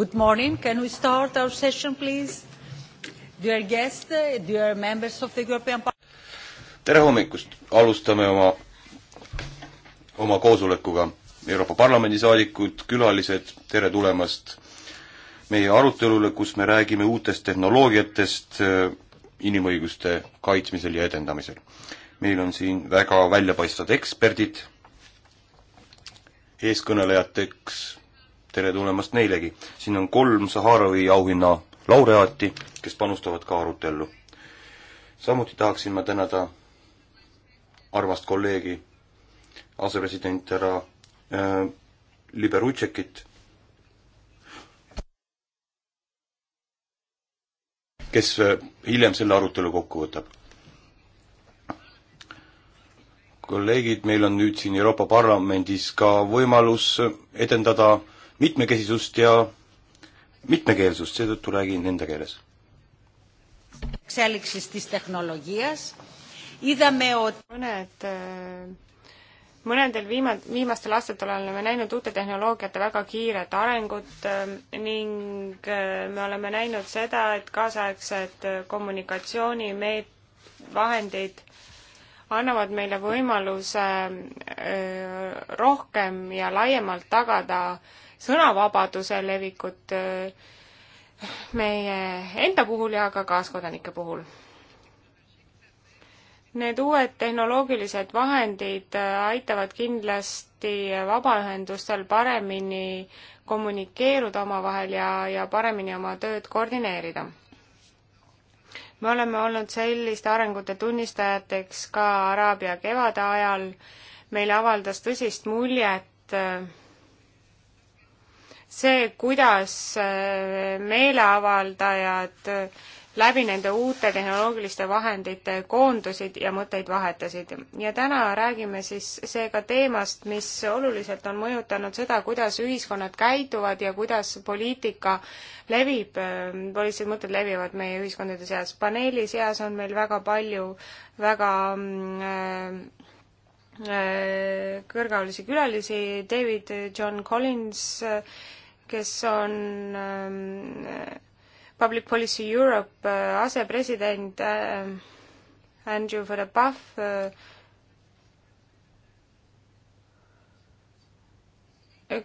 Good morning. Can we start our session, please? Dear guests, uh, dear members of the European Parliament. tere hommikust, alustame oma, oma koosolekuga. Euroopa Parlamendi saadikud, külalised, tere tulemast meie arutelule, kus me räägime uutest tehnoloogiatest äh, inimõiguste kaitsmisel ja edendamisel. meil on siin väga väljapaistvad eksperdid, eeskõnelejateks tere tulemast neilegi. siin on kolm Saharovi auhinna laureaati, kes panustavad ka arutellu. samuti tahaksin ma tänada armast kolleegi, aseresident härra äh, Liberutšekit, kes äh, hiljem selle arutelu kokku võtab. kolleegid, meil on nüüd siin Euroopa Parlamendis ka võimalus edendada äh, mitmekesisust ja mitmekeelsust, seetõttu räägin nende keeles. mõned äh, mõnedel viima-, viimastel aastatel oleme näinud uute tehnoloogiate väga kiiret arengut äh, ning äh, me oleme näinud seda, et kaasaegsed kommunikatsioonimeet-, vahendid annavad meile võimaluse rohkem ja laiemalt tagada äh, sõnavabaduse levikut äh, meie enda puhul ja ka kaaskodanike puhul. Need uued tehnoloogilised vahendid äh, aitavad kindlasti vabaühendustel paremini kommunikeeruda omavahel ja, ja paremini oma tööd koordineerida. me oleme olnud selliste arengute tunnistajateks ka Araabia kevade ajal, meile avaldas tõsist muljet äh, see, kuidas äh, meeleavaldajad äh, läbi nende uute tehnoloogiliste vahendite koondusid ja mõtteid vahetasid. ja täna räägime siis seega teemast, mis oluliselt on mõjutanud seda, kuidas ühiskonnad käituvad ja kuidas poliitika levib, äh, poliitilised mõtted levivad meie ühiskondade seas. paneeli seas on meil väga palju väga mm, äh, kõrgeolulisi külalisi, David John Collins äh,, kes on ähm, Public Policy Europe äh, asepresident äh, Andrew Verbaff äh,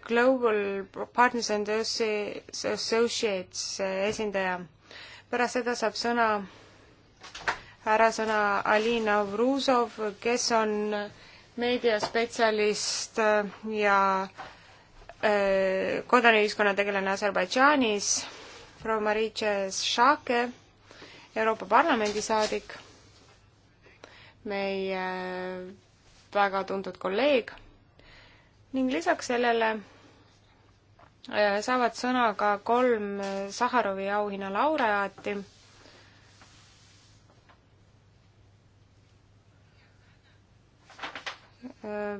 Global Partners and Associates esindaja. pärast seda saab sõna, ära sõna Alina Vruzov, kes on meediaspetsialist ja äh, Äh, kodanikuühiskonna tegelane Aserbaidžaanis, proua Maritše Šake, Euroopa Parlamendi saadik, meie äh, väga tuntud kolleeg ning lisaks sellele äh, saavad sõna ka kolm Saharovi auhinna laureaati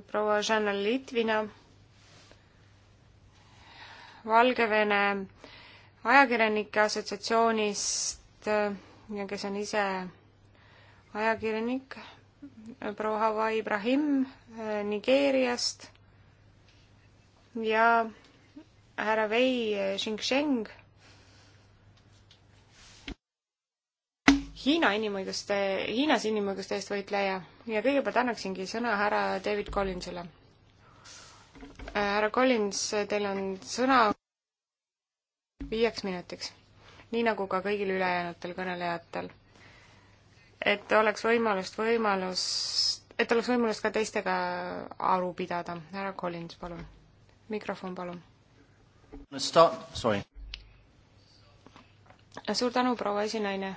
proua Žanna Litvina Valgevene ajakirjanike assotsiatsioonist, kes on ise ajakirjanik, proua Hava Ibrahim äh, Nigeeriast ja härra Wei Xingsheng Hiina inimõiguste, Hiinas inimõiguste eest võitleja ja kõigepealt annaksingi sõna härra David Collinsile härra Collins, teil on sõna viieks minutiks, nii nagu ka kõigil ülejäänutel kõnelejatel. et oleks võimalust, võimalust, et oleks võimalust ka teistega aru pidada. härra Collins, palun. mikrofon, palun. suur tänu, proua esinaine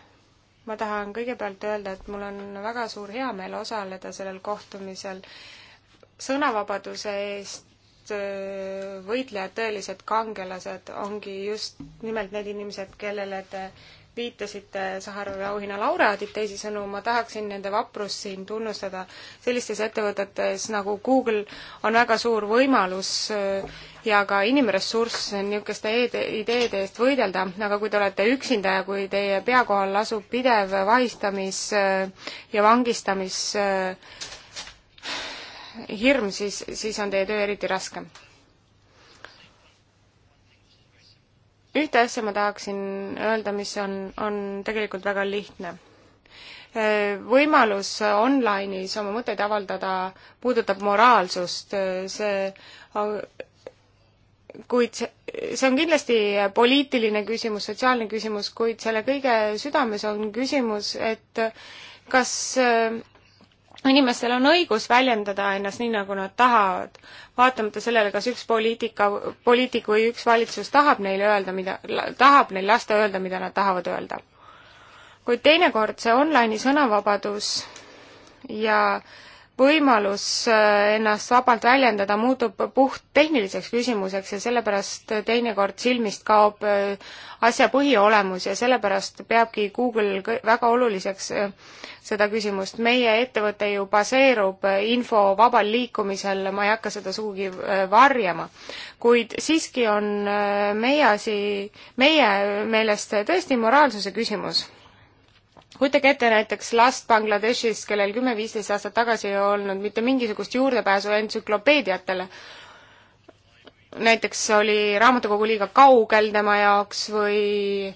ma tahan kõigepealt öelda, et mul on väga suur heameel osaleda sellel kohtumisel sõnavabaduse eest just äh, võitlejad, tõelised kangelased ongi just nimelt need inimesed, kellele te viitasite Saharovi auhinna laureaadid, teisisõnu ma tahaksin nende vaprust siin tunnustada. sellistes ettevõtetes nagu Google on väga suur võimalus äh, ja ka inimressurss niisuguste ideede eest võidelda, aga kui te olete üksinda ja kui teie pea kohal asub pidev vahistamis- äh, ja vangistamis- hirm, siis, siis on teie töö eriti raske. ühte asja ma tahaksin öelda, mis on, on tegelikult väga lihtne. võimalus online'is oma mõtteid avaldada puudutab moraalsust, see kuid see, see on kindlasti poliitiline küsimus, sotsiaalne küsimus, kuid selle kõige südames on küsimus, et kas inimestel on õigus väljendada ennast nii, nagu nad tahavad, vaatamata sellele, kas üks poliitika, poliitik või üks valitsus tahab neile öelda, mida, tahab neil lasta öelda, mida nad tahavad öelda. kuid teinekord see online'i sõnavabadus ja äh, võimalus äh, ennast vabalt väljendada muutub puht tehniliseks küsimuseks ja sellepärast teinekord silmist kaob äh, asja põhiolemus ja sellepärast peabki Google väga oluliseks äh, seda küsimust. meie ettevõte ju baseerub info vabal liikumisel, ma ei hakka seda sugugi varjama. kuid siiski on meie asi, meie meelest tõesti moraalsuse küsimus kujutage ette näiteks last Bangladeshis, kellel kümme-viisteist aastat tagasi ei olnud mitte mingisugust juurdepääsu entsüklopeediatele. näiteks oli raamatukogu liiga kaugel tema jaoks või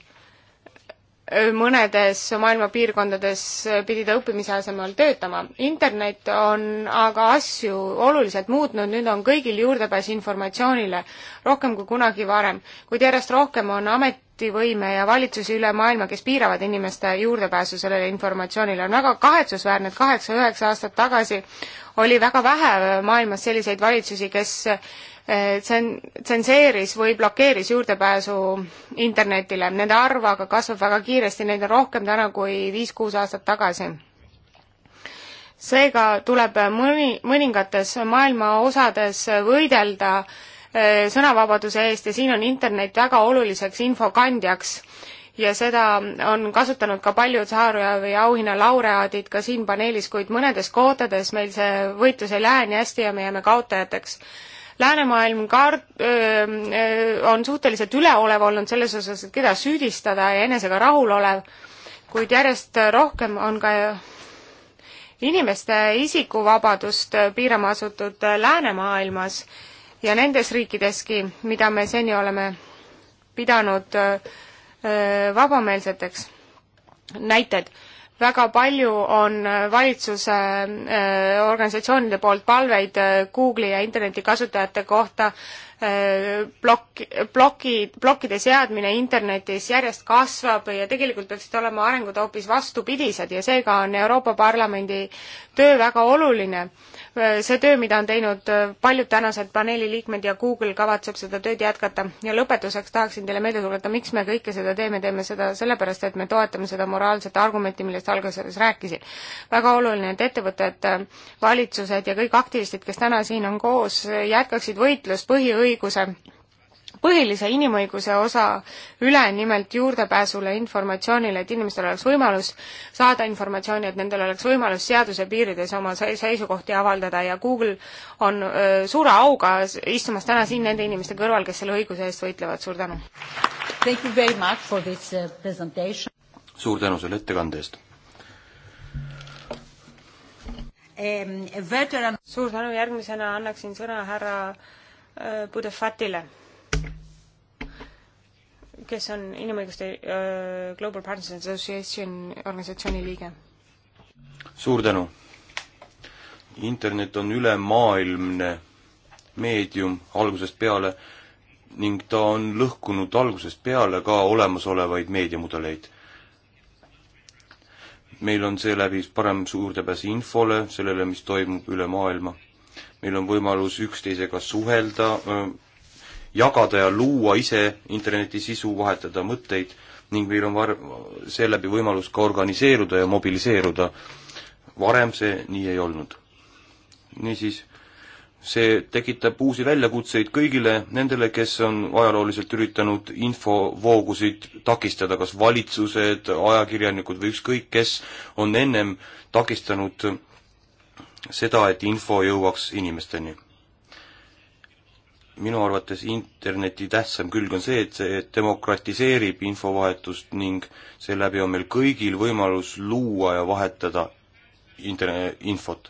mõnedes maailma piirkondades pidi ta õppimise asemel töötama. internet on aga asju oluliselt muutnud, nüüd on kõigil juurdepääs informatsioonile rohkem kui kunagi varem, kuid järjest rohkem on amet, ametivõime ja valitsusi üle maailma, kes piiravad inimeste juurdepääsu sellele informatsioonile. on väga kahetsusväärne, et kaheksa-üheksa aastat tagasi oli väga vähe maailmas selliseid valitsusi, kes eh, tsen-, tsenseeris või blokeeris juurdepääsu internetile. Nende arv aga kasvab väga kiiresti, neid on rohkem täna kui viis-kuus aastat tagasi seega tuleb mõni, mõningates maailma osades võidelda äh, Eh, sõnavabaduse eest ja siin on internet väga oluliseks infokandjaks ja seda on kasutanud ka paljud Saarovi auhinna laureaadid ka siin paneelis, kuid mõnedes kohtades meil see võitlus ei lähe nii hästi ja me jääme kaotajateks. läänemaailm kaart-, eh, on suhteliselt üleolev olnud selles osas, et keda süüdistada ja enesega rahulolev, kuid järjest rohkem on ka inimeste isikuvabadust piirama asutud läänemaailmas ja nendes riikideski, mida me seni oleme pidanud äh, äh, vabameelseteks. näited, väga palju on äh, valitsuse organisatsioonide poolt palveid Google'i ja internetikasutajate kohta, plokk, ploki, plokkide seadmine internetis järjest kasvab ja tegelikult peaksid olema arengud hoopis vastupidised ja seega on Euroopa Parlamendi töö väga oluline see töö, mida on teinud äh, paljud tänased paneeli liikmed ja Google kavatseb seda tööd jätkata. ja lõpetuseks tahaksin teile meelde tuletada, miks me kõike seda teeme, teeme seda sellepärast, et me toetame seda moraalset argumenti, millest alguses rääkisin. väga oluline, et ettevõtted, valitsused ja kõik aktivistid, kes täna siin on koos, jätkaksid võitlust põhiõiguse põhilise inimõiguse osa üle, nimelt juurdepääsule informatsioonile, et inimestel oleks võimalus saada informatsiooni, et nendel oleks võimalus seaduse piirides oma seisukohti avaldada ja Google on öö, suure auga istumas täna siin nende inimeste kõrval, kes selle õiguse eest võitlevad, suur tänu! Uh, suur tänu selle ettekande eest! Um, suur tänu, järgmisena annaksin sõna härra Budefatile kes on inimõiguste äh, Global Partners Association organisatsiooni liige. suur tänu! internet on ülemaailmne meedium algusest peale ning ta on lõhkunud algusest peale ka olemasolevaid meediamudeleid. meil on seeläbi parem juurdepääs infole, sellele, mis toimub üle maailma. meil on võimalus üksteisega suhelda, äh, jagada ja luua ise interneti sisu, vahetada mõtteid ning meil on var-, seeläbi võimalus ka organiseeruda ja mobiliseeruda. varem see nii ei olnud. niisiis, see tekitab uusi väljakutseid kõigile nendele, kes on ajalooliselt üritanud infovoogusid takistada, kas valitsused, ajakirjanikud või ükskõik kes on ennem takistanud seda, et info jõuaks inimesteni minu arvates interneti tähtsam külg on see, et see demokratiseerib infovahetust ning seeläbi on meil kõigil võimalus luua ja vahetada interne-, infot.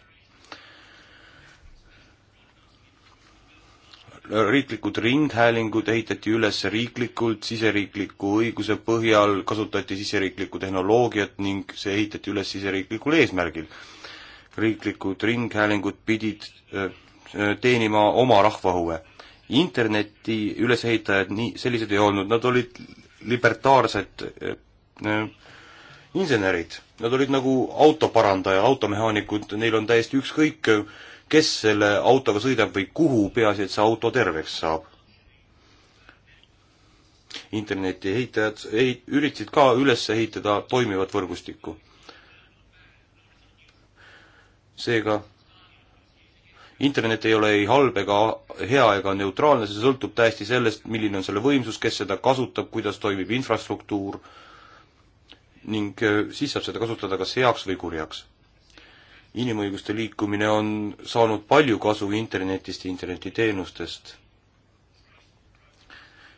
riiklikud ringhäälingud ehitati üles riiklikult, siseriikliku õiguse põhjal, kasutati siseriiklikku tehnoloogiat ning see ehitati üles siseriiklikul eesmärgil. riiklikud ringhäälingud pidid äh, äh, teenima oma rahva huve interneti ülesehitajad nii, sellised ei olnud, nad olid libertaarsed eh, eh, insenerid, nad olid nagu autoparandaja, automehaanikud, neil on täiesti ükskõik, kes selle autoga sõidab või kuhu, peaasi, et see auto terveks saab. interneti ehitajad ei, üritasid ka üles ehitada toimivat võrgustikku. seega internet ei ole ei halb ega hea ega neutraalne, see sõltub täiesti sellest, milline on selle võimsus, kes seda kasutab, kuidas toimib infrastruktuur ning äh, siis saab seda kasutada kas heaks või kurjaks. inimõiguste liikumine on saanud palju kasu internetist ja internetiteenustest.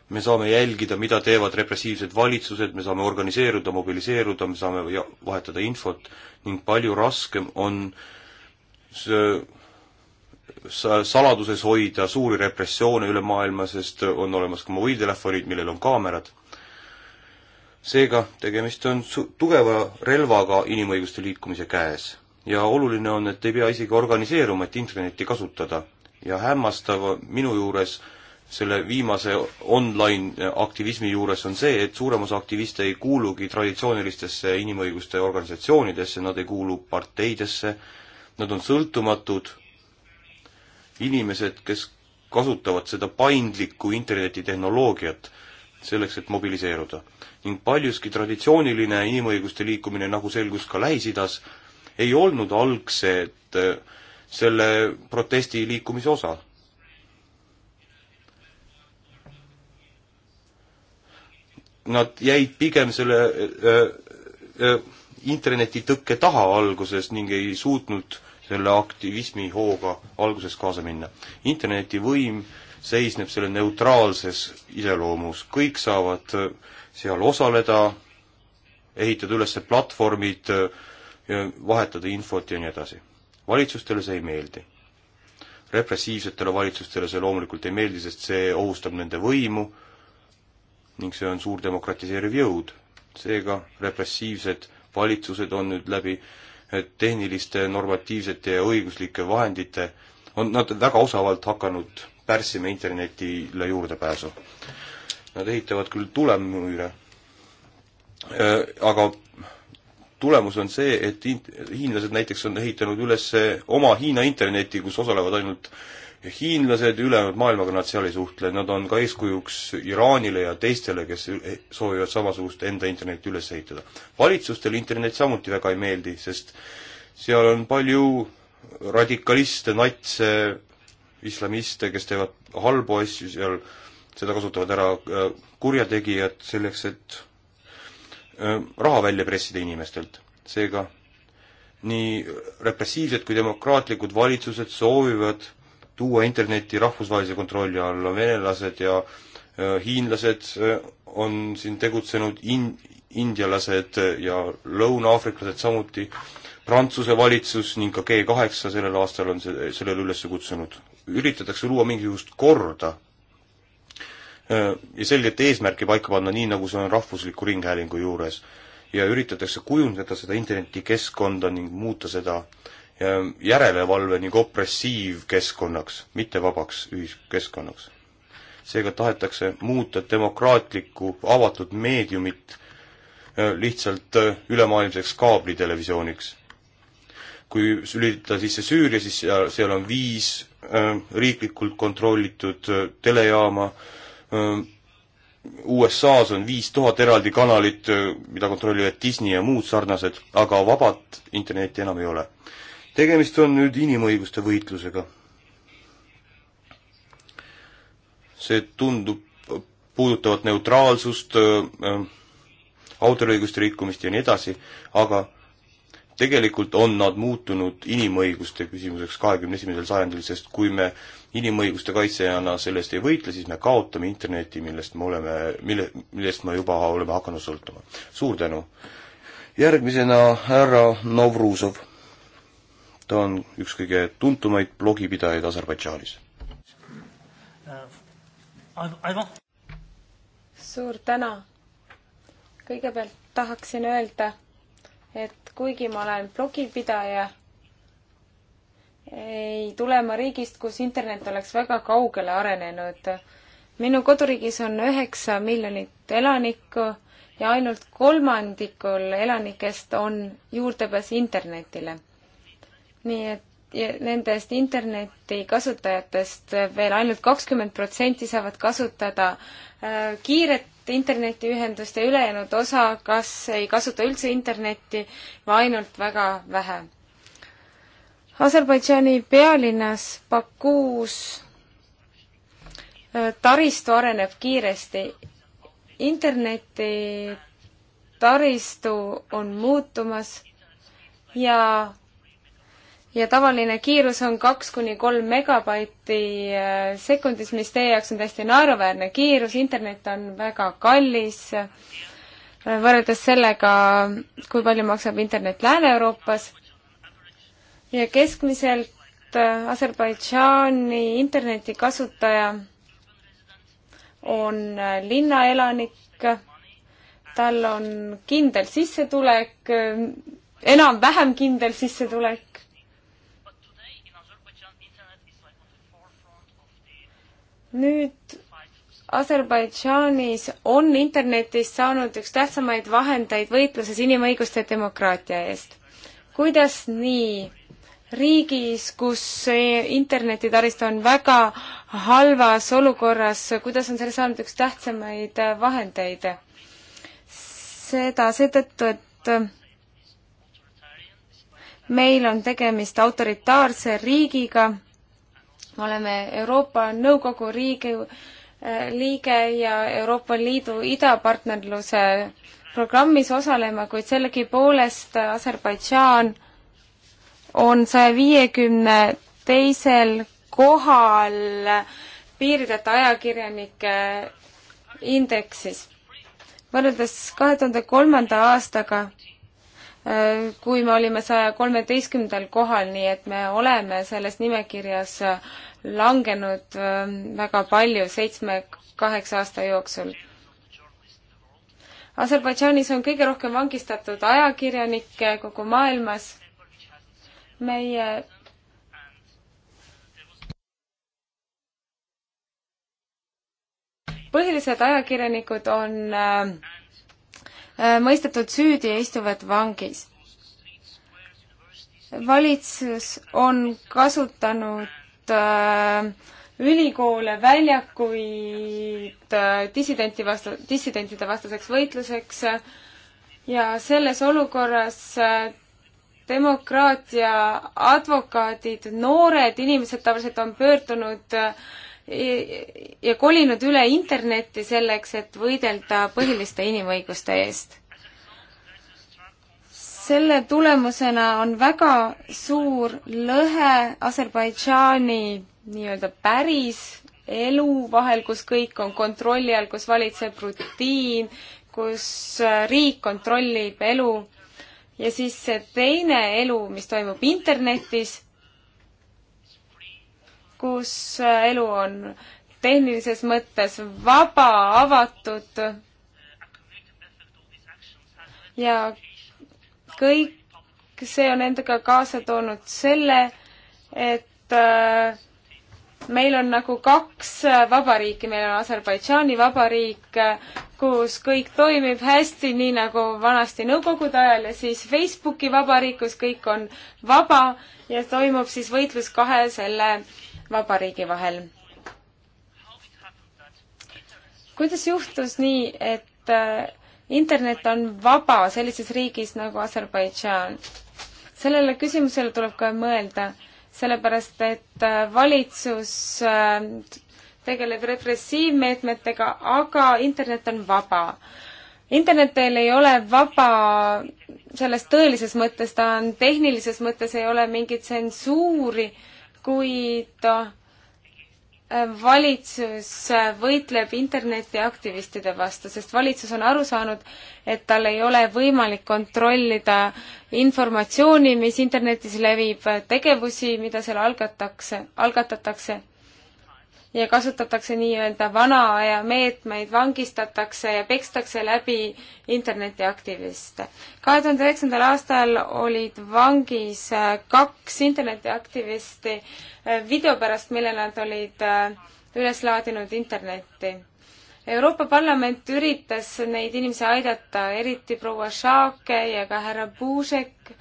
me saame jälgida, mida teevad repressiivsed valitsused, me saame organiseeruda, mobiliseeruda, me saame vahetada infot ning palju raskem on see saladuses hoida suuri repressioone üle maailma, sest on olemas ka mobiiltelefonid, millel on kaamerad. seega tegemist on su-, tugeva relvaga inimõiguste liikumise käes. ja oluline on, et ei pea isegi organiseeruma, et internetti kasutada. ja hämmastav minu juures selle viimase online aktivismi juures on see, et suurem osa aktiviste ei kuulugi traditsioonilistesse inimõiguste organisatsioonidesse, nad ei kuulu parteidesse, nad on sõltumatud inimesed, kes kasutavad seda paindlikku internetitehnoloogiat selleks, et mobiliseeruda. ning paljuski traditsiooniline inimõiguste liikumine, nagu selgus ka Lähis-Idas, ei olnud algset äh, selle protesti liikumise osa. Nad jäid pigem selle äh, äh, äh internetitõkke taha alguses ning ei suutnud äh, selle aktivismi hooga alguses kaasa minna. interneti võim seisneb selle neutraalses iseloomus, kõik saavad äh, seal osaleda, ehitada üles platvormid, äh, vahetada infot ja nii edasi. valitsustele see ei meeldi. repressiivsetele valitsustele see loomulikult ei meeldi, sest see ohustab nende võimu ning see on suur demokratiseeriv jõud. seega repressiivsed valitsused on nüüd läbi äh, tehniliste, normatiivsete ja õiguslike vahendite, on nad väga osavalt hakanud pärssima internetile juurdepääsu. Nad ehitavad küll tulemüüre, äh, aga tulemus on see, et hiinlased näiteks on ehitanud üles oma Hiina interneti, kus osalevad ainult äh, hiinlased, ülejäänud maailmaga nad seal ei suhtle, nad on ka eeskujuks Iraanile ja teistele, kes soovivad samasugust enda internetti üles ehitada. valitsustele internet samuti väga ei meeldi, sest seal on palju radikaliste, natse, islamiste, kes teevad halbu asju seal, seda kasutavad ära äh, kurjategijad selleks, et äh, raha välja pressida inimestelt. seega nii repressiivsed kui demokraatlikud valitsused soovivad tuua interneti rahvusvahelise kontrolli alla, venelased ja äh, hiinlased äh, on siin tegutsenud, in-, indialased ja lõuna-aafriklased samuti, Prantsuse valitsus ning ka G kaheksa sellel aastal on see, sellele üles kutsunud. üritatakse luua mingisugust korda äh, ja selget eesmärki paika panna, nii nagu see on rahvusliku ringhäälingu juures. ja üritatakse kujundada seda internetikeskkonda ning muuta seda äh, järelevalve ning opressiivkeskkonnaks, mitte vabaks ühiskeskkonnaks. seega tahetakse muuta demokraatlikku avatud meediumit äh, lihtsalt äh, ülemaailmseks kaablitelevisiooniks. kui lülitada sisse Süüria, siis seal, seal on viis äh, riiklikult kontrollitud telejaama, USA-s on viis tuhat eraldi kanalit, mida kontrollivad Disney ja muud sarnased, aga vabat internetti enam ei ole tegemist on nüüd inimõiguste võitlusega. see tundub puudutavat neutraalsust, äh, autoriõiguste rikkumist ja nii edasi, aga tegelikult on nad muutunud inimõiguste küsimuseks kahekümne esimesel sajandil, sest kui me inimõiguste kaitsjana selle eest ei võitle, siis me kaotame Interneti, millest me oleme, mille, millest me juba oleme hakanud sõltuma. suur tänu! järgmisena härra Novruzov ta on üks kõige tuntumaid blogipidajaid Aserbaidžaanis. suur tänu! kõigepealt tahaksin öelda, et kuigi ma olen blogipidaja, ei tule ma riigist, kus internet oleks väga kaugele arenenud. minu koduriigis on üheksa miljonit elanikku ja ainult kolmandikul elanikest on juurdepääs internetile nii et nendest interneti kasutajatest veel ainult kakskümmend protsenti saavad kasutada äh, kiiret internetiühendust ja ülejäänud osa kas ei kasuta üldse internetti või ainult väga vähe. Aserbaidžaani pealinnas Bakuus äh, taristu areneb kiiresti. interneti taristu on muutumas ja ja tavaline kiirus on kaks kuni kolm megabaiti äh, sekundis, mis teie jaoks on täiesti naeruväärne kiirus, internet on väga kallis äh, võrreldes sellega, kui palju maksab internet Lääne-Euroopas ja keskmiselt äh, Aserbaidžaani internetikasutaja on linnaelanik, tal on kindel sissetulek, enam-vähem kindel sissetulek, nüüd Aserbaidžaanis on internetist saanud üks tähtsamaid vahendeid võitluses inimõiguste ja demokraatia eest. kuidas nii? riigis, kus internetitaristu on väga halvas olukorras, kuidas on selle saanud üks tähtsamaid vahendeid? seda seetõttu, et meil on tegemist autoritaarse riigiga me oleme Euroopa Nõukogu riigi äh, liige ja Euroopa Liidu idapartnerluse programmis osalema, kuid sellegipoolest Aserbaidžaan on saja viiekümne teisel kohal piirideta ajakirjanike indeksis. võrreldes kahe tuhande kolmanda aastaga kui me olime saja kolmeteistkümnendal kohal, nii et me oleme selles nimekirjas langenud äh, väga palju seitsme-kaheksa aasta jooksul. Aserbaidžaanis on kõige rohkem vangistatud ajakirjanikke kogu maailmas. meie põhilised ajakirjanikud on äh, Äh, mõistetud süüdi ja istuvad vangis. valitsus on kasutanud äh, ülikoole, väljakuid äh, dissidenti vastu, dissidentide vastaseks võitluseks ja selles olukorras äh, demokraatia advokaadid, noored inimesed tavaliselt on pöördunud äh, ja kolinud üle internetti selleks, et võidelda põhiliste inimõiguste eest. selle tulemusena on väga suur lõhe Aserbaidžaani nii-öelda päris elu vahel, kus kõik on kontrolli all, kus valitseb rutiin, kus riik kontrollib elu ja siis see teine elu, mis toimub internetis kus elu on tehnilises mõttes vaba, avatud ja kõik see on endaga kaasa toonud selle, et äh, meil on nagu kaks äh, vabariiki, meil on Aserbaidžaani vabariik, äh, kus kõik toimib hästi, nii nagu vanasti Nõukogude ajal ja siis Facebooki vabariik, kus kõik on vaba ja toimub siis võitlus kahe selle äh, vabariigi vahel. kuidas juhtus nii, et äh, internet on vaba sellises riigis nagu Aserbaidžaan? sellele küsimusele tuleb ka mõelda, sellepärast et äh, valitsus äh, tegeleb repressiivmeetmetega, aga internet on vaba internet teil ei ole vaba selles tõelises mõttes, ta on tehnilises mõttes, ei ole mingit tsensuuri kuid äh, valitsus äh, võitleb internetiaktivistide vastu, sest valitsus on aru saanud, et tal ei ole võimalik kontrollida informatsiooni, mis internetis levib, äh, tegevusi, mida seal algatakse, algatatakse ja kasutatakse nii-öelda vana aja meetmeid, vangistatakse ja pekstakse läbi internetiaktiviste. kahe tuhande üheksandal aastal olid vangis äh, kaks internetiaktivisti äh, video pärast, mille nad olid äh, üles laadinud internetti. Euroopa Parlament üritas neid inimesi aidata, eriti proua Šaake ja ka härra Puusek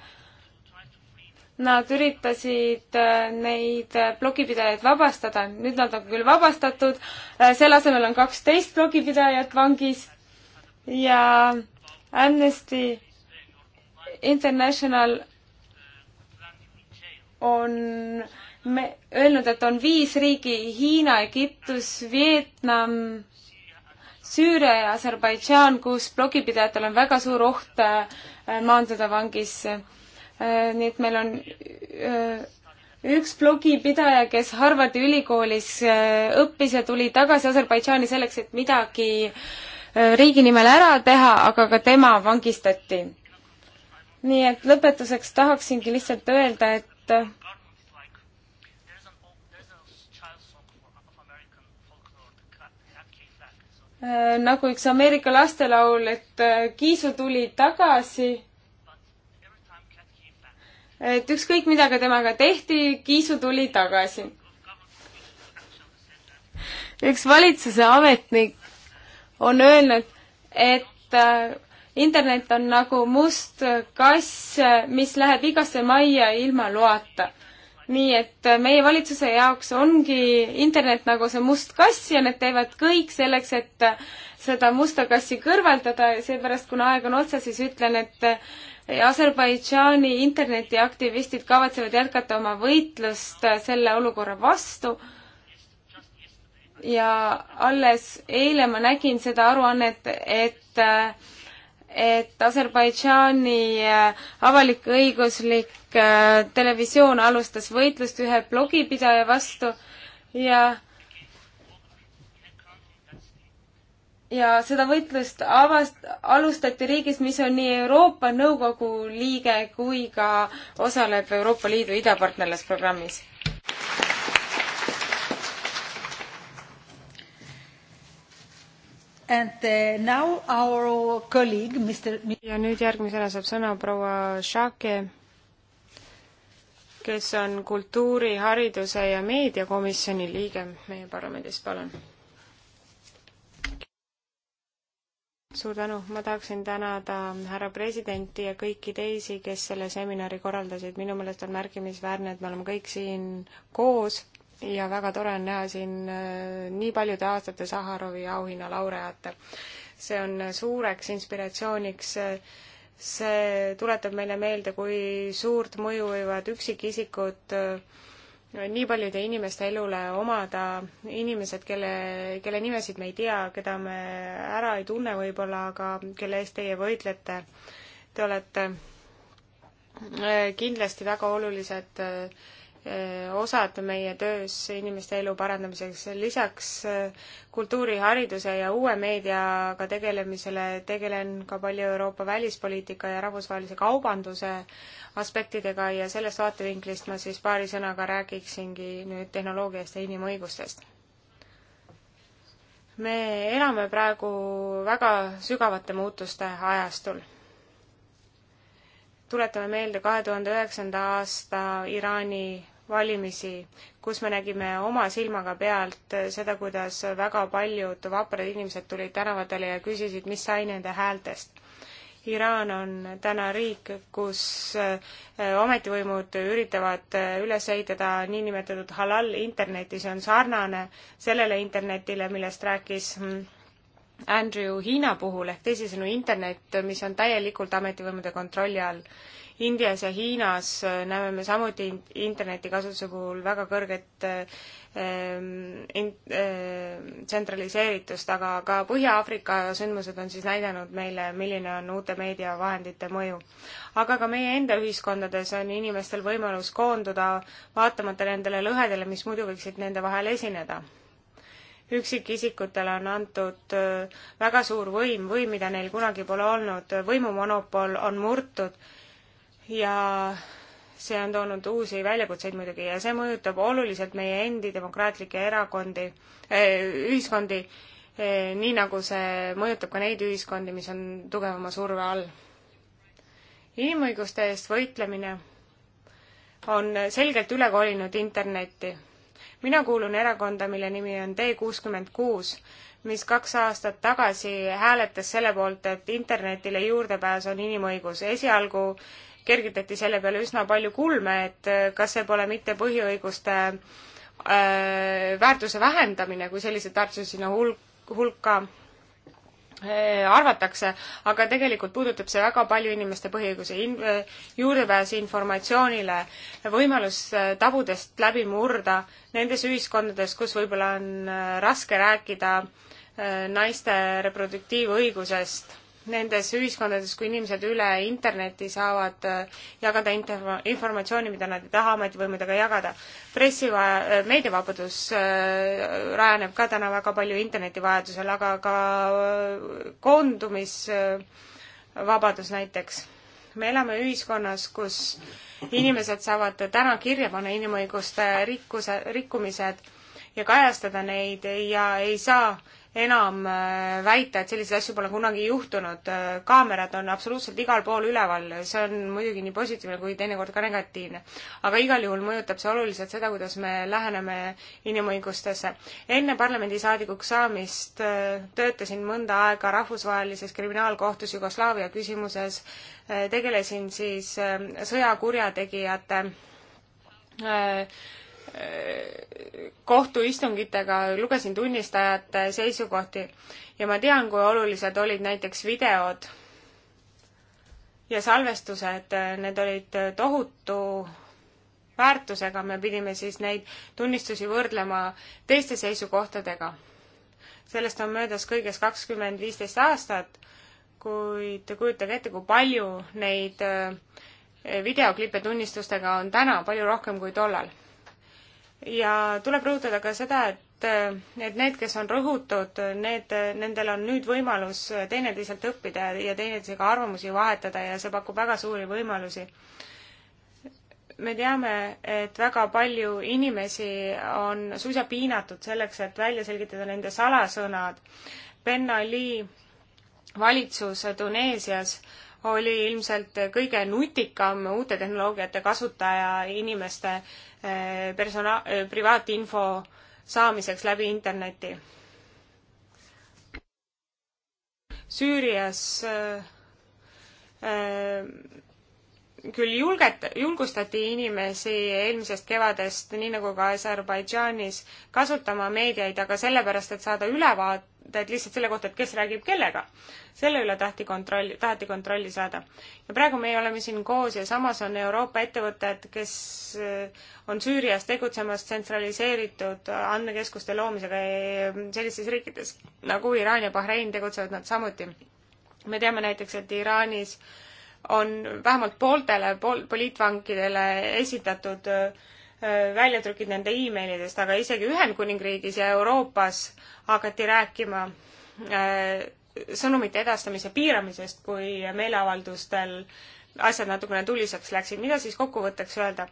Nad üritasid äh, neid äh, blokipidajaid vabastada, nüüd nad on küll vabastatud, äh, selle asemel on kaksteist blogipidajat vangis ja Amnesty International on me, öelnud, et on viis riigi, Hiina, Egiptus, Vietnam, Süüria ja Aserbaidžaan, kus blogipidajatel on väga suur oht maanduda vangisse Äh, nii et meil on äh, üks blogipidaja, kes Harvardi ülikoolis äh, õppis ja tuli tagasi Aserbaidžaani selleks, et midagi riigi nimel ära teha, aga ka tema vangistati. nii et lõpetuseks tahaksingi lihtsalt öelda, et nagu üks Ameerika lastelaul, et kiisu tuli tagasi et ükskõik, mida ka temaga tehti, kiisu tuli tagasi. üks valitsuse ametnik on öelnud, et äh, internet on nagu must kass, mis läheb igasse majja ilma loata nii et äh, meie valitsuse jaoks ongi internet nagu see must kass ja nad teevad kõik selleks, et äh, seda musta kassi kõrvaldada ja seepärast, kuna aeg on otsas, siis ütlen, et Aserbaidžaani internetiaktivistid kavatsevad jätkata oma võitlust selle olukorra vastu ja alles eile ma nägin seda aruannet, et et Aserbaidžaani avalik-õiguslik äh, televisioon alustas võitlust ühe blogipidaja vastu ja ja seda võitlust avast-, alustati riigis, mis on nii Euroopa Nõukogu liige kui ka osaleb Euroopa Liidu idapartnerlusprogrammis. And uh, now our colleague, Mr. ja nüüd järgmisena saab sõna proua Šake, kes on kultuuri, hariduse ja meediakomisjoni liige meie parlamendis, palun suur tänu, ma tahaksin tänada härra presidenti ja kõiki teisi, kes selle seminari korraldasid, minu meelest on märkimisväärne, et me oleme kõik siin koos ja väga tore on näha siin äh, nii paljude aastate Saharovi auhinna laureaate. see on suureks inspiratsiooniks see tuletab meile meelde, kui suurt mõju võivad üksikisikud äh, nii paljude inimeste elule omada, inimesed, kelle, kelle nimesid me ei tea, keda me ära ei tunne võib-olla, aga kelle eest teie võitlete. Te olete äh, kindlasti väga olulised äh, osad meie töös inimeste elu parandamiseks. lisaks kultuuri, hariduse ja uue meediaga tegelemisele tegelen ka palju Euroopa välispoliitika ja rahvusvahelise kaubanduse aspektidega ja sellest vaatevinklist ma siis paari sõnaga räägiksingi nüüd tehnoloogiast ja inimõigustest. me elame praegu väga sügavate muutuste ajastul tuletame meelde kahe tuhande üheksanda aasta Iraani valimisi, kus me nägime oma silmaga pealt seda, kuidas väga paljud vaprad inimesed tulid tänavatele ja küsisid, mis sai nende häältest. Iraan on täna riik, kus äh, ametivõimud üritavad äh, üles ehitada niinimetatud halal internetti, see on sarnane sellele internetile, millest rääkis mm, Andrew Hiina puhul ehk teisisõnu internet, mis on täielikult ametivõimude kontrolli all Indias ja Hiinas äh, näeme me samuti internetikasutuse puhul väga kõrget ähm, ähm, tsentraliseeritust, aga ka Põhja-Aafrika sündmused on siis näidanud meile, milline on uute meediavahendite mõju. aga ka meie enda ühiskondades on inimestel võimalus koonduda, vaatamata nendele lõhedele, mis muidu võiksid nende vahel esineda üksikisikutele on antud äh, väga suur võim, võim, mida neil kunagi pole olnud, võimumonopol on murtud ja see on toonud uusi väljakutseid muidugi ja see mõjutab oluliselt meie endi demokraatlikke erakondi, eh, ühiskondi, eh, nii nagu see mõjutab ka neid ühiskondi, mis on tugevama surve all. inimõiguste eest võitlemine on selgelt üle kolinud internetti. mina kuulun erakonda, mille nimi on T kuuskümmend kuus, mis kaks aastat tagasi hääletas selle poolt, et internetile juurdepääs on inimõigus. esialgu äh, kergitati selle peale üsna palju kulme, et äh, kas see pole mitte põhiõiguste äh, väärtuse vähendamine, kui selliseid väärtusi sinna hulk, hulka äh, arvatakse, aga tegelikult puudutab see väga palju inimeste põhiõiguse in-, äh, juurdepääsu informatsioonile, võimalus äh, tabudest läbi murda nendes ühiskondades, kus võib-olla on raske rääkida naiste reproduktiivõigusest nendes ühiskondades, kui inimesed üle interneti saavad äh, jagada info, informatsiooni, mida nad ei taha ametivõimudega jagada. pressi, äh, meediavabadus äh, rajaneb ka täna väga palju interneti vajadusel, aga ka koondumisvabadus näiteks. me elame ühiskonnas, kus inimesed saavad täna kirja panna inimõiguste rikkuse, rikkumised ja kajastada neid ja ei saa enam äh, väita, et selliseid asju pole kunagi juhtunud. Äh, kaamerad on absoluutselt igal pool üleval, see on muidugi nii positiivne kui teinekord ka negatiivne. aga igal juhul mõjutab see oluliselt seda, kuidas me läheneme inimõigustesse. enne parlamendisaadikuks saamist äh, töötasin mõnda aega Rahvusvahelises Kriminaalkohtus Jugoslaavia küsimuses, tegelesin siis sõjakurjategijate kohtuistungitega, lugesin tunnistajate seisukohti ja ma tean, kui olulised olid näiteks videod ja salvestused, need olid tohutu väärtusega, me pidime siis neid tunnistusi võrdlema teiste seisukohtadega. sellest on möödas kõigest kakskümmend, viisteist aastat, kuid kujutage ette, kui palju neid äh, videoklippe tunnistustega on täna, palju rohkem kui tollal ja tuleb rõhutada ka seda, et, et need, kes on rõhutud, need, nendel on nüüd võimalus teineteiselt õppida ja teineteisega arvamusi vahetada ja see pakub väga suuri võimalusi. me teame, et väga palju inimesi on suisa piinatud selleks, et välja selgitada nende salasõnad. Ben Ali valitsus Tuneesias oli ilmselt kõige nutikam uute tehnoloogiate kasutaja inimeste äh, Eh, persona-, eh, privaatinfo saamiseks läbi interneti. Süürias eh, küll julget-, julgustati inimesi eelmisest kevadest, nii nagu ka Aserbaidžaanis, kasutama meediaid, aga sellepärast, et saada ülevaated lihtsalt selle kohta, et kes räägib kellega. selle üle tahti kontrolli, taheti kontrolli saada. ja praegu meie oleme siin koos ja samas on Euroopa ettevõtted, kes eh, on Süürias tegutsemas tsentraliseeritud andmekeskuste loomisega eh, sellistes riikides nagu Iraan ja Bahrein tegutsevad nad samuti. me teame näiteks, et Iraanis äh, on vähemalt pooltele pool, poliitvangidele esitatud väljatrükid nende emailidest, aga isegi Ühendkuningriigis ja Euroopas hakati rääkima sõnumite edastamise piiramisest, kui meeleavaldustel asjad natukene tuliseks läksid. mida siis kokkuvõtteks öelda?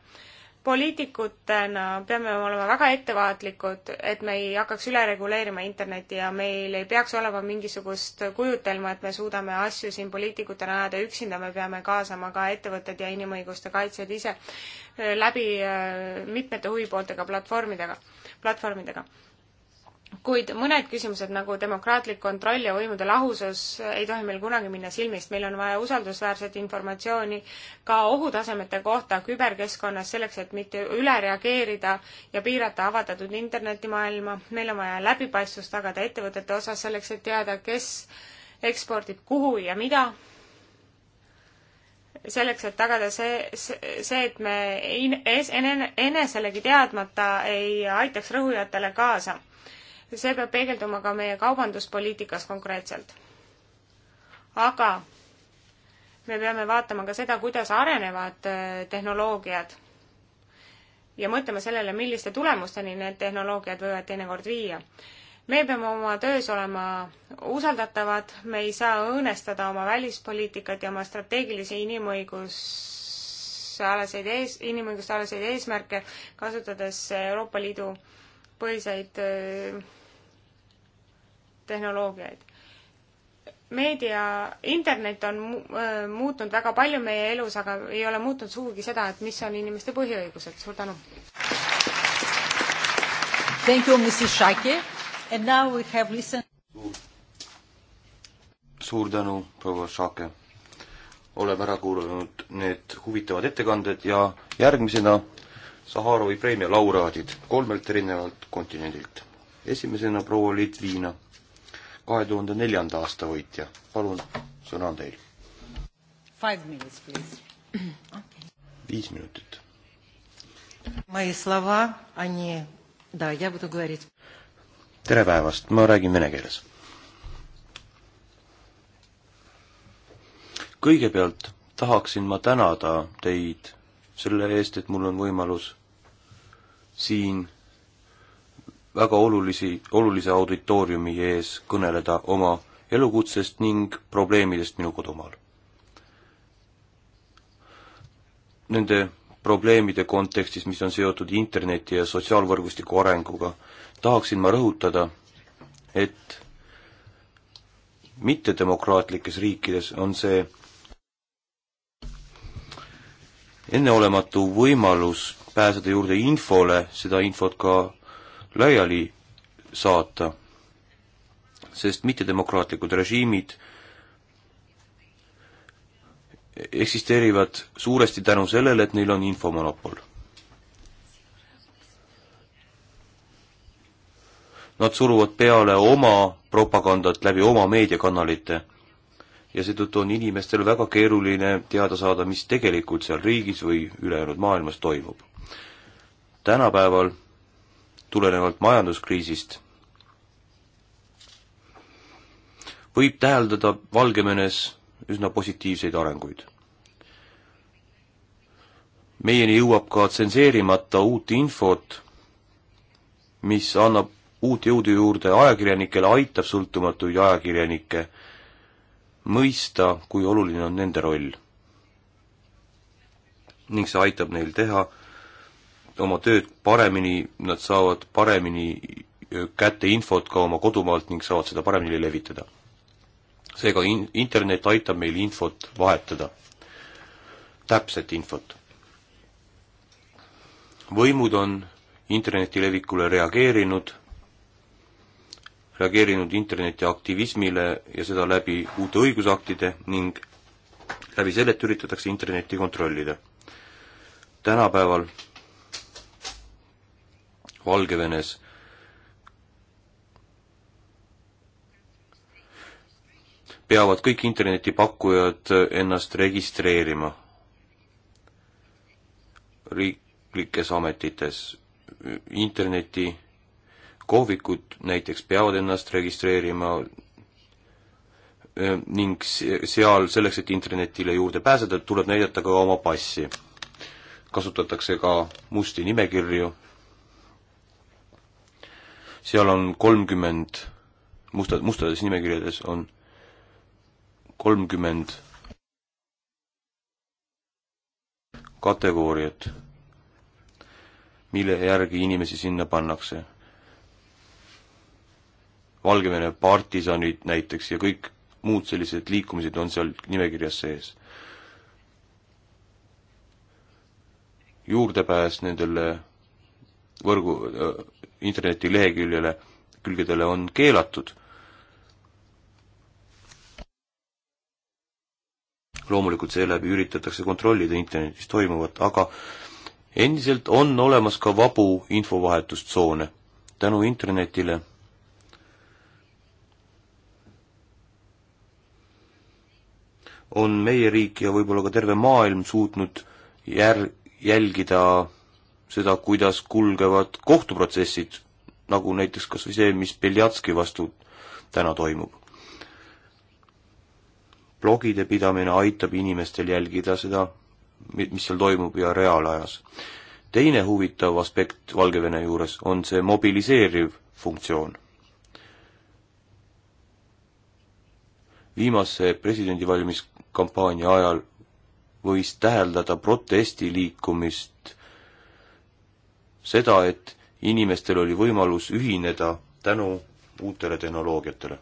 poliitikutena peame olema väga ettevaatlikud, et me ei hakkaks üle reguleerima Internetti ja meil ei peaks olema mingisugust kujutelma, et me suudame asju siin poliitikutena ajada üksinda, me peame kaasama ka ettevõtted ja inimõiguste kaitsjad ise äh, läbi äh, mitmete huvipooltega platvormidega, platvormidega kuid mõned küsimused nagu demokraatlik kontroll ja võimude lahusus ei tohi meil kunagi minna silmist, meil on vaja usaldusväärset informatsiooni ka ohutasemete kohta küberkeskkonnas, selleks et mitte üle reageerida ja piirata avaldatud internetimaailma, meil on vaja läbipaistvust tagada ettevõtete osas, selleks et teada, kes ekspordib kuhu ja mida, selleks, et tagada see, see, et me enesellegi teadmata ei aitaks rõhujatele kaasa see peab peegelduma ka meie kaubanduspoliitikas konkreetselt. aga me peame vaatama ka seda, kuidas arenevad äh, tehnoloogiad ja mõtlema sellele, milliste tulemusteni need tehnoloogiad võivad teinekord viia. me peame oma töös olema usaldatavad, me ei saa õõnestada oma välispoliitikat ja oma strateegilisi inimõigusalaseid ees, inimõigustealaseid eesmärke, kasutades Euroopa Liidu põhiseid öö, äh, tehnoloogiaid. meedia, internet on äh, muutnud väga palju meie elus, aga ei ole muutnud sugugi seda, et mis on inimeste põhiõigused. suur tänu! Thank you, Mrs Shaki and now we have listened suur tänu, proua Šake. oleme ära kuulanud need huvitavad ettekanded ja järgmisena Saharovi preemia laureaadid kolmelt erinevalt kontinendilt. esimesena proua Litviina kahe tuhande neljanda aasta võitja. palun, sõna on teil. Okay. viis minutit. tere päevast, ma räägin vene keeles. kõigepealt tahaksin ma tänada teid selle eest, et mul on võimalus siin väga olulisi, olulise auditooriumi ees kõneleda oma elukutsest ning probleemidest minu kodumaal. Nende probleemide kontekstis, mis on seotud interneti ja sotsiaalvõrgustiku arenguga, tahaksin ma rõhutada, et mittedemokraatlikes riikides on see enneolematu võimalus pääseda juurde infole, seda infot ka laiali saata, sest mittedemokraatlikud režiimid eksisteerivad suuresti tänu sellele, et neil on infomonopol. Nad suruvad peale oma propagandat läbi oma meediakanalite ja seetõttu on inimestel väga keeruline teada saada, mis tegelikult seal riigis või ülejäänud maailmas toimub. tänapäeval tulenevalt majanduskriisist võib täheldada Valgevenes üsna positiivseid arenguid. meieni jõuab ka tsenseerimata uut infot, mis annab uut jõudu juurde ajakirjanikele, aitab sõltumatuid ajakirjanikke mõista, kui oluline on nende roll. ning see aitab neil teha oma tööd paremini, nad saavad paremini kätte infot ka oma kodumaalt ning saavad seda paremini levitada. seega in-, internet aitab meil infot vahetada, täpset infot. võimud on interneti levikule reageerinud, reageerinud interneti aktivismile ja seda läbi uute õigusaktide ning läbi selle, et üritatakse internetti kontrollida. tänapäeval Valgevenes. peavad kõik internetipakkujad ennast registreerima riiklikes ametites. internetikohvikud näiteks peavad ennast registreerima eh, ning seal selleks, et internetile juurde pääseda, tuleb näidata ka oma passi. kasutatakse ka musti nimekirju seal on kolmkümmend, musta, mustades nimekirjades on kolmkümmend kategooriat, mille järgi inimesi sinna pannakse. Valgevene partisanid näiteks ja kõik muud sellised liikumised on seal nimekirjas sees. juurdepääs nendele võrgu äh,, internetileheküljele, külgedele on keelatud. loomulikult seeläbi üritatakse kontrollida internetis toimuvat, aga endiselt on olemas ka vabu infovahetustsoone. tänu internetile on meie riik ja võib-olla ka terve maailm suutnud jär-, jälgida seda, kuidas kulgevad kohtuprotsessid, nagu näiteks kas või see, mis Beljatski vastu täna toimub. blogide pidamine aitab inimestel jälgida seda, mis seal toimub ja reaalajas. teine huvitav aspekt Valgevene juures on see mobiliseeriv funktsioon. viimase presidendivalimiskampaania ajal võis täheldada protestiliikumist seda, et inimestel oli võimalus ühineda tänu uutele tehnoloogiatele.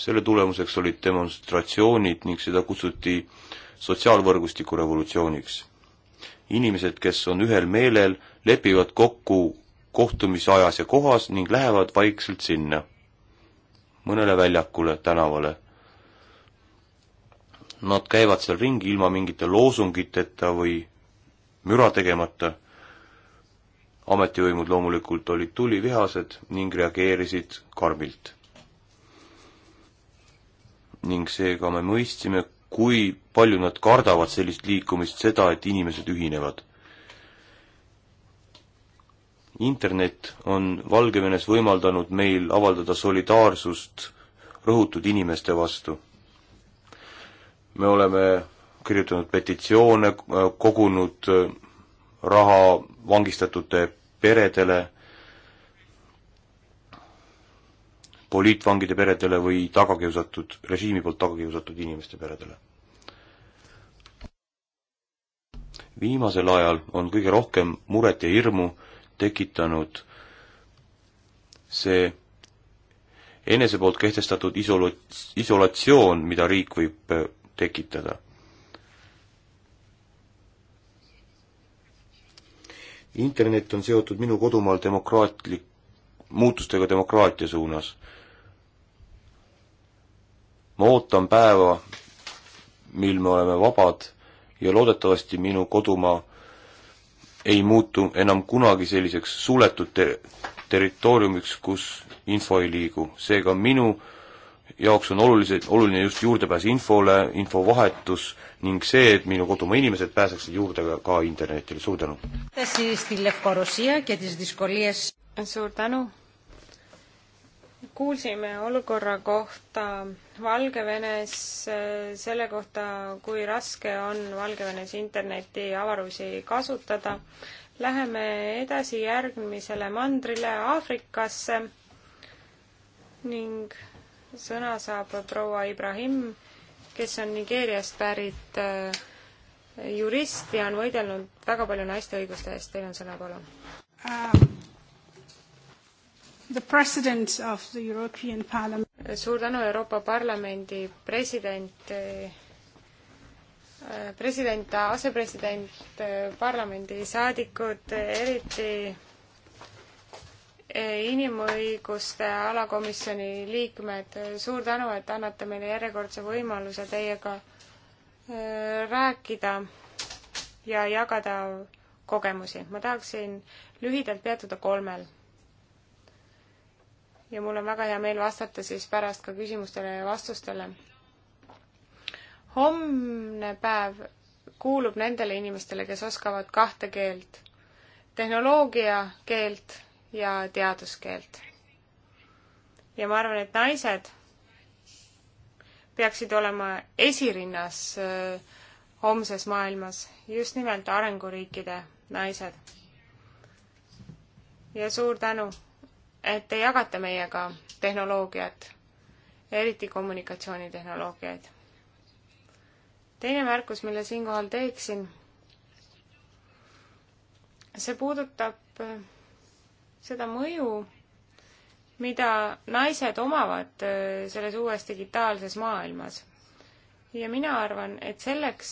selle tulemuseks olid demonstratsioonid ning seda kutsuti sotsiaalvõrgustiku revolutsiooniks. inimesed, kes on ühel meelel, lepivad kokku kohtumise ajas ja kohas ning lähevad vaikselt sinna, mõnele väljakule, tänavale Nad käivad seal ringi ilma mingite loosungiteta või müra tegemata. ametivõimud loomulikult olid tulivihased ning reageerisid karmilt. ning seega me mõistsime, kui palju nad kardavad sellist liikumist, seda, et inimesed ühinevad. internet on Valgevenes võimaldanud meil avaldada solidaarsust rõhutud inimeste vastu me oleme kirjutanud petitsioone, äh, kogunud äh, raha vangistatute peredele, poliitvangide peredele või tagakiusatud, režiimi poolt tagakiusatud inimeste peredele. viimasel ajal on kõige rohkem muret ja hirmu tekitanud see enese poolt kehtestatud isolat-, isolatsioon, mida riik võib äh, tekitada. internet on seotud minu kodumaal demokraatlik, muutustega demokraatia suunas. ma ootan päeva, mil me oleme vabad ja loodetavasti minu kodumaa ei muutu enam kunagi selliseks suletud te territooriumiks, kus info ei liigu. seega minu jaoks on olulise, oluline just juurdepääs infole, infovahetus ning see, et minu kodumaa inimesed pääseksid juurde ka, ka internetile, suur tänu! suur tänu! kuulsime olukorra kohta Valgevenes, selle kohta, kui raske on Valgevenes interneti avarusi kasutada. Läheme edasi järgmisele mandrile, Aafrikasse ning sõna saab proua Ibrahim, kes on Nigeeriast pärit äh, jurist ja on võidelnud väga palju naiste õiguste eest. Teil on sõna, palun um,. suur tänu, Euroopa Parlamendi president, äh, president, asepresident, äh, parlamendisaadikud, eriti inimõiguste alakomisjoni liikmed, suur tänu, et annate meile järjekordse võimaluse teiega äh, rääkida ja jagada kogemusi. ma tahaksin lühidalt peatuda kolmel. ja mul on väga hea meel vastata siis pärast ka küsimustele ja vastustele. homne päev kuulub nendele inimestele, kes oskavad kahte keelt. tehnoloogia keelt ja teaduskeelt. ja ma arvan, et naised peaksid olema esirinnas äh, homses maailmas, just nimelt arenguriikide naised. ja suur tänu, et te jagate meiega tehnoloogiat, eriti kommunikatsioonitehnoloogiaid. teine märkus, mille siinkohal teeksin, see puudutab äh, seda mõju, mida naised omavad äh, selles uues digitaalses maailmas. ja mina arvan, et selleks,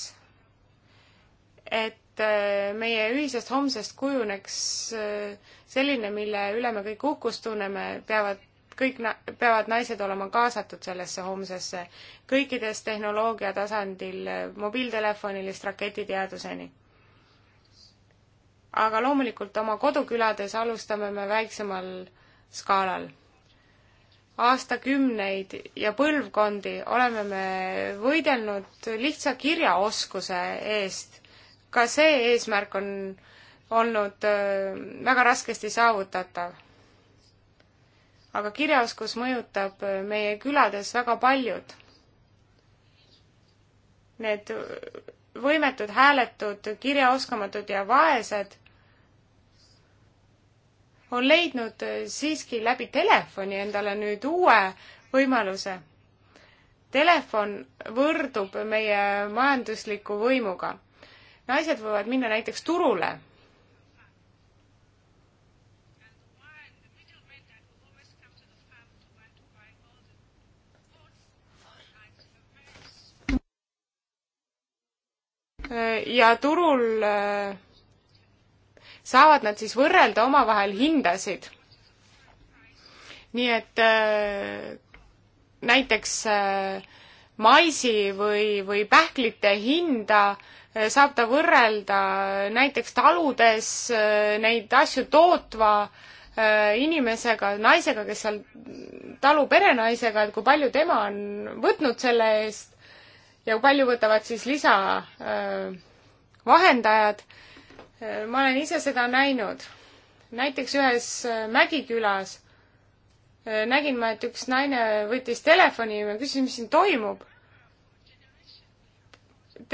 et äh, meie ühisest homsest kujuneks äh, selline, mille üle me kõik uhkust tunneme, peavad kõik na-, peavad naised olema kaasatud sellesse homsesse, kõikides tehnoloogia tasandil, mobiiltelefonist raketiteaduseni aga loomulikult oma kodukülades alustame me väiksemal skaalal. aastakümneid ja põlvkondi oleme me võidelnud lihtsa kirjaoskuse eest. ka see eesmärk on olnud äh, väga raskesti saavutatav. aga kirjaoskus mõjutab äh, meie külades väga paljud. Need võimetud, hääletud, kirjaoskamatud ja vaesed on leidnud siiski läbi telefoni endale nüüd uue võimaluse. Telefon võrdub meie majandusliku võimuga. naised võivad minna näiteks turule ja turul äh, saavad nad siis võrrelda omavahel hindasid. nii et äh, näiteks äh, maisi või, või pähklite hinda saab ta võrrelda näiteks taludes neid asju tootva inimesega, naisega, kes seal talu perenaisega, et kui palju tema on võtnud selle eest ja kui palju võtavad siis lisa öö, vahendajad. ma olen ise seda näinud. näiteks ühes Mägikülas eh, nägin ma, et üks naine võttis telefoni ja ma küsisin, mis siin toimub.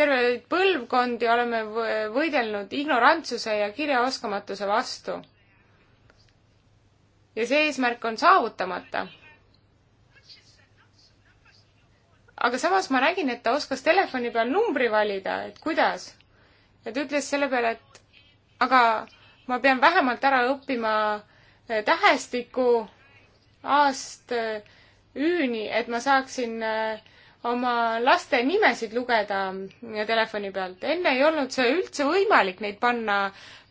terveid põlvkondi oleme võidelnud ignorantsuse ja kirjaoskamatuse vastu. ja see eesmärk on saavutamata aga samas ma nägin, et ta oskas telefoni peal numbri valida, et kuidas ja ta ütles selle peale, et aga ma pean vähemalt ära õppima eh, tähestiku A-st eh, Ü-ni, et ma saaksin eh, oma laste nimesid lugeda telefoni pealt. enne ei olnud see üldse võimalik neid panna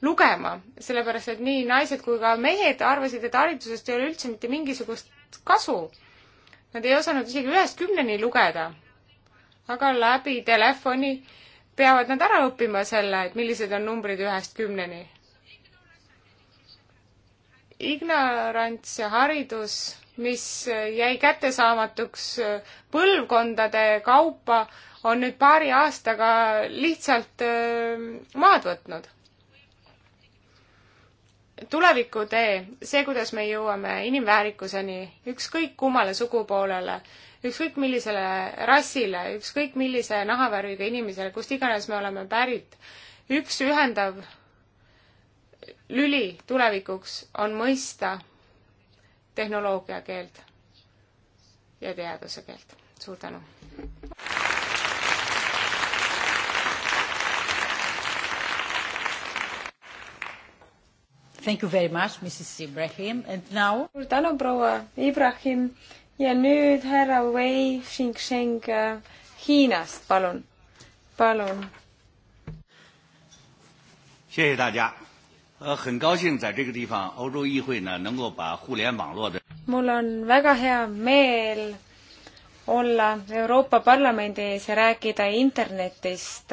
lugema, sellepärast et nii naised kui ka mehed arvasid, et haridusest ei ole üldse mitte mingisugust kasu. Nad ei osanud isegi ühest kümneni lugeda. aga läbi telefoni äh, peavad nad ära õppima selle, et millised on numbrid ühest kümneni. ignorants ja haridus, mis jäi kättesaamatuks põlvkondade kaupa, on nüüd paari aastaga lihtsalt äh, maad võtnud. tulevikutee, see, kuidas me jõuame inimväärikuseni, ükskõik kummale sugupoolele ükskõik millisele rassile, ükskõik millise nahavärviga inimesele, kust iganes me oleme pärit, üks ühendav lüli tulevikuks on mõista tehnoloogia keelt ja teaduse keelt. suur tänu! Thank you very much, Mrs Ibrahim and now suur tänu, proua Ibrahim ja nüüd härra Wei Xingsheng äh, Hiinast, palun, palun. mul on väga hea meel olla Euroopa Parlamendi ees ja rääkida internetist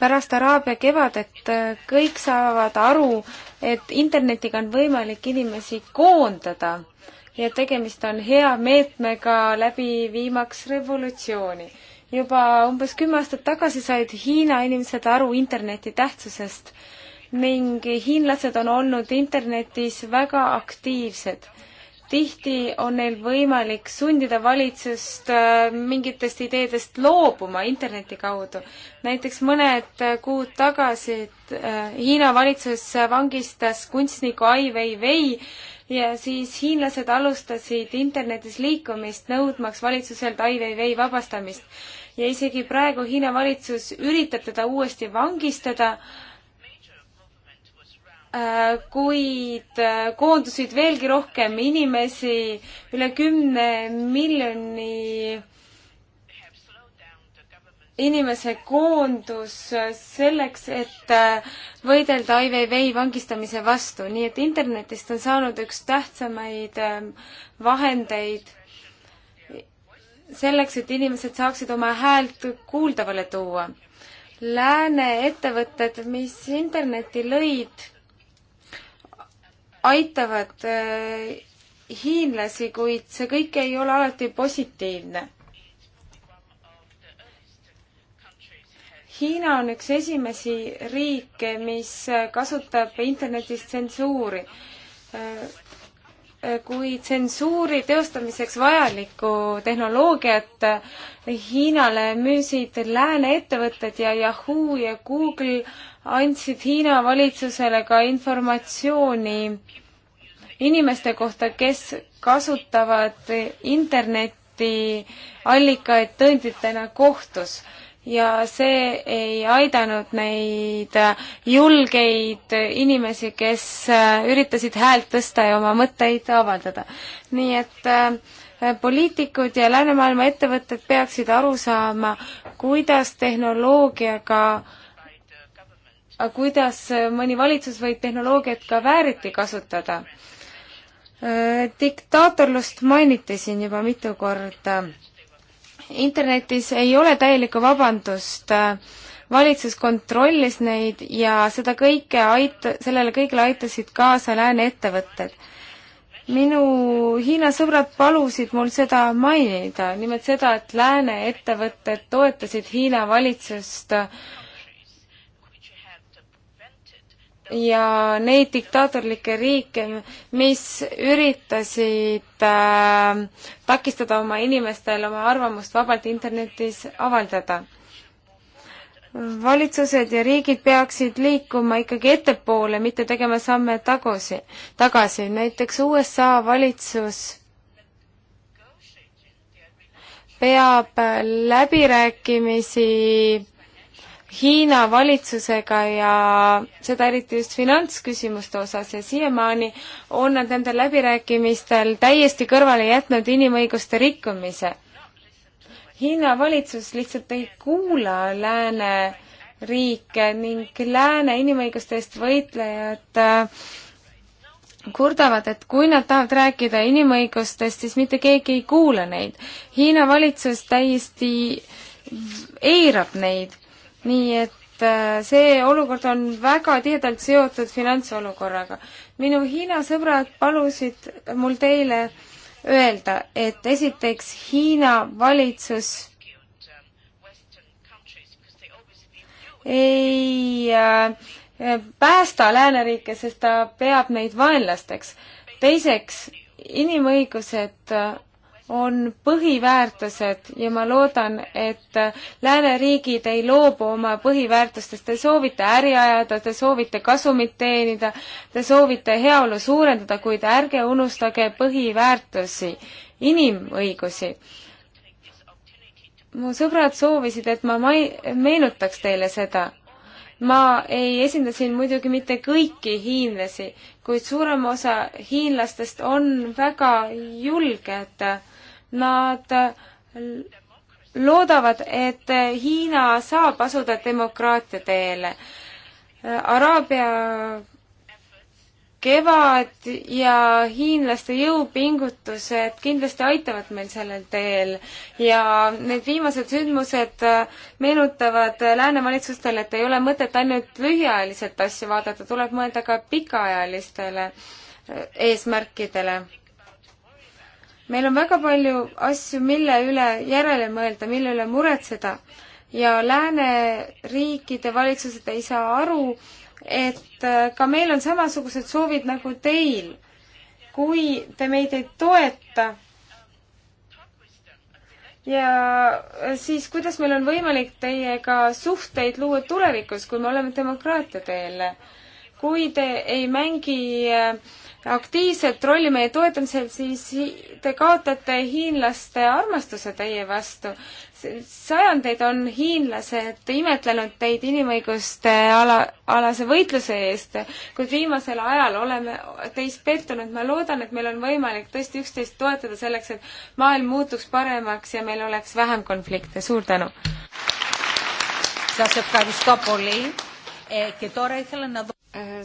pärast Araabia kevadet äh, kõik saavad aru, et internetiga on võimalik inimesi koondada ja tegemist on hea meetmega läbi viimaks revolutsiooni. juba umbes kümme aastat tagasi said Hiina inimesed aru interneti tähtsusest ning hiinlased on olnud internetis väga aktiivsed tihti on neil võimalik sundida valitsust äh, mingitest ideedest loobuma interneti kaudu. näiteks mõned äh, kuud tagasi äh, Hiina valitsus vangistas kunstniku Ai Weiwei ja siis hiinlased alustasid internetis liikumist, nõudmaks valitsuselt Ai Weiwei vabastamist. ja isegi praegu Hiina valitsus üritab teda uuesti vangistada, Äh, kuid äh, koondusid veelgi rohkem inimesi, üle kümne miljoni inimese koondus äh, selleks, et võidelda Ai Weiwei vangistamise vastu, nii et internetist on saanud üks tähtsamaid vahendeid selleks, et inimesed saaksid oma häält kuuldavale tuua. Lääne ettevõtted, mis interneti lõid, aitavad äh, hiinlasi, kuid see kõik ei ole alati positiivne. Hiina on üks esimesi riike, mis äh, kasutab internetis tsensuuri äh, kui tsensuuri teostamiseks vajalikku tehnoloogiat Hiinale müüsid lääne ettevõtted ja Yahoo ja Google andsid Hiina valitsusele ka informatsiooni inimeste kohta, kes kasutavad internetiallikaid tõenditena kohtus ja see ei aidanud neid julgeid inimesi, kes äh, üritasid häält tõsta ja oma mõtteid avaldada. nii et äh, poliitikud ja läänemaailma ettevõtted peaksid aru saama, kuidas tehnoloogiaga kuidas mõni valitsus võib tehnoloogiat ka vääriti kasutada. Äh, diktaatorlust mainiti siin juba mitu korda internetis ei ole täielikku vabandust. valitsus kontrollis neid ja seda kõike aita-, sellele kõigele aitasid kaasa lääne ettevõtted. minu Hiina sõbrad palusid mul seda mainida, nimelt seda, et lääne ettevõtted toetasid Hiina valitsust äh, ja neid diktaatorlikke riike, mis üritasid äh, takistada oma inimestel oma arvamust vabalt internetis avaldada. valitsused ja riigid peaksid liikuma ikkagi ettepoole, mitte tegema samme tagusi, tagasi, näiteks USA valitsus peab läbirääkimisi Hiina valitsusega ja seda eriti just finantsküsimuste osas ja siiamaani on nad nendel läbirääkimistel täiesti kõrvale jätnud inimõiguste rikkumise. Hiina valitsus lihtsalt ei kuula lääne riike ning lääne inimõiguste eest võitlejad äh, kurdavad, et kui nad tahavad rääkida inimõigustest, siis mitte keegi ei kuula neid. Hiina valitsus täiesti eirab neid nii et äh, see olukord on väga tihedalt seotud finantsolukorraga. minu Hiina sõbrad palusid mul teile öelda, et esiteks Hiina valitsus ei äh, päästa lääneriike, sest ta peab neid vaenlasteks. teiseks, inimõigused on põhiväärtused ja ma loodan, et lääneriigid ei loobu oma põhiväärtustest, te soovite äri ajada, te soovite kasumit teenida, te soovite heaolu suurendada, kuid ärge unustage põhiväärtusi, inimõigusi. mu sõbrad soovisid, et ma mai-, meenutaks teile seda ma ei esinda siin muidugi mitte kõiki hiinlasi, kuid suurem osa hiinlastest on väga julged äh, Nad loodavad, et Hiina saab asuda demokraatia teele. Araabia kevad ja hiinlaste jõupingutused kindlasti aitavad meil sellel teel ja need viimased sündmused meenutavad lääne valitsustele, et ei ole mõtet ainult lühiajaliselt asju vaadata, tuleb mõelda ka pikaajalistele eesmärkidele meil on väga palju asju, mille üle järele mõelda, mille üle muretseda ja lääneriikide valitsused ei saa aru, et äh, ka meil on samasugused soovid nagu teil. kui te meid ei toeta, ja äh, siis kuidas meil on võimalik teiega suhteid luua tulevikus, kui me oleme demokraatia teel? kui te ei mängi äh, aktiivset rolli meie toetamisel, siis te kaotate hiinlaste armastuse teie vastu. sajandeid on hiinlased imetlenud teid inimõiguste ala, alase võitluse eest, kuid viimasel ajal oleme teis pettunud. ma loodan, et meil on võimalik tõesti üksteist toetada selleks, et maailm muutuks paremaks ja meil oleks vähem konflikte. suur tänu!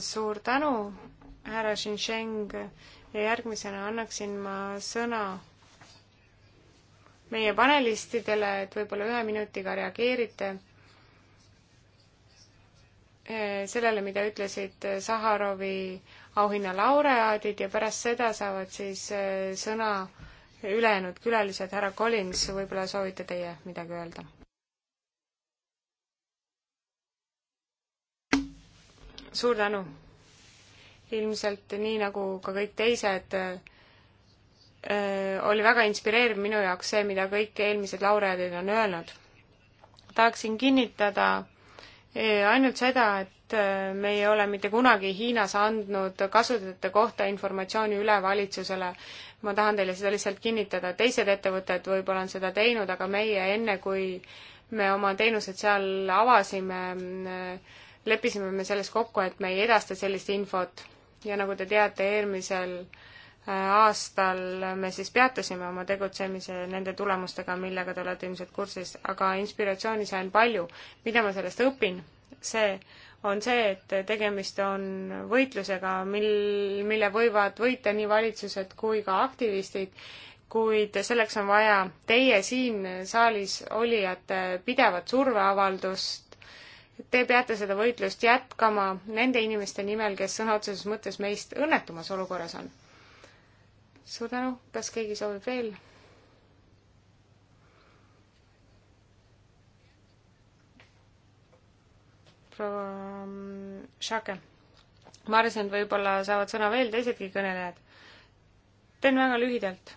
suur tänu! härra Xinsheng ja järgmisena annaksin ma sõna meie panelistidele, et võib-olla ühe minutiga reageerite eh, sellele, mida ütlesid Saharovi auhinna laureaadid ja pärast seda saavad siis eh, sõna ülejäänud külalised, härra Collins, võib-olla soovite teie midagi öelda? suur tänu! ilmselt nii nagu ka kõik teised äh, äh, oli väga inspireeriv minu jaoks see, mida kõik eelmised laureaadid on öelnud. tahaksin kinnitada äh, ainult seda, et me ei ole mitte kunagi Hiinas andnud kasutajate kohta informatsiooni üle valitsusele. ma tahan teile seda lihtsalt kinnitada, teised ettevõtted võib-olla on seda teinud, aga meie enne, kui me oma teenused seal avasime, leppisime me selles kokku, et me ei edasta sellist infot ja nagu te teate, eelmisel äh, aastal me siis peatasime oma tegutsemise nende tulemustega, millega te olete ilmselt kursis, aga inspiratsiooni sain palju. mida ma sellest õpin? see on see, et tegemist on võitlusega, mil, mille võivad võita nii valitsused kui ka aktivistid, kuid selleks on vaja teie siin saalis olijate pidevat surveavaldust Te peate seda võitlust jätkama nende inimeste nimel, kes sõna otseses mõttes meist õnnetumas olukorras on. suur tänu, kas keegi soovib veel? proua Šake. Mm, ma arvasin, et võib-olla saavad sõna veel teisedki kõnelejad. teen väga lühidalt.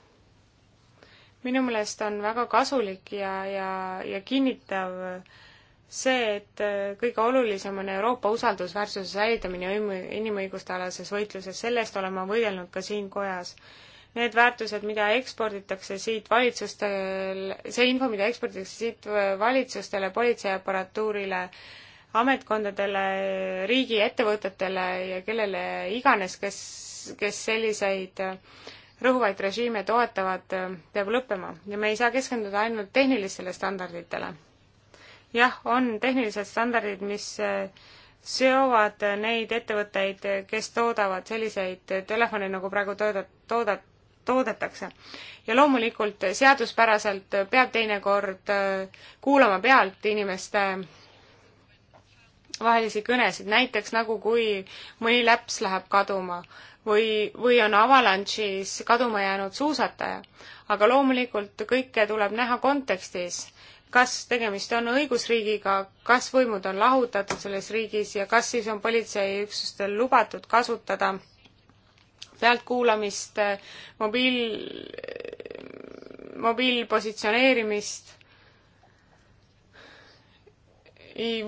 minu meelest on väga kasulik ja, ja, ja kinnitav äh, see, et äh, kõige olulisem on Euroopa usaldusväärsuse säilitamine inimõiguste alases võitluses, selle eest olen ma võidelnud ka siin kojas. Need väärtused, mida eksporditakse siit valitsustel, see info, mida eksporditakse siit äh, valitsustele, politseiaparatuurile, ametkondadele, riigiettevõtetele ja kellele iganes, kes, kes selliseid äh, rõhuvaid režiime toetavad, peab lõppema ja me ei saa keskenduda ainult tehnilistele standarditele jah, on tehnilised standardid, mis äh, seovad neid ettevõtteid, kes toodavad selliseid telefone, nagu praegu tooda-, tooda-, toodetakse. ja loomulikult seaduspäraselt peab teinekord äh, kuulama pealt inimeste vahelisi kõnesid, näiteks nagu kui mõni laps läheb kaduma või, või on avalanšis kaduma jäänud suusataja. aga loomulikult kõike tuleb näha kontekstis kas tegemist on õigusriigiga, kas võimud on lahutatud selles riigis ja kas siis on politseiüksustel lubatud kasutada pealtkuulamist, eh, mobiil, mobiilpositsioneerimist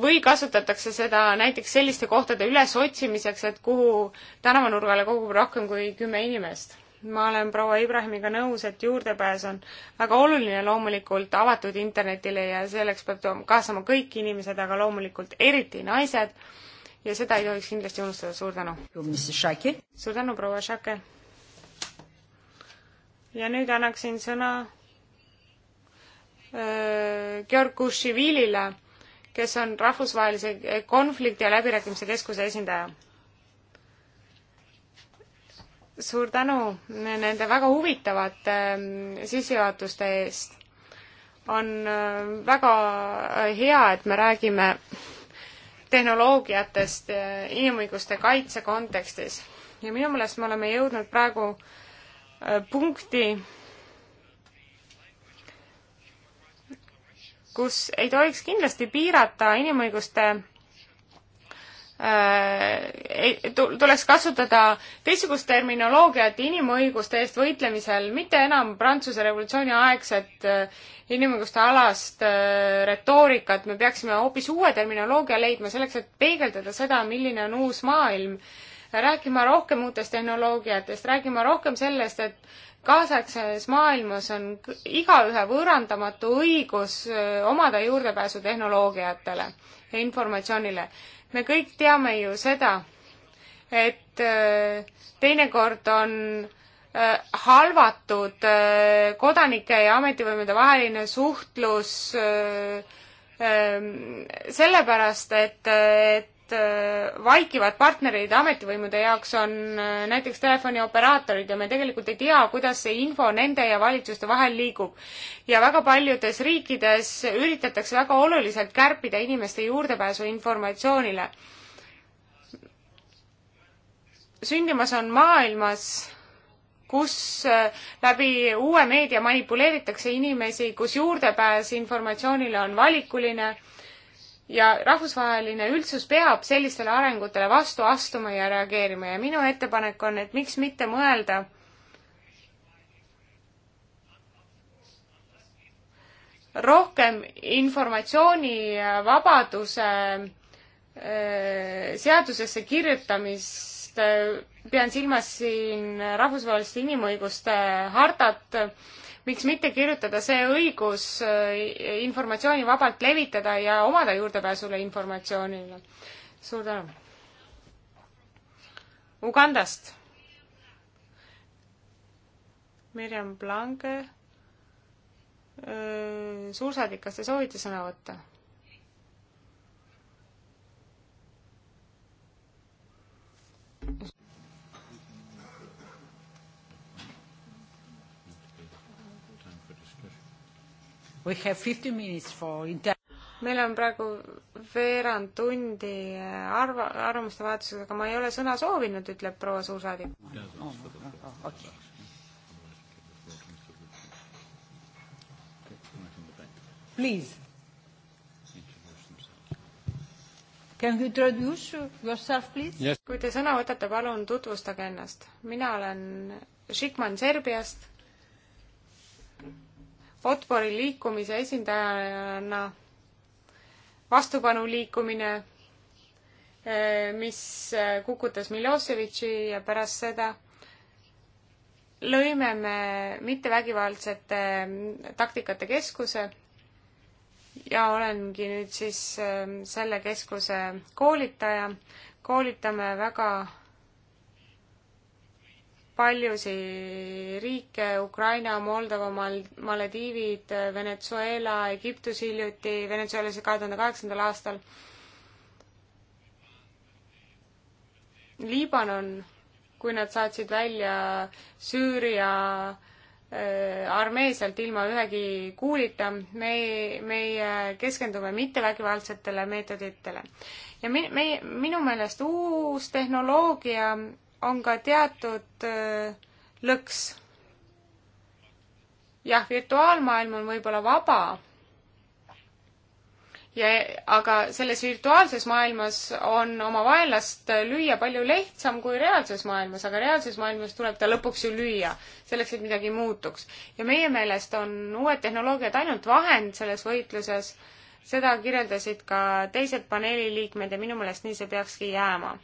või kasutatakse seda näiteks selliste kohtade ülesotsimiseks, et kuhu tänavanurgale kogub rohkem kui kümme inimest ma olen proua Ibrahimiga nõus, et juurdepääs on väga oluline loomulikult avatud internetile ja selleks peab tooma, kaasama kõik inimesed, aga loomulikult eriti naised. ja seda ei tohiks kindlasti unustada, suur tänu. suur tänu, proua Šake. ja nüüd annaksin sõna öö, äh, Georg Kušivilile, kes on rahvusvahelise konflikti ja läbirääkimise keskuse esindaja suur tänu nende väga huvitavate ähm, sissejuhatuste eest. on äh, väga äh, hea, et me räägime tehnoloogiatest äh, inimõiguste kaitse kontekstis ja minu meelest me oleme jõudnud praegu punkti, kus ei tohiks kindlasti piirata inimõiguste Äh, tuleks kasutada teistsugust terminoloogiat inimõiguste eest võitlemisel, mitte enam Prantsuse revolutsiooni aegset äh, inimõiguste alast äh, retoorikat, me peaksime hoopis uue terminoloogia leidma selleks, et peegeldada seda, milline on uus maailm. rääkima rohkem uutest tehnoloogiatest, rääkima rohkem sellest, et kaasaegses maailmas on igaühe võõrandamatu õigus omada juurdepääsu tehnoloogiatele ja informatsioonile me kõik teame ju seda, et äh, teinekord on äh, halvatud äh, kodanike ja ametivõimude vaheline suhtlus ähm, sellepärast, et, et Äh, vaikivad partnerid ametivõimude jaoks on äh, näiteks telefonioperaatorid ja me tegelikult ei tea, kuidas see info nende ja valitsuste vahel liigub. ja väga paljudes riikides üritatakse väga oluliselt kärpida inimeste juurdepääsu informatsioonile. sündimas on maailmas, kus äh, läbi uue meedia manipuleeritakse inimesi, kus juurdepääs informatsioonile on valikuline ja rahvusvaheline üldsus peab sellistele arengutele vastu astuma ja reageerima ja minu ettepanek on, et miks mitte mõelda rohkem informatsioonivabaduse äh, seadusesse kirjutamist, äh, pean silmas siin rahvusvahelist inimõiguste hartat, miks mitte kirjutada see õigus äh, informatsiooni vabalt levitada ja omada juurdepääsule informatsioonile. suur tänu. Ugandast. Mirjam Blanke. Äh, suursaadik, kas te soovite sõna võtta? Thank you. meil on praegu veerand tundi äh, arva, arvamuste vahetusega, aga ma ei ole sõna soovinud, ütleb proua suursaadik. Please. Can you introduce yourself, please yes.? kui te sõna võtate, palun tutvustage ennast. mina olen Šikman Serbiast Otpori liikumise esindajana vastupanuliikumine, eh, mis eh, kukutas Miloševitši ja pärast seda lõime me mittevägivaldsete mm, taktikate keskuse ja olengi nüüd siis eh, selle keskuse koolitaja. koolitame väga paljusid riike, Ukraina, Moldova, Mal-, Malediivid, Venezuela, Egiptus hiljuti, Venezuelas kahe tuhande kaheksandal aastal. Liibanon, kui nad saatsid välja Süüria äh, armee sealt ilma ühegi kuulita, me, meie keskendume mittevägivaldsetele meetoditele. ja mi-, me, minu meelest uus tehnoloogia on ka teatud äh, lõks. jah, virtuaalmaailm on võib-olla vaba ja aga selles virtuaalses maailmas on oma vaenlast äh, lüüa palju lihtsam kui reaalses maailmas, aga reaalses maailmas tuleb ta lõpuks ju lüüa, selleks et midagi muutuks. ja meie meelest on uued tehnoloogiad ainult vahend selles võitluses, seda kirjeldasid ka teised paneeli liikmed ja minu meelest nii see peakski jääma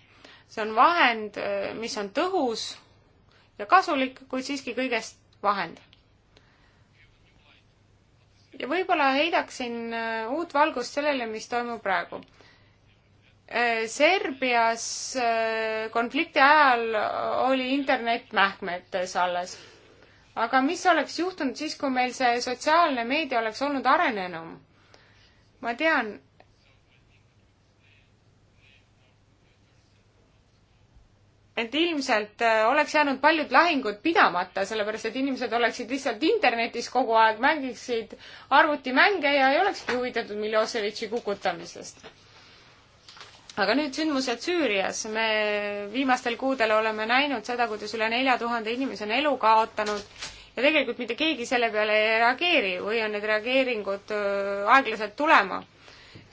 see on vahend, mis on tõhus ja kasulik, kuid siiski kõigest vahend. ja võib-olla heidaksin äh, uut valgust sellele, mis toimub praegu. Äh, Serbias äh, konflikti ajal oli internet mähkmetes alles. aga mis oleks juhtunud siis, kui meil see sotsiaalne meedia oleks olnud arenenum? ma tean, et ilmselt äh, oleks jäänud paljud lahingud pidamata, sellepärast et inimesed oleksid lihtsalt internetis kogu aeg, mängiksid arvutimänge ja ei olekski huvitatud Miloševitši kukutamisest. aga nüüd sündmused Süürias. me viimastel kuudel oleme näinud seda, kuidas üle nelja tuhande inimese on elu kaotanud ja tegelikult mitte keegi selle peale ei reageeri või on need reageeringud äh, aeglaselt tulema.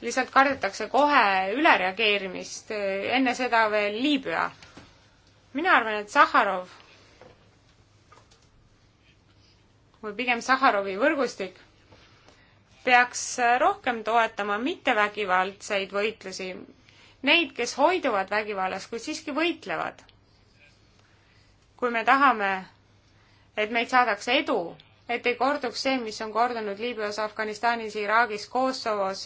lihtsalt kardetakse kohe ülereageerimist, äh, enne seda veel Liibüa mina arvan, et Sahharov või pigem Sahharovi võrgustik peaks rohkem toetama mittevägivaldseid võitlusi, neid, kes hoiduvad vägivallast, kuid siiski võitlevad. kui me tahame, et meid saadakse edu, et ei korduks see, mis on kordunud Liibüas, Afganistanis, Iraagis, Kosovos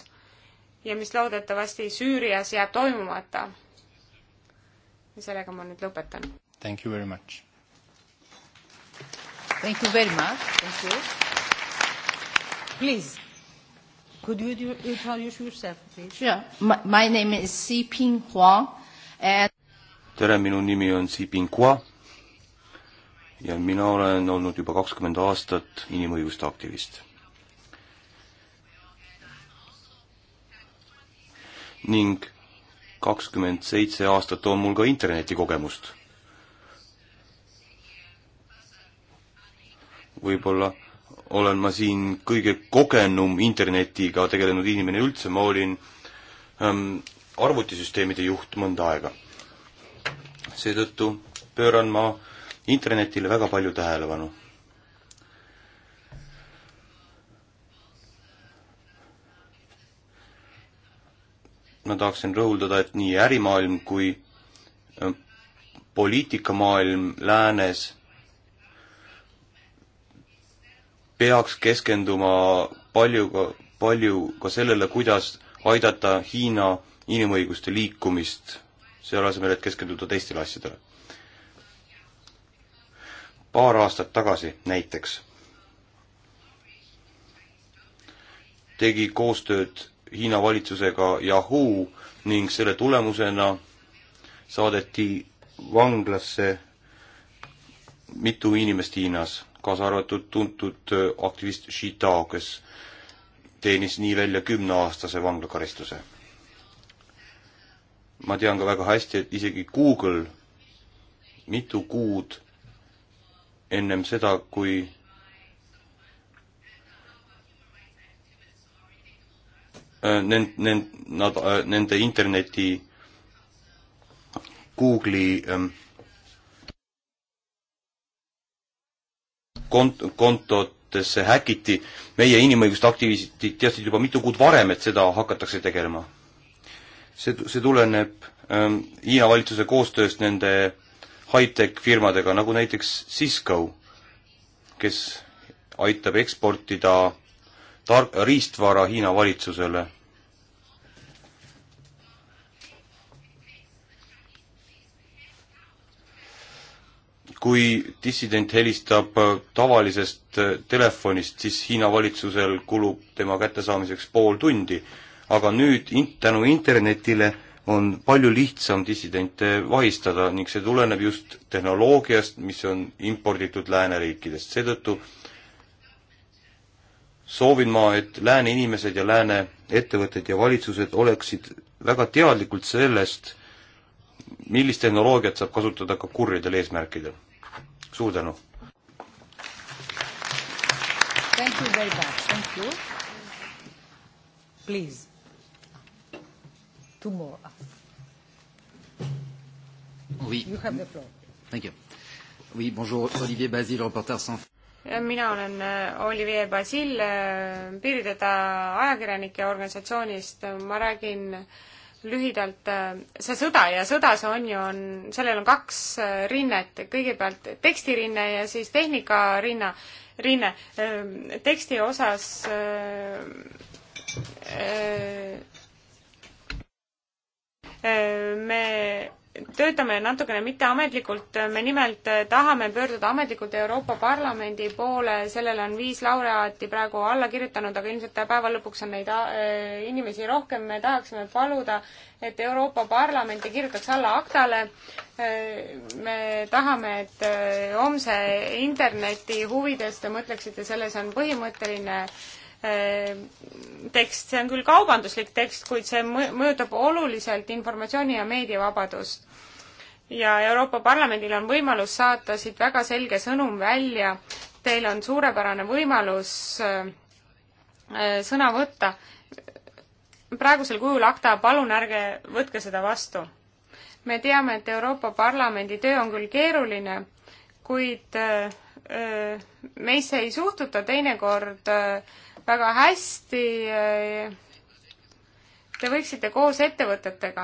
ja mis loodetavasti Süürias jääb toimumata ja sellega ma nüüd lõpetan. Thank you very much. Thank you very much. Thank you. Please, could you introduce yourself, please? Sure. My, my name is Si Ping Huang and tere, minu nimi on Si Ping Hua ja mina olen olnud juba kakskümmend aastat inimõiguste aktivist. ning kakskümmend seitse aastat on mul ka internetikogemust. võib-olla olen ma siin kõige kogenum internetiga tegelenud inimene üldse, ma olin ähm, arvutisüsteemide juht mõnda aega. seetõttu pööran ma internetile väga palju tähelepanu ma tahaksin rõhuldada, et nii ärimaailm kui äh, poliitikamaailm läänes peaks keskenduma palju ka, palju ka sellele, kuidas aidata Hiina inimõiguste liikumist, selle asemel, et keskenduda teistele asjadele. paar aastat tagasi näiteks tegi koostööd Hiina valitsusega Yahoo ning selle tulemusena saadeti vanglasse mitu inimest Hiinas, kaasa arvatud tuntud äh, aktivist Shi Tao, kes teenis nii välja kümneaastase vanglakaristuse. ma tean ka väga hästi, et isegi Google mitu kuud ennem seda, kui nend-, äh, nend-, nad, äh, nende interneti Google'i ähm, kont-, kontotesse häkiti, meie inimõiguste aktivistid teadsid juba mitu kuud varem, et seda hakatakse tegelema. see, see tuleneb ähm, Hiina valitsuse koostööst nende high-tech firmadega, nagu näiteks Cisco, kes aitab eksportida tar-, riistvara Hiina valitsusele. kui dissident helistab tavalisest äh, telefonist, siis Hiina valitsusel kulub tema kättesaamiseks pool tundi, aga nüüd in-, tänu internetile on palju lihtsam dissidente vahistada ning see tuleneb just tehnoloogiast, mis on imporditud lääneriikidest, seetõttu soovin ma, et lääne inimesed ja lääne ettevõtted ja valitsused oleksid väga teadlikult sellest, millist tehnoloogiat saab kasutada ka kurjadel eesmärkidel. suur tänu! Thank you very much. Thank you. Please. Two more. Oui. You have the floor. Thank you. Oui, bonjour, Olivier Basile, reporter sans mina olen äh, Olivier Basil äh, Piirideta ajakirjanike organisatsioonist, ma räägin lühidalt, äh, see sõda ja sõda see on ju, on, sellel on kaks rinnet, kõigepealt tekstirinne ja siis tehnikarinna, rinne. teksti osas äh, äh, me töötame natukene mitteametlikult, me nimelt äh, tahame pöörduda ametlikult Euroopa Parlamendi poole, sellele on viis laureaati praegu alla kirjutanud, aga ilmselt päeva lõpuks on neid äh, inimesi rohkem, me tahaksime paluda, et Euroopa Parlament ei kirjutaks alla aktale. Äh, me tahame, et homse interneti huvides te mõtleksite, selles on põhimõtteline äh, Äh, tekst, see on küll kaubanduslik tekst, kuid see mõjutab oluliselt informatsiooni- ja meediavabadust. ja Euroopa Parlamendil on võimalus saata siit väga selge sõnum välja, teil on suurepärane võimalus äh, äh, sõna võtta. praegusel kujul akta, palun ärge võtke seda vastu. me teame, et Euroopa Parlamendi töö on küll keeruline, kuid meisse ei suhtuta teinekord äh, väga hästi. Te võiksite koos ettevõtetega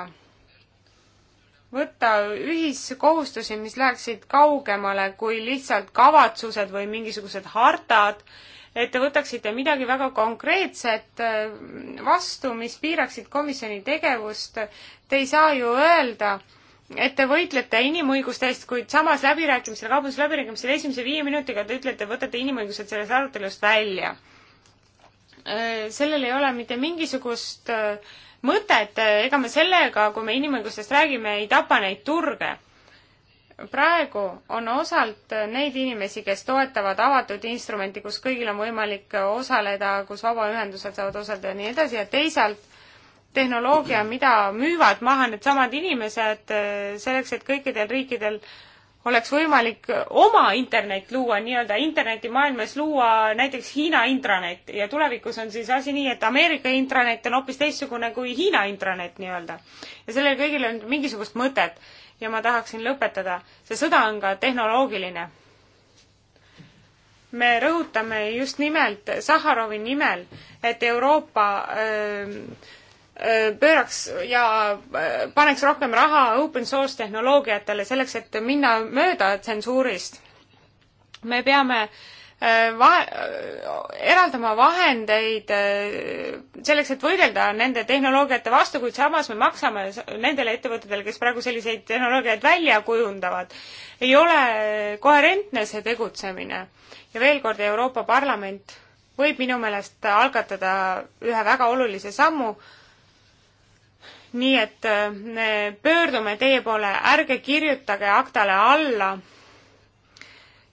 võtta ühiskohustusi, mis läheksid kaugemale kui lihtsalt kavatsused või mingisugused hartad, et te võtaksite midagi väga konkreetset eh, vastu, mis piiraksid komisjoni tegevust. Te ei saa ju öelda, et te võitlete inimõiguste eest, kuid samas läbirääkimistel, kaubandusläbirääkimistel esimese viie minutiga te ütlete, võtate inimõigused sellest arutelust välja Äh, sellel ei ole mitte mingisugust äh, mõtet, äh, ega me sellega, kui me inimõigustest räägime, ei tapa neid turge. praegu on osalt neid inimesi, kes toetavad avatud instrumenti, kus kõigil on võimalik osaleda, kus vabaühendused saavad osaleda ja nii edasi ja teisalt tehnoloogia, mida müüvad maha needsamad inimesed selleks, et kõikidel riikidel äh, oleks võimalik oma internet luua, nii-öelda internetimaailmas luua näiteks Hiina intranet ja tulevikus on siis asi nii, et Ameerika intranet on hoopis teistsugune kui Hiina intranet nii-öelda. ja sellel kõigil on mingisugust mõtet ja ma tahaksin lõpetada. see sõda on ka tehnoloogiline. me rõhutame just nimelt Sahharovi nimel, et Euroopa öö, ähm, pööraks ja äh, paneks rohkem raha open source tehnoloogiatele selleks, et minna mööda tsensuurist. me peame äh, vahe, äh, eraldama vahendeid selleks, et võidelda nende tehnoloogiate vastu, kuid samas me maksame nendele ettevõtetele, kes praegu selliseid tehnoloogiaid välja kujundavad. ei ole koherentne see tegutsemine. ja veel kord, Euroopa Parlament võib minu meelest algatada ühe väga olulise sammu, nii et äh, me pöördume teie poole, ärge kirjutage aktale alla.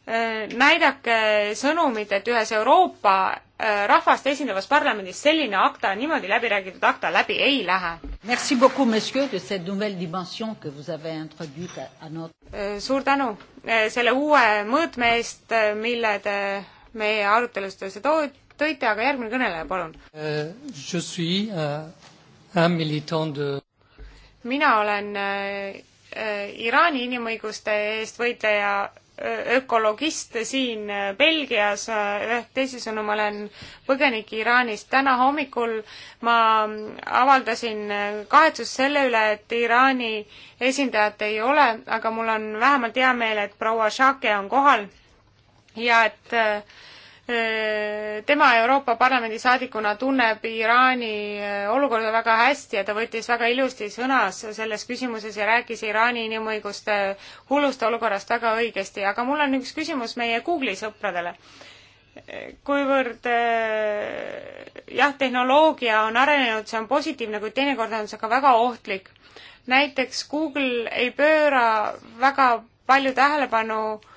Äh, näidake sõnumit, et ühes Euroopa äh, rahvast esindavas parlamendis selline akta, niimoodi läbi räägitud akta läbi ei lähe. suur tänu selle uue mõõtme eest, mille te meie arutelustesse tõite, aga järgmine kõneleja, palun uh, mina olen äh, äh, Iraani inimõiguste eest võitleja ökologist siin äh, Belgias, ehk teisisõnu, ma olen põgenik Iraanist. täna hommikul ma mm, avaldasin kahetsust selle üle, et Iraani esindajat ei ole, aga mul on vähemalt hea meel, et proua Shake on kohal ja et äh, tema Euroopa Parlamendi saadikuna tunneb Iraani eh, olukorda väga hästi ja ta võttis väga ilusti sõnas selles küsimuses ja rääkis Iraani inimõiguste hullust olukorrast väga õigesti, aga mul on üks küsimus meie Google'i sõpradele. kuivõrd eh, jah, tehnoloogia on arenenud, see on positiivne, kuid teinekord on see ka väga ohtlik. näiteks Google ei pööra väga palju tähelepanu äh,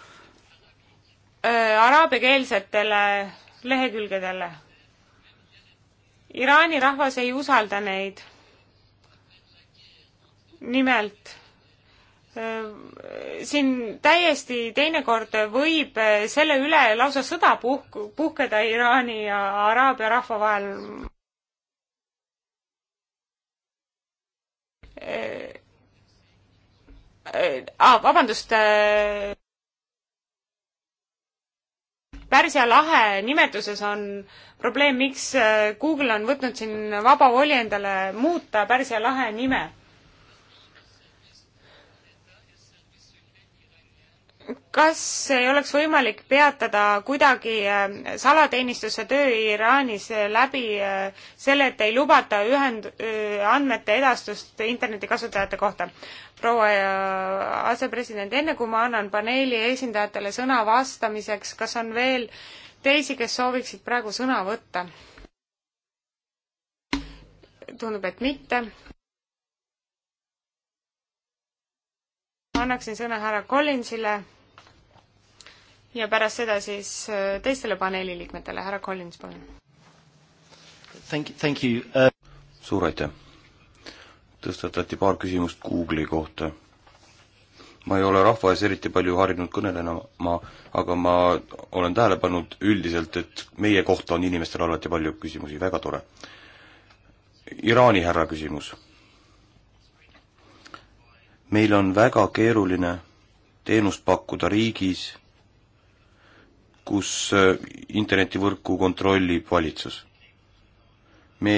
Äh, araabiakeelsetele lehekülgedele. Iraani rahvas ei usalda neid. nimelt äh, siin täiesti teinekord võib äh, selle üle lausa sõda puhk-, puhkeda Iraani ja araabia rahva vahel. Ah, vabandust äh,, Pärsia lahe nimetuses on probleem, miks äh, Google on võtnud siin vaba voli endale muuta Pärsia lahe nime. kas ei oleks võimalik peatada kuidagi äh, salateenistuse töö Iraanis äh, läbi äh, selle, et ei lubata ühend-, andmete edastust internetikasutajate kohta? proua asepresident, enne kui ma annan paneeli esindajatele sõna vastamiseks, kas on veel teisi, kes sooviksid praegu sõna võtta? tundub, et mitte. annaksin sõna härra Collinsile ja pärast seda siis äh, teistele paneeli liikmetele, härra Collins, palun. Thank you, thank you uh.... suur aitäh. tõstatati paar küsimust Google'i kohta. ma ei ole rahva ees eriti palju harjunud kõnelema, aga ma olen tähele pannud üldiselt, et meie kohta on inimestel alati palju küsimusi, väga tore. Iraani härra küsimus. meil on väga keeruline teenust pakkuda riigis, kus äh, internetivõrku kontrollib valitsus. me,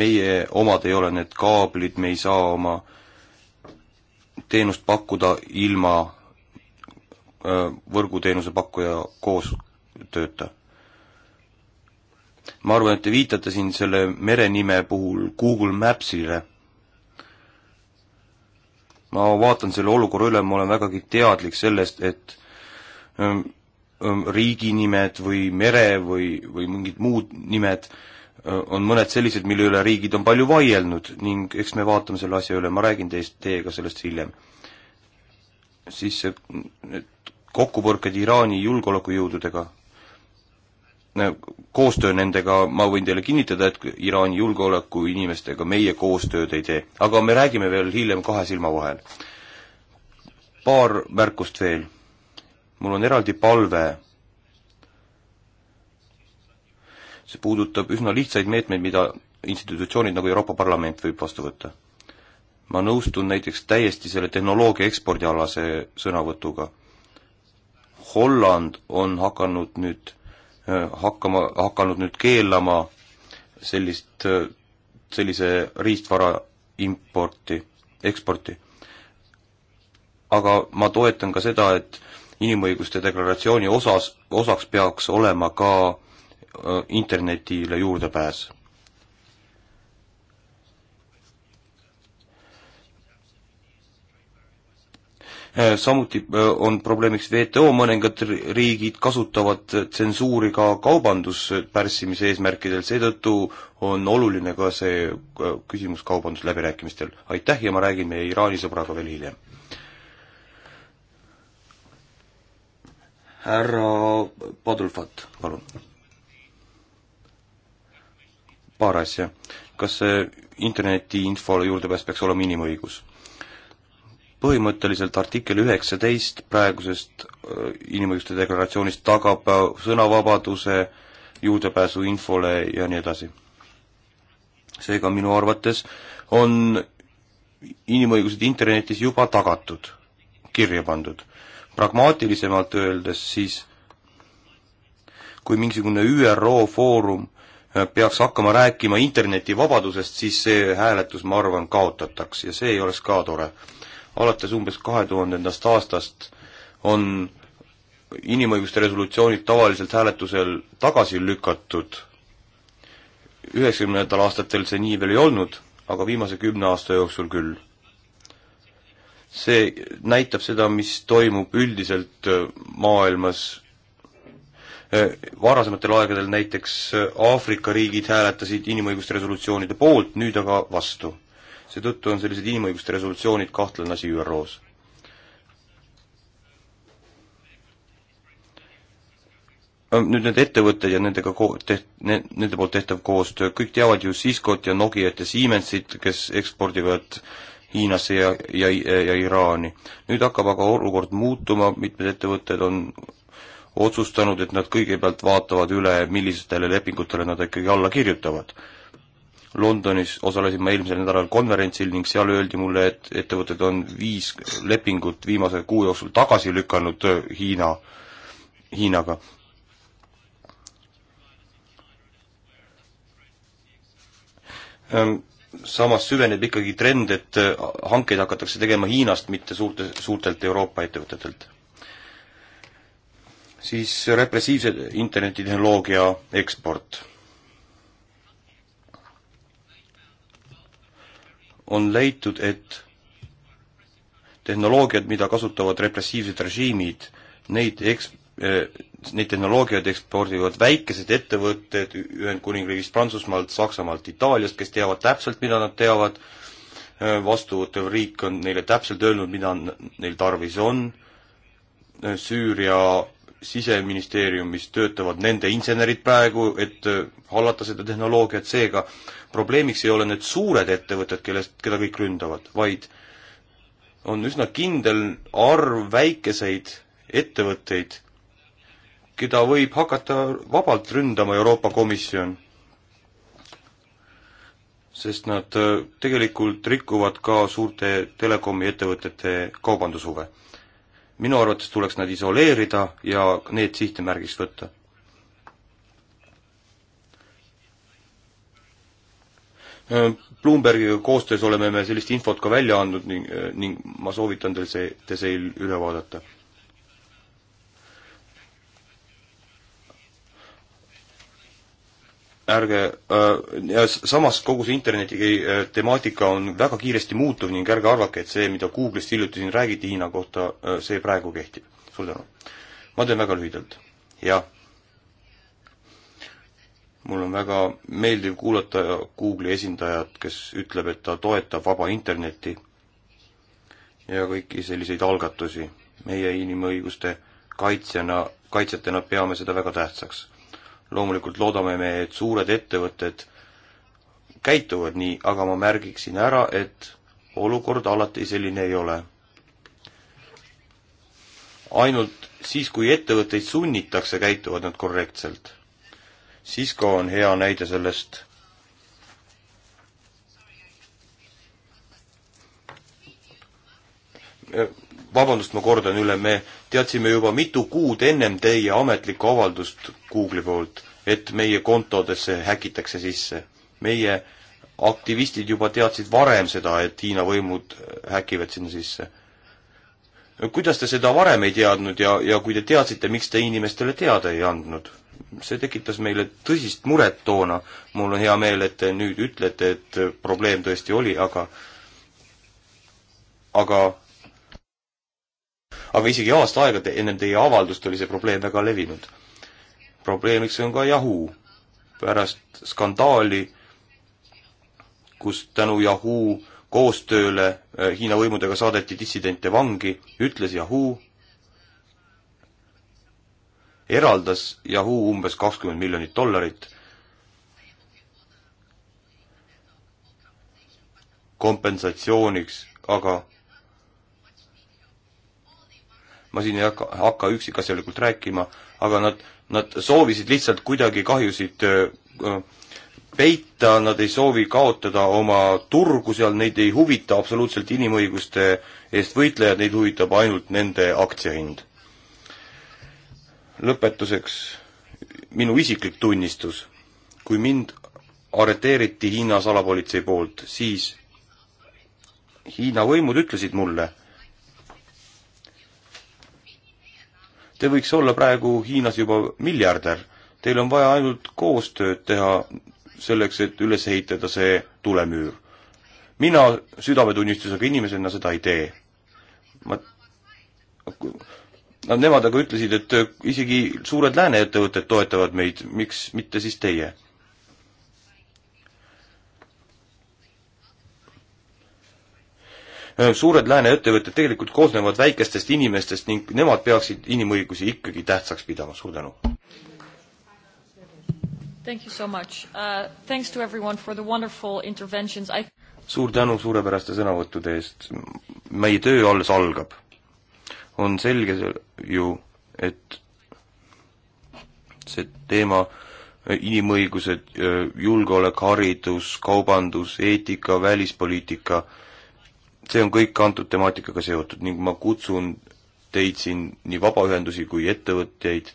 meie omad ei ole need kaablid, me ei saa oma teenust pakkuda ilma äh, võrguteenuse pakkuja koostööta. ma arvan, et te viitate siin selle merenime puhul Google Mapsile. ma vaatan selle olukorra üle, ma olen vägagi teadlik sellest, et ähm, riiginimed või mere või, või mingid muud nimed, on mõned sellised, mille üle riigid on palju vaielnud ning eks me vaatame selle asja üle, ma räägin teist, teiega sellest hiljem. siis see, need kokkupõrked Iraani julgeolekujõududega, koostöö nendega, ma võin teile kinnitada, et Iraani julgeolekuinimestega meie koostööd ei tee. aga me räägime veel hiljem kahe silma vahel. paar märkust veel mul on eraldi palve. see puudutab üsna lihtsaid meetmeid, mida institutsioonid nagu Euroopa Parlament võib vastu võtta. ma nõustun näiteks täiesti selle tehnoloogia ekspordialase sõnavõtuga. Holland on hakanud nüüd äh, hakkama, hakanud nüüd keelama sellist, äh, sellise riistvara importi, eksporti. aga ma toetan ka seda, et inimõiguste deklaratsiooni osas, osaks peaks olema ka internetile juurdepääs. Äh, samuti on probleemiks WTO, mõningad riigid kasutavad tsensuuri ka kaubanduspärssimise äh, eesmärkidel, seetõttu on oluline ka see äh, küsimus kaubandusläbirääkimistel. aitäh ja ma räägin meie Iraani sõbraga veel hiljem. härra Padulfat, palun. paar asja. kas interneti infole juurdepääs peaks olema inimõigus? põhimõtteliselt artikkel üheksateist praegusest äh, inimõiguste deklaratsioonist tagab äh, sõnavabaduse, juurdepääsu infole ja nii edasi. seega minu arvates on inimõigused internetis juba tagatud, kirja pandud pragmaatilisemalt öeldes, siis kui mingisugune ÜRO foorum äh, peaks hakkama rääkima internetivabadusest, siis see hääletus, ma arvan, kaotataks ja see ei oleks ka tore. alates umbes kahe tuhandendast aastast on inimõiguste resolutsioonid tavaliselt hääletusel tagasi lükatud. üheksakümnendatel aastatel see nii veel ei olnud, aga viimase kümne aasta jooksul küll see näitab seda, mis toimub üldiselt äh, maailmas. Äh, varasematel aegadel näiteks äh, Aafrika riigid hääletasid inimõiguste resolutsioonide poolt, nüüd aga vastu. seetõttu on sellised inimõiguste resolutsioonid kahtlane asi ÜRO-s. nüüd need ettevõtted ja nendega ko-, teht-, ne-, nende poolt tehtav koostöö, kõik teavad ju Ciscot ja Nokiat ja Siemensit, kes ekspordivad äh, Hiinasse ja, ja, ja Iraani. nüüd hakkab aga olukord muutuma, mitmed ettevõtted on otsustanud, et nad kõigepealt vaatavad üle, millistele lepingutele nad ikkagi alla kirjutavad. Londonis osalesin ma eelmisel nädalal konverentsil ning seal öeldi mulle, et ettevõtted on viis lepingut viimase kuu jooksul tagasi lükanud Hiina, Hiinaga. Um, ähm samas süveneb ikkagi trend, et äh, hankeid hakatakse tegema Hiinast, mitte suurte, suurtelt Euroopa ettevõtetelt. siis repressiivse internetitehnoloogia eksport. on leitud, et tehnoloogiad, mida kasutavad repressiivsed režiimid, neid eks-, Äh, neid tehnoloogiaid ekspordivad väikesed ettevõtted Ühendkuningriigist, Prantsusmaalt, Saksamaalt, Itaaliast, kes teavad täpselt, mida nad teavad, äh, vastuvõttev riik on neile täpselt öelnud, mida neil tarvis on, äh, Süüria siseministeeriumis töötavad nende insenerid praegu, et hallata seda tehnoloogiat, seega probleemiks ei ole need suured ettevõtted, kellest, keda kõik ründavad, vaid on üsna kindel arv väikeseid ettevõtteid keda võib hakata vabalt ründama Euroopa Komisjon. sest nad äh, tegelikult rikuvad ka suurte telekomi ettevõtete kaubandushuve. minu arvates tuleks nad isoleerida ja need sihtemärgiks võtta. Äh, Bloombergiga koostöös oleme me sellist infot ka välja andnud ning, äh, ning ma soovitan teil see, te see üle vaadata ärge äh,, samas kogu see interneti äh, temaatika on väga kiiresti muutuv ning ärge arvake, et see, mida Google'ist hiljuti siin räägiti Hiina kohta äh,, see praegu kehtib. suur tänu. ma teen väga lühidalt. jah. mul on väga meeldiv kuulata Google'i esindajat, kes ütleb, et ta toetab vaba internetti ja kõiki selliseid algatusi. meie inimõiguste kaitsjana, kaitsjatena peame seda väga tähtsaks loomulikult loodame me, et suured ettevõtted käituvad nii, aga ma märgiksin ära, et olukord alati selline ei ole. ainult siis, kui ettevõtteid sunnitakse, käituvad nad korrektselt. Cisco on hea näide sellest vabandust, ma kordan üle, me teadsime juba mitu kuud ennem teie ametlikku avaldust Google'i poolt, et meie kontodesse häkitakse sisse. meie aktivistid juba teadsid varem seda, et Hiina võimud häkivad sinna sisse. kuidas te seda varem ei teadnud ja, ja kui te teadsite, miks te inimestele teada ei andnud? see tekitas meile tõsist muret toona. mul on hea meel, et te nüüd ütlete, et probleem tõesti oli, aga aga aga isegi aasta aega te, ennem teie avaldust oli see probleem väga levinud. probleemiks on ka Yahoo. pärast skandaali, kus tänu Yahoo koostööle äh, Hiina võimudega saadeti dissidente vangi, ütles Yahoo, eraldas Yahoo umbes kakskümmend miljonit dollarit kompensatsiooniks, aga ma siin ei hakka, hakka üksikasjalikult rääkima, aga nad, nad soovisid lihtsalt kuidagi kahjusid peita, nad ei soovi kaotada oma turgu seal, neid ei huvita absoluutselt inimõiguste eest võitlejad, neid huvitab ainult nende aktsiahind. lõpetuseks minu isiklik tunnistus. kui mind arreteeriti Hiina salapolitsei poolt, siis Hiina võimud ütlesid mulle, Te võiks olla praegu Hiinas juba miljardär, teil on vaja ainult koostööd teha selleks, et üles ehitada see tulemüür. mina südametunnistusega inimesena seda ei tee. ma, nad, nemad aga ütlesid, et isegi suured lääne ettevõtted toetavad meid, miks mitte siis teie Äh, suured lääne ettevõtted tegelikult koosnevad väikestest inimestest ning nemad peaksid inimõigusi ikkagi tähtsaks pidama, suur tänu! Thank you so much uh,. Thanks to everyone for the wonderful interventions I suur tänu suurepäraste sõnavõttude eest, meie töö alles algab. on selge ju, et see teema äh, inimõigused, äh, julgeolek, haridus, kaubandus, eetika, välispoliitika äh, see on kõik antud temaatikaga seotud ning ma kutsun teid siin, nii vabaühendusi kui ettevõtjaid,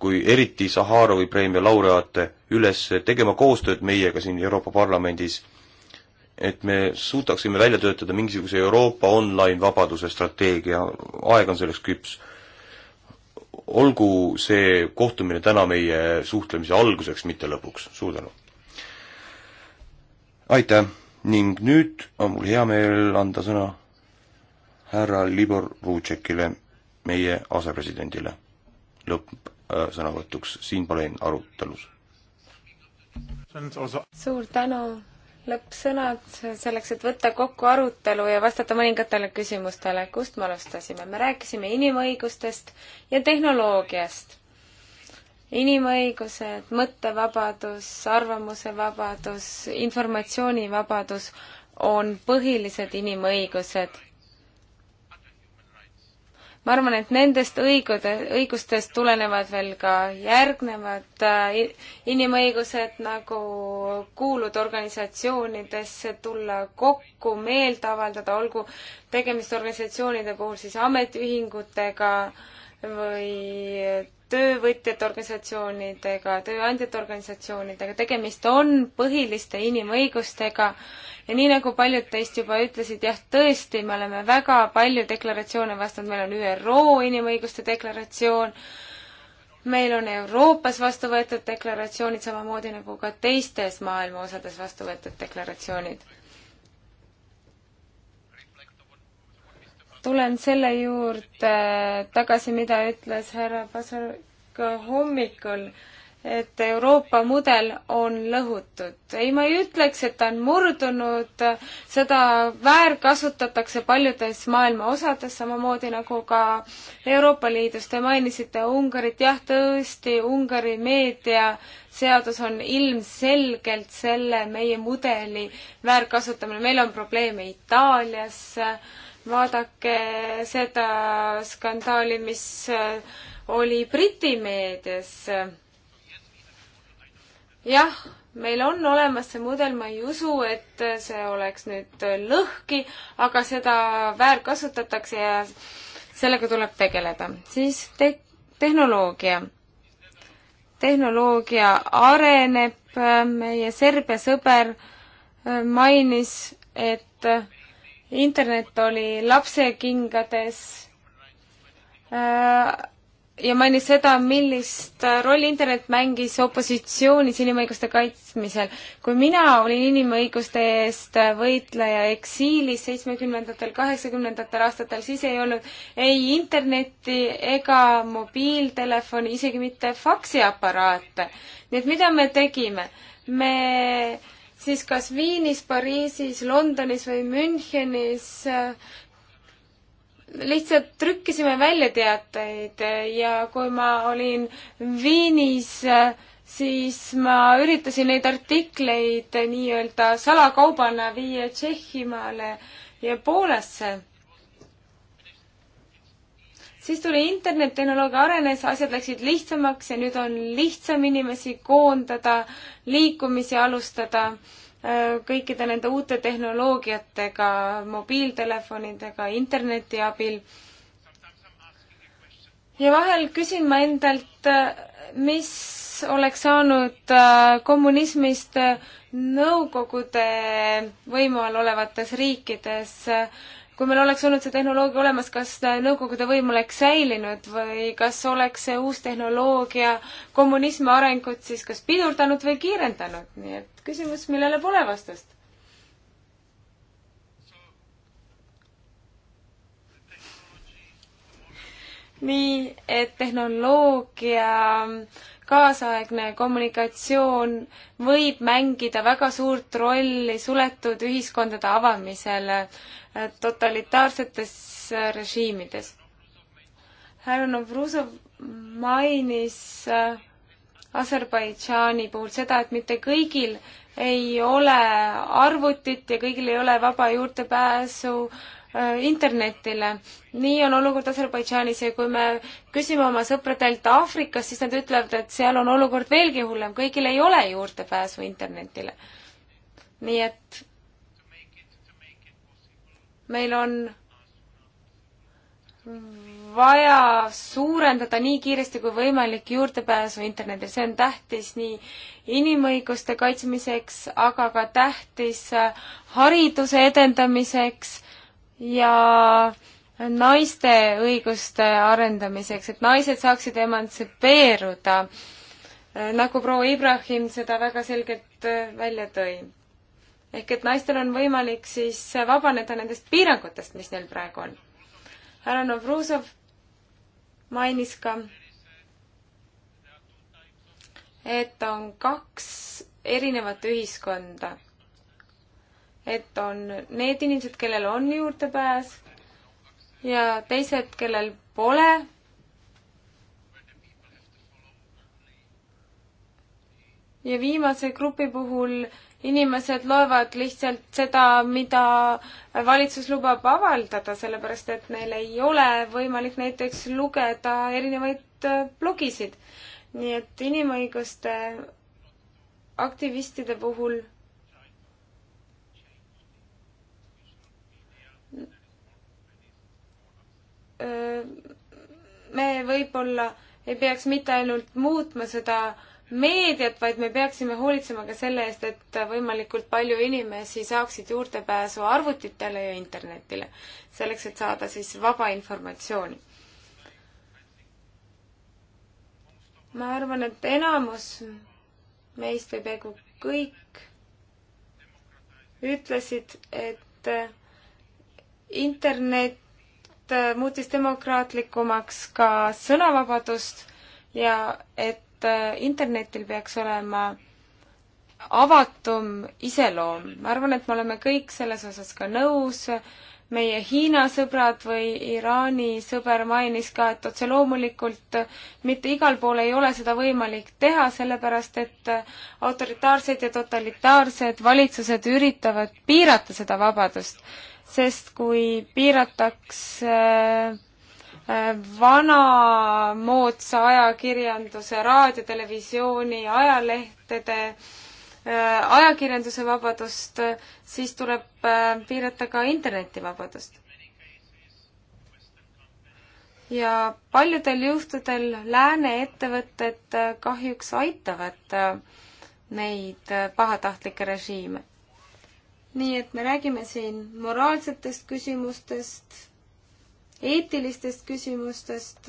kui eriti Saharovi preemia laureaate, üles tegema koostööd meiega siin Euroopa Parlamendis, et me suudaksime välja töötada mingisuguse Euroopa online vabaduse strateegia, aeg on selleks küps. olgu see kohtumine täna meie suhtlemise alguseks, mitte lõpuks, suur tänu! aitäh! ning nüüd on mul hea meel anda sõna härra Libor Vutšekile, meie asepresidendile, lõppsõnavõtuks äh, siin paleen arutelus. suur tänu, lõppsõnad selleks, et võtta kokku arutelu ja vastata mõningatele küsimustele, kust me alustasime, me rääkisime inimõigustest ja tehnoloogiast inimõigused, mõttevabadus, arvamusevabadus, informatsioonivabadus on põhilised inimõigused. ma arvan, et nendest õigude, õigustest tulenevad veel ka järgnevad äh, inimõigused, nagu kuuluda organisatsioonidesse, tulla kokku, meelt avaldada, olgu tegemist organisatsioonide puhul siis ametiühingutega või töövõtjate organisatsioonidega, tööandjate organisatsioonidega, tegemist on põhiliste inimõigustega ja nii, nagu paljud teist juba ütlesid, jah, tõesti, me oleme väga palju deklaratsioone vastanud, meil on ÜRO inimõiguste deklaratsioon, meil on Euroopas vastu võetud deklaratsioonid, samamoodi nagu ka teistes maailma osades vastu võetud deklaratsioonid. tulen selle juurde tagasi, mida ütles härra Pasar ka hommikul, et Euroopa mudel on lõhutud. ei, ma ei ütleks, et ta on murdunud, seda väärkasutatakse paljudes maailma osades, samamoodi nagu ka Euroopa Liidus. Te mainisite Ungarit, jah, tõesti, Ungari meediaseadus on ilmselgelt selle meie mudeli väärkasutamine. meil on probleeme Itaalias äh,, vaadake seda skandaali, mis äh, oli Briti meedias. jah, meil on olemas see mudel, ma ei usu, et see oleks nüüd lõhki, aga seda väärkasutatakse ja sellega tuleb tegeleda. siis te-, tehnoloogia. tehnoloogia areneb, äh, meie Serbia sõber äh, mainis, et internet oli lapsekingades äh, ja mainis seda, millist äh, rolli internet mängis opositsioonis inimõiguste kaitsmisel. kui mina olin inimõiguste eest äh, võitleja eksiilis seitsmekümnendatel, kaheksakümnendatel aastatel, siis ei olnud ei internetti ega mobiiltelefoni, isegi mitte faksiaparaate. nii et mida me tegime? me siis kas Viinis, Pariisis, Londonis või Münchenis äh, lihtsalt trükkisime välja teateid äh, ja kui ma olin Viinis, äh, siis ma üritasin neid artikleid nii-öelda salakaubana viia Tšehhimaale ja Poolasse siis tuli internettehnoloogia arenes, asjad läksid lihtsamaks ja nüüd on lihtsam inimesi koondada, liikumisi alustada äh, kõikide nende uute tehnoloogiatega, mobiiltelefonidega, interneti abil. ja vahel küsin ma endalt, äh, mis oleks saanud äh, kommunismist Nõukogude võimu all olevates riikides kui meil oleks olnud see tehnoloogia olemas, kas Nõukogude võim oleks säilinud või kas oleks see uus tehnoloogia kommunismi arengut siis kas pidurdanud või kiirendanud, nii et küsimus, millele pole vastust. nii et tehnoloogia kaasaegne kommunikatsioon võib mängida väga suurt rolli suletud ühiskondade avamisel äh, totalitaarsetes äh, režiimides. härra Novruzov mainis äh, Aserbaidžaani puhul seda, et mitte kõigil ei ole arvutit ja kõigil ei ole vaba juurdepääsu Äh, internetile. nii on olukord Aserbaidžaanis ja kui me küsime oma sõpradelt Aafrikas, siis nad ütlevad, et seal on olukord veelgi hullem, kõigil ei ole juurdepääsu internetile. nii et meil on vaja suurendada nii kiiresti kui võimalik juurdepääsu internetile, see on tähtis nii inimõiguste kaitsmiseks, aga ka tähtis hariduse edendamiseks ja naiste õiguste arendamiseks, et naised saaksid emantsipeeruda, nagu proua Ibrahim seda väga selgelt äh, välja tõi. ehk et naistel on võimalik siis vabaneda nendest piirangutest, mis neil praegu on. härra Novruzov mainis ka, et on kaks erinevat ühiskonda et on need inimesed, kellel on juurdepääs ja teised, kellel pole. ja viimase grupi puhul inimesed loevad lihtsalt seda, mida valitsus lubab avaldada, sellepärast et neil ei ole võimalik näiteks lugeda erinevaid äh, blogisid. nii et inimõiguste aktivistide puhul me võib-olla ei peaks mitte ainult muutma seda meediat, vaid me peaksime hoolitsema ka selle eest, et võimalikult palju inimesi saaksid juurdepääsu arvutitele ja internetile, selleks et saada siis vaba informatsiooni. ma arvan, et enamus meist või peaaegu kõik ütlesid, et internet Äh, muutis demokraatlikumaks ka sõnavabadust ja et äh, internetil peaks olema avatum iseloom. ma arvan, et me oleme kõik selles osas ka nõus. meie Hiina sõbrad või Iraani sõber mainis ka, et otse loomulikult äh, mitte igal pool ei ole seda võimalik teha, sellepärast et autoritaarsed ja totalitaarsed valitsused üritavad piirata seda vabadust sest kui piiratakse äh, vanamoodsa ajakirjanduse, raadiotelevisiooni, ajalehtede, äh, ajakirjanduse vabadust, siis tuleb äh, piirata ka internetivabadust. ja paljudel juhtudel lääne ettevõtted kahjuks aitavad neid pahatahtlikke režiime nii et me räägime siin moraalsetest küsimustest, eetilistest küsimustest,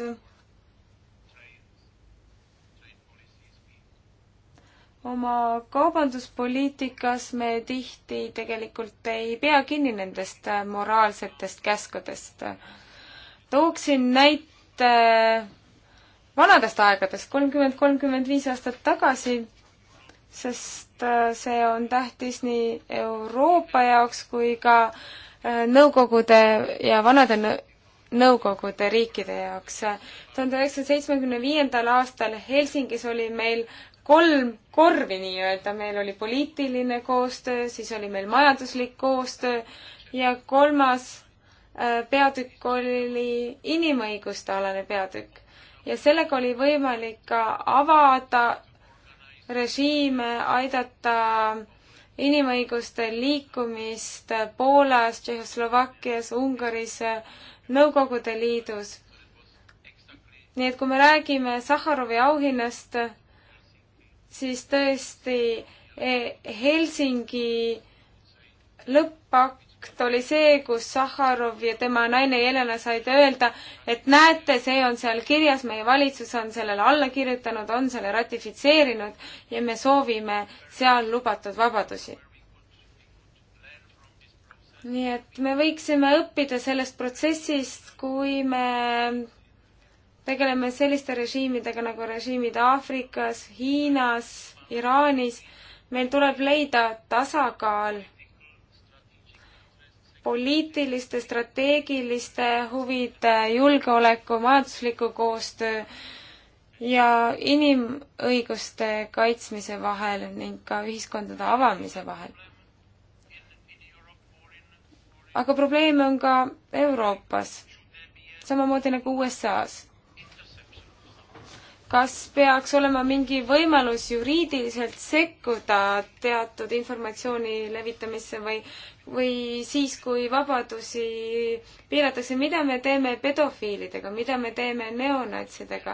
oma kaubanduspoliitikas me tihti tegelikult ei pea kinni nendest moraalsetest käskudest. tooksin näite vanadest aegadest, kolmkümmend, kolmkümmend viis aastat tagasi sest äh, see on tähtis nii Euroopa jaoks kui ka äh, Nõukogude ja vanade Nõukogude riikide jaoks. tuhande üheksasaja seitsmekümne viiendal aastal Helsingis oli meil kolm korvi nii-öelda, meil oli poliitiline koostöö, siis oli meil majanduslik koostöö ja kolmas äh, peatükk oli inimõiguste alane peatükk. ja sellega oli võimalik ka avada režiime, aidata inimõiguste liikumist Poolas, Tšehhoslovakkias, Ungaris, Nõukogude Liidus. nii et kui me räägime Sahharovi auhinnast, siis tõesti eh, Helsingi lõpp-, hetk oli see, kus Sahharov ja tema naine Jelena said öelda, et näete, see on seal kirjas, meie valitsus on sellele alla kirjutanud, on selle ratifitseerinud ja me soovime seal lubatud vabadusi. nii et me võiksime õppida sellest protsessist, kui me tegeleme selliste režiimidega nagu režiimid Aafrikas, Hiinas, Iraanis, meil tuleb leida tasakaal poliitiliste, strateegiliste huvide, julgeoleku, majandusliku koostöö ja inimõiguste kaitsmise vahel ning ka ühiskondade avamise vahel. aga probleeme on ka Euroopas, samamoodi nagu USA-s. kas peaks olema mingi võimalus juriidiliselt sekkuda teatud informatsiooni levitamisse või või siis, kui vabadusi piiratakse, mida me teeme pedofiilidega, mida me teeme neonatsidega,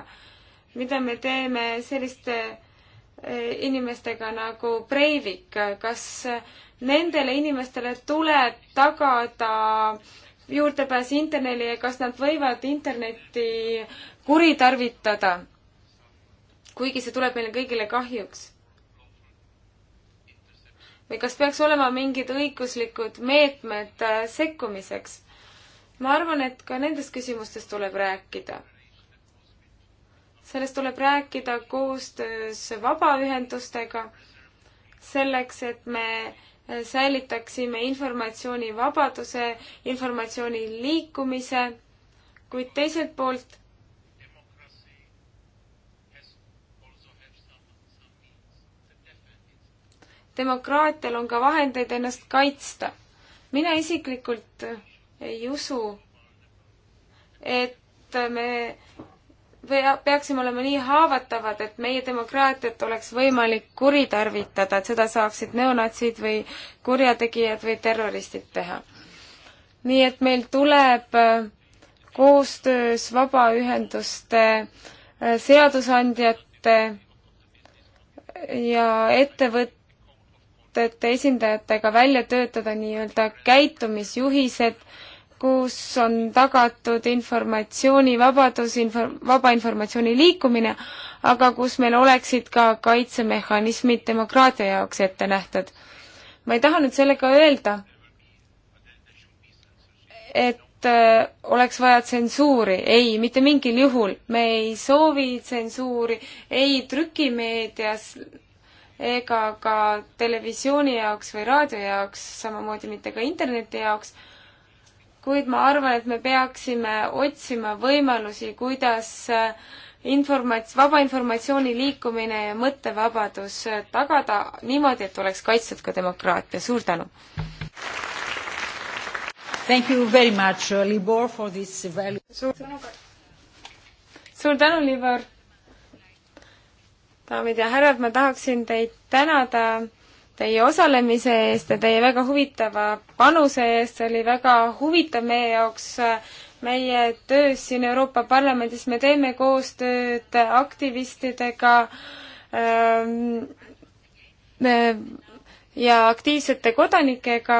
mida me teeme selliste eh, inimestega nagu Breivik, kas nendele inimestele tuleb tagada juurdepääs interneli ja kas nad võivad internetti kuritarvitada? kuigi see tuleb meile kõigile kahjuks kas peaks olema mingid õiguslikud meetmed äh, sekkumiseks? ma arvan, et ka nendest küsimustest tuleb rääkida. sellest tuleb rääkida koostöös vabaühendustega, selleks et me äh, säilitaksime informatsioonivabaduse, informatsiooni liikumise, kuid teiselt poolt demokraatial on ka vahendeid ennast kaitsta. mina isiklikult ei usu, et me peaksime olema nii haavatavad, et meie demokraatiat oleks võimalik kuritarvitada, et seda saaksid neonatsid või kurjategijad või terroristid teha. nii et meil tuleb äh, koostöös vabaühenduste, äh, seadusandjate ja ettevõtte ettevõtete esindajatega välja töötada nii-öelda käitumisjuhised, kus on tagatud informatsioonivabadus, infor-, vaba informatsiooni liikumine, aga kus meil oleksid ka kaitsemehhanismid demokraatia jaoks ette nähtud. ma ei taha nüüd sellega öelda, et äh, oleks vaja tsensuuri, ei, mitte mingil juhul, me ei soovi tsensuuri ei trükimeedias ega ka televisiooni jaoks või raadio jaoks, samamoodi mitte ka interneti jaoks, kuid ma arvan, et me peaksime otsima võimalusi, kuidas äh, informats-, vaba informatsiooni liikumine ja mõttevabadus äh, tagada niimoodi, et oleks kaitstud ka demokraatia. suur tänu! Thank you very much, uh, Libor, for this value. suur tänu, Libor! daamid ja härrad, ma tahaksin teid tänada teie osalemise eest ja teie väga huvitava panuse eest, see oli väga huvitav meie jaoks, meie töös siin Euroopa Parlamendis, me teeme koostööd aktivistidega ähm, ja aktiivsete kodanikega,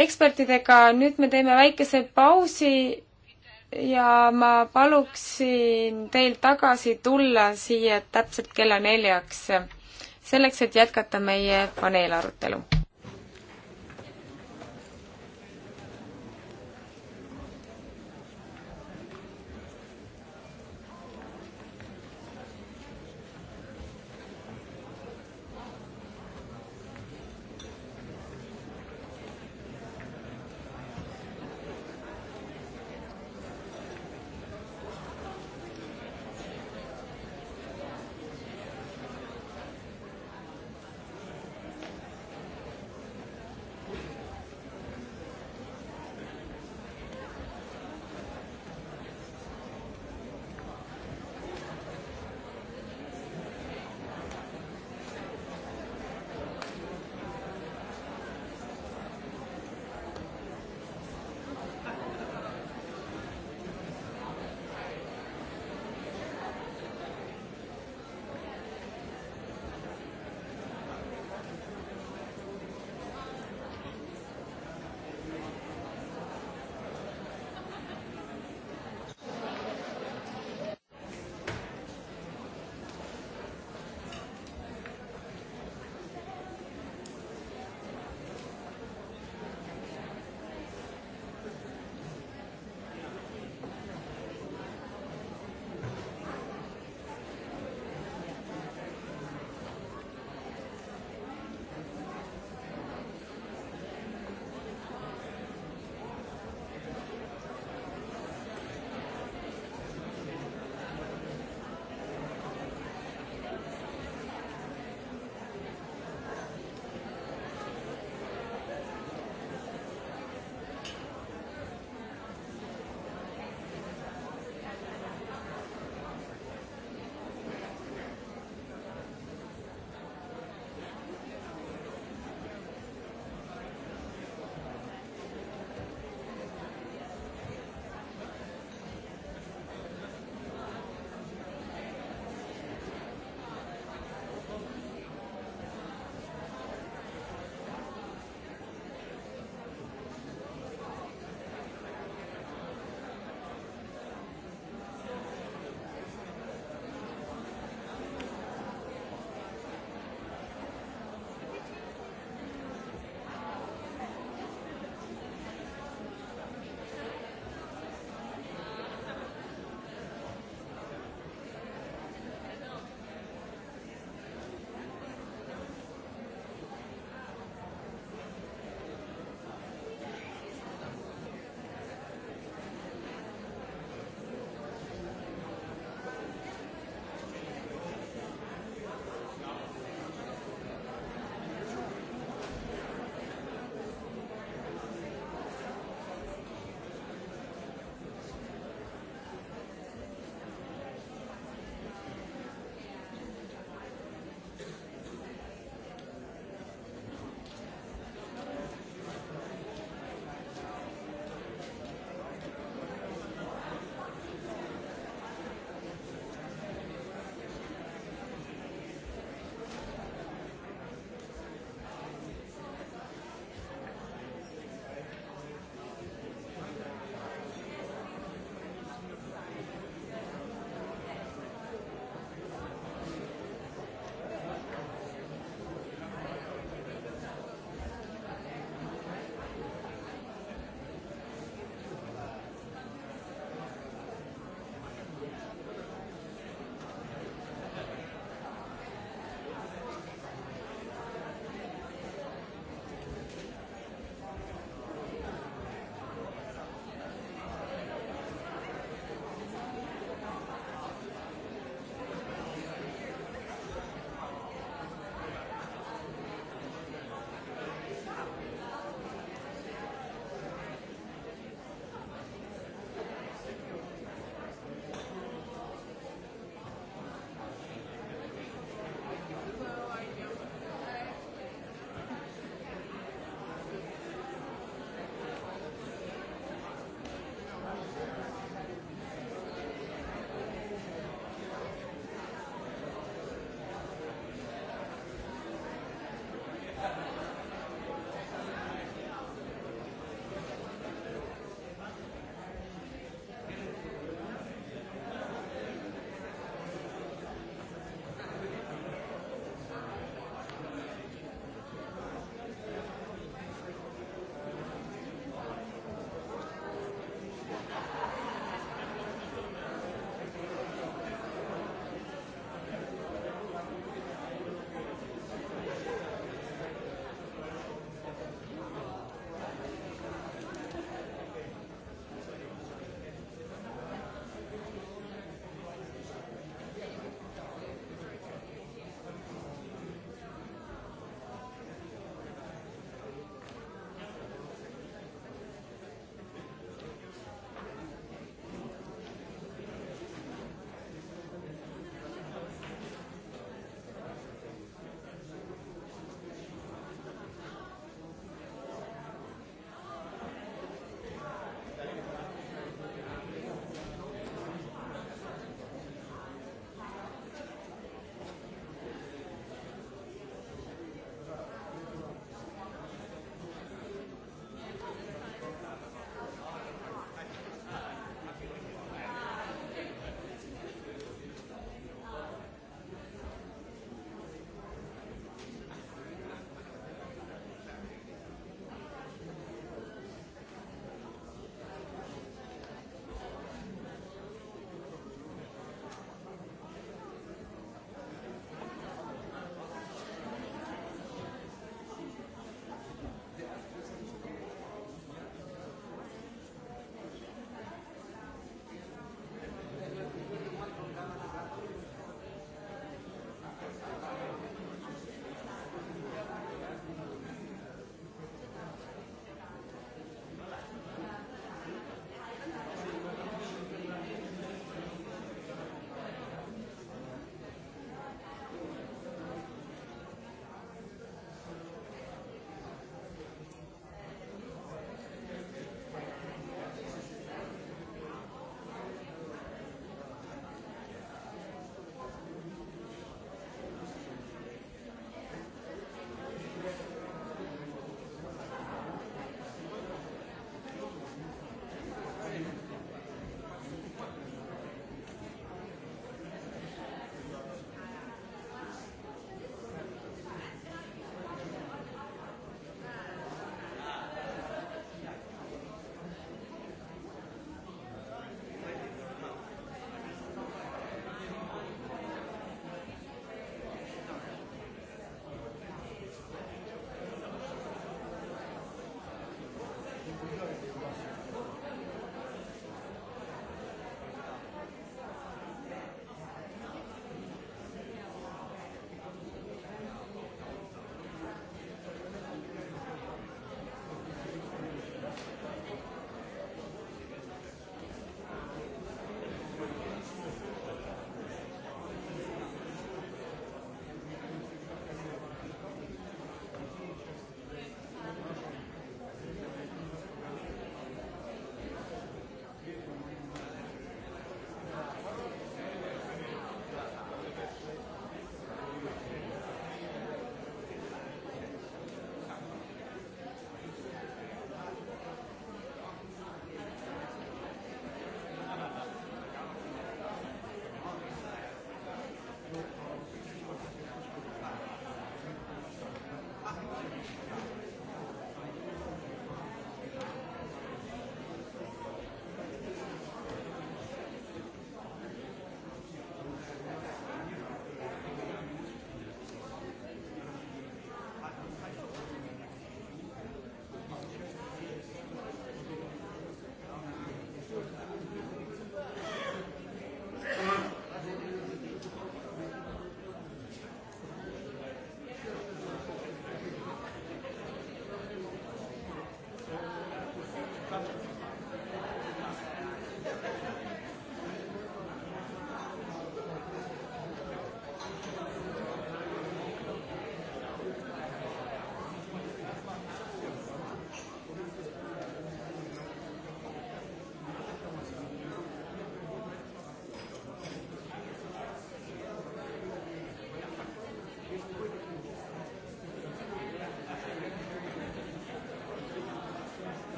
ekspertidega, nüüd me teeme väikese pausi ja ma paluksin teil tagasi tulla siia täpselt kella neljaks, selleks et jätkata meie paneelarutelu.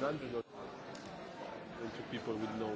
an antidote to people with no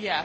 yeah.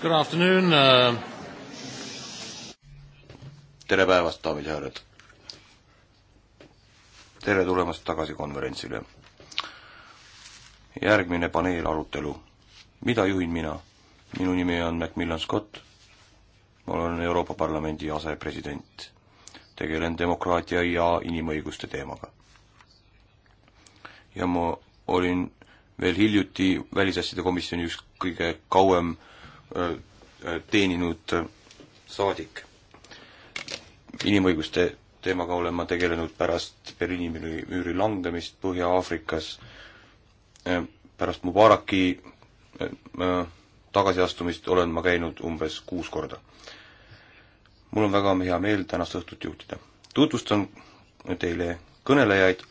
Good afternoon uh.... tere päevast, daamid ja härrad. tere tulemast tagasi konverentsile. järgmine paneelarutelu. mida juhin mina? minu nimi on Macmillan Scott. ma olen Euroopa Parlamendi asepresident. tegelen demokraatia ja inimõiguste teemaga. ja ma olin veel hiljuti Välisasjade komisjoni üks kõige kauem äh, Äh, teeninud äh, saadik. inimõiguste teemaga olen ma tegelenud pärast Berliini müüri langemist Põhja-Aafrikas, äh, pärast Mubaraki tagasiastumist olen ma käinud umbes kuus korda. mul on väga hea meel tänast õhtut juhtida. tutvustan teile kõnelejaid,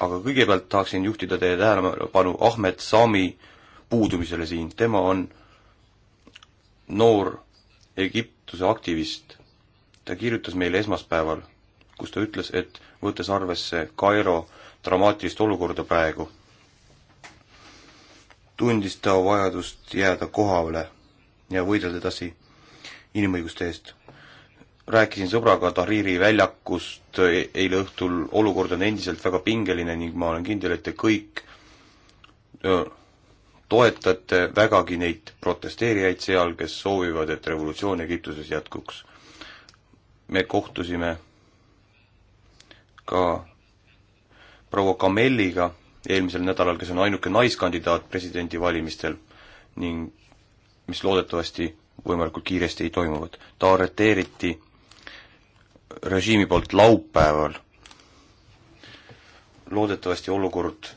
aga kõigepealt tahaksin juhtida teie tähelepanu Ahmed Sami puudumisele siin, tema on noor Egiptuse aktivist, ta kirjutas meile esmaspäeval, kus ta ütles, et võttes arvesse Kairo dramaatilist olukorda praegu, tundis ta vajadust jääda kohale ja võidelda edasi inimõiguste eest. rääkisin sõbraga Tahriri väljakust e-, eile õhtul, olukord on endiselt väga pingeline ning ma olen kindel, et te kõik öö, toetate vägagi neid protesteerijaid seal, kes soovivad, et revolutsioon Egiptuses jätkuks. me kohtusime ka proua Kamelliga eelmisel nädalal, kes on ainuke naiskandidaat presidendivalimistel ning mis loodetavasti võimalikult kiiresti ei toimuvad. ta arreteeriti režiimi poolt laupäeval. loodetavasti olukord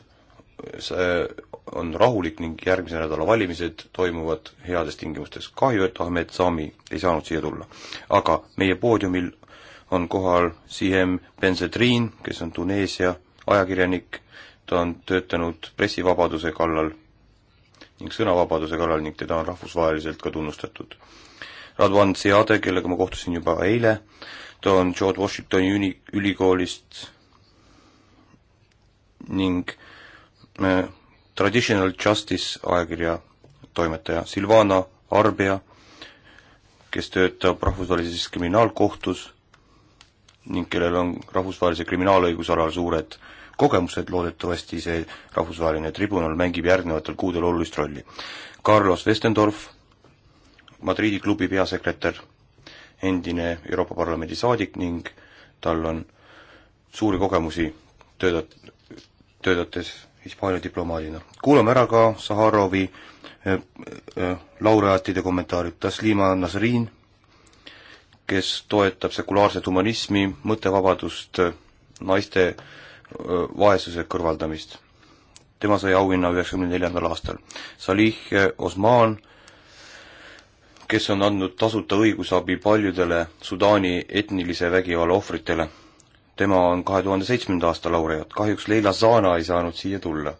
see on rahulik ning järgmise nädala valimised toimuvad heades tingimustes. kahju, et Ahmed Sami ei saanud siia tulla. aga meie poodiumil on kohal Sihem Benzedrin, kes on Tuneesia ajakirjanik, ta on töötanud pressivabaduse kallal ning sõnavabaduse kallal ning teda on rahvusvaheliselt ka tunnustatud. Radwan Seade, kellega ma kohtusin juba eile, ta on George Washingtoni uni-, ülikoolist ning Traditional Justice ajakirja toimetaja Silvana Arbia, kes töötab rahvusvahelises kriminaalkohtus ning kellel on rahvusvahelise kriminaalõiguse alal suured kogemused, loodetavasti see rahvusvaheline tribunal mängib järgnevatel kuudel olulist rolli. Carlos Westendorf, Madridi klubi peasekretär, endine Euroopa Parlamendi saadik ning tal on suuri kogemusi töödat-, töötates Hispaania diplomaadina. kuulame ära ka Saharovi äh, äh, laureaatide kommentaarid, Taslima Nasrin, kes toetab sekulaarset humanismi, mõttevabadust, eh, naiste äh, vaesuse kõrvaldamist. tema sai auhinna üheksakümne neljandal aastal. Salih Osman, kes on andnud tasuta õigusabi paljudele Sudaani etnilise vägivalla ohvritele tema on kahe tuhande seitsmenda aasta laureaat, kahjuks Leila Zana ei saanud siia tulla.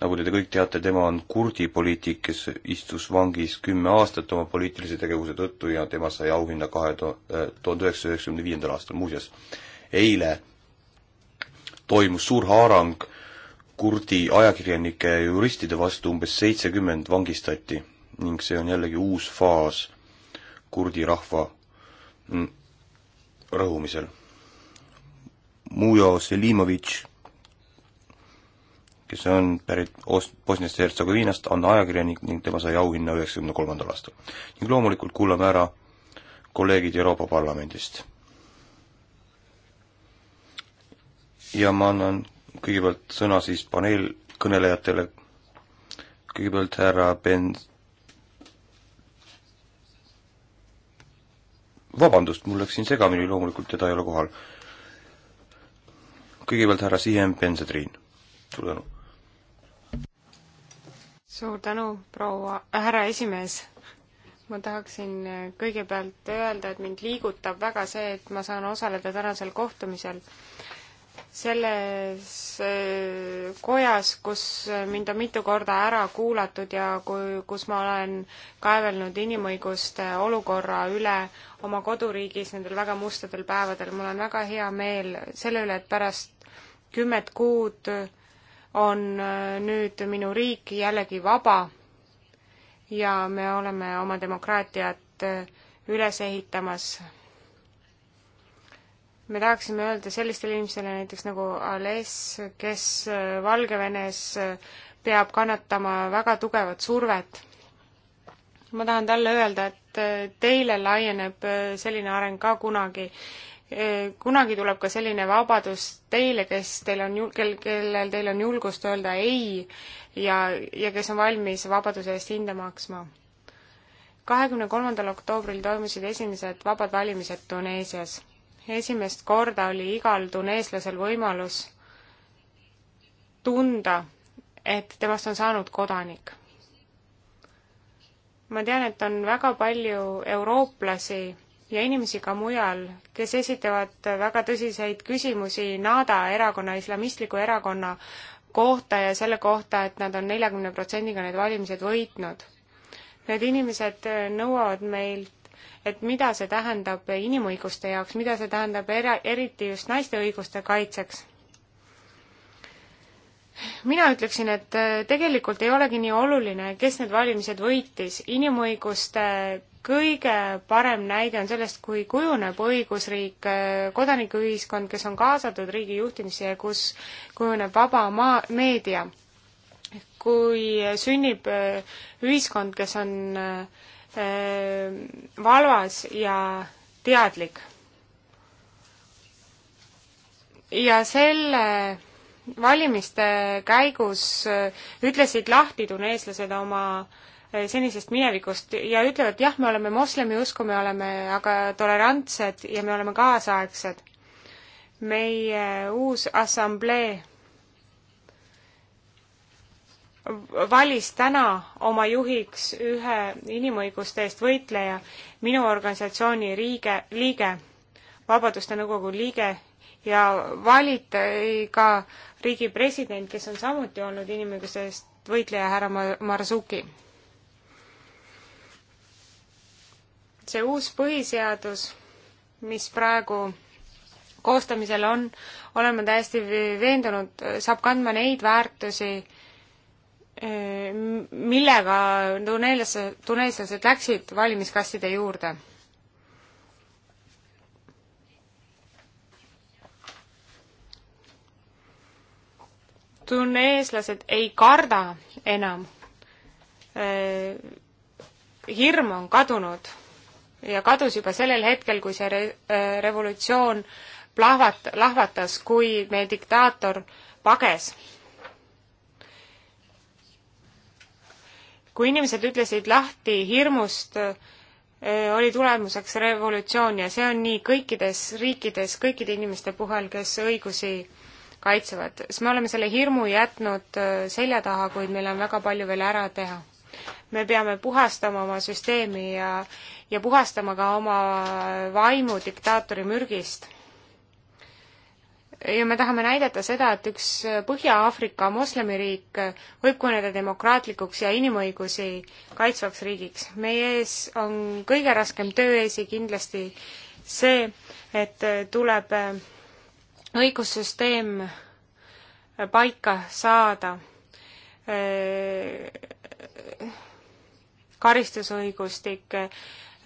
nagu te kõik teate, tema on kurdi poliitik, kes istus vangis kümme aastat oma poliitilise tegevuse tõttu ja temast sai auhinna kahe äh, tuhande üheksasaja üheksakümne viiendal aastal, muuseas. eile toimus suur haarang kurdi ajakirjanike ja juristide vastu, umbes seitsekümmend vangistati ning see on jällegi uus faas kurdi rahva mm, rõhumisel Mujo Selimovitš, kes on pärit Ost-, Bosniast-Hertsegoviinast, on ajakirjanik ning tema sai auhinna üheksakümne kolmandal aastal. ning loomulikult kuulame ära kolleegid Euroopa Parlamendist. ja ma annan kõigepealt sõna siis paneelkõnelejatele, kõigepealt härra Ben vabandust, mul läks siin segamini, loomulikult teda ei ole kohal kõigepealt härra Siim Pensatriin, suur tänu. suur tänu, proua äh,, härra esimees. ma tahaksin äh, kõigepealt öelda, et mind liigutab väga see, et ma saan osaleda tänasel kohtumisel selles äh, kojas, kus äh, mind on mitu korda ära kuulatud ja kui, kus ma olen kaevelnud inimõiguste olukorra üle oma koduriigis nendel väga mustadel päevadel. mul on väga hea meel selle üle, et pärast kümmet kuud on äh, nüüd minu riik jällegi vaba ja me oleme oma demokraatiat äh, üles ehitamas. me tahaksime öelda sellistele inimestele näiteks nagu Aless, kes äh, Valgevenes peab kannatama väga tugevat survet. ma tahan talle öelda, et teile laieneb selline areng ka kunagi Eh, kunagi tuleb ka selline vabadus teile, kes teil on, kel, kellel teil on julgust öelda ei ja, ja kes on valmis vabaduse eest hinde maksma. kahekümne kolmandal oktoobril toimusid esimesed vabad valimised Tuneesias. esimest korda oli igal tuneeslasel võimalus tunda, et temast on saanud kodanik. ma tean, et on väga palju eurooplasi, ja inimesi ka mujal, kes esitavad väga tõsiseid küsimusi NADA erakonna, islamistliku erakonna kohta ja selle kohta, et nad on neljakümne protsendiga need valimised võitnud. Need inimesed äh, nõuavad meilt, et mida see tähendab inimõiguste jaoks, mida see tähendab era-, eriti just naiste õiguste kaitseks. mina ütleksin, et äh, tegelikult ei olegi nii oluline, kes need valimised võitis, inimõiguste kõige parem näide on sellest, kui kujuneb õigusriik, äh, kodanikuühiskond, kes on kaasatud riigi juhtimisse ja kus kujuneb vaba maa, meedia. kui sünnib äh, ühiskond, kes on äh, valvas ja teadlik. ja selle valimiste käigus ütlesid lahti tuneeslased oma äh, Eh, senisest minevikust ja ütlevad, jah, me oleme moslemi usku, me oleme aga tolerantsed ja me oleme kaasaegsed. meie eh, uus assamblee valis täna oma juhiks ühe inimõiguste eest võitleja, minu organisatsiooni riige, liige, Vabaduste Nõukogu liige ja valiti ka riigi president, kes on samuti olnud inimõiguste eest võitleja, härra Marzuki see uus põhiseadus, mis praegu koostamisel on, olen ma täiesti veendunud, saab kandma neid väärtusi, millega tuneellased, tuneellased läksid valimiskastide juurde tuneeslased ei karda enam. Äh, hirm on kadunud ja kadus juba sellel hetkel, kui see re-, äh, revolutsioon plahvat-, lahvatas, kui meie diktaator pages. kui inimesed ütlesid lahti hirmust, äh, oli tulemuseks revolutsioon ja see on nii kõikides riikides, kõikide inimeste puhul, kes õigusi kaitsevad, siis me oleme selle hirmu jätnud äh, selja taha, kuid meil on väga palju veel ära teha me peame puhastama oma süsteemi ja, ja puhastama ka oma vaimu diktaatori mürgist. ja me tahame näidata seda, et üks Põhja-Aafrika moslemiriik võib kujuneda demokraatlikuks ja inimõigusi kaitsvaks riigiks. meie ees on kõige raskem tööesi kindlasti see, et tuleb õigussüsteem paika saada karistusõigustik,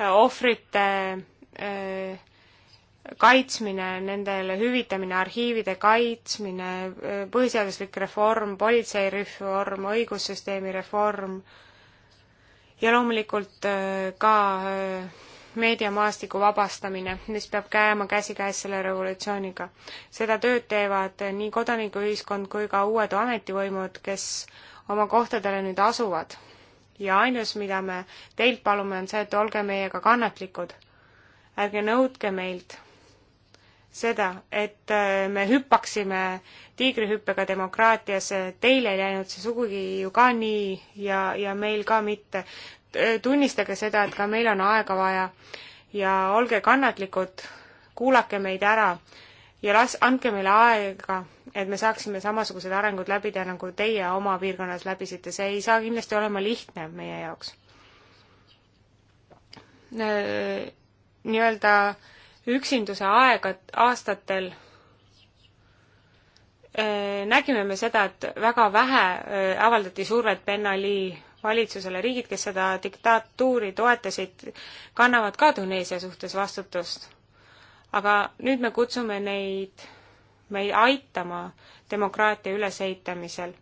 ohvrite eh, kaitsmine, nendele hüvitamine, arhiivide kaitsmine, eh, põhiseaduslik reform, politseireform, õigussüsteemi reform ja loomulikult eh, ka meediamaastiku vabastamine, mis peab käima käsikäes selle revolutsiooniga. seda tööd teevad nii kodanikuühiskond kui ka uued ametivõimud, kes oma kohtadele nüüd asuvad ja ainus, mida me teilt palume, on see, et olge meiega kannatlikud. ärge nõudke meilt seda, et äh, me hüppaksime tiigrihüppega demokraatiasse, teil ei läinud see sugugi ju ka nii ja, ja meil ka mitte. tunnistage seda, et ka meil on aega vaja ja olge kannatlikud, kuulake meid ära ja las, andke meile aega et me saaksime samasugused arengud läbida, nagu teie oma piirkonnas läbisite, see ei saa kindlasti olema lihtne meie jaoks. Nii-öelda üksinduse aegad, aastatel äh, nägime me seda, et väga vähe äh, avaldati survet Ben Ali valitsusele, riigid, kes seda diktatuuri toetasid, kannavad ka Tuneesia suhtes vastutust. aga nüüd me kutsume neid meid aitama demokraatia ülesehitamisel.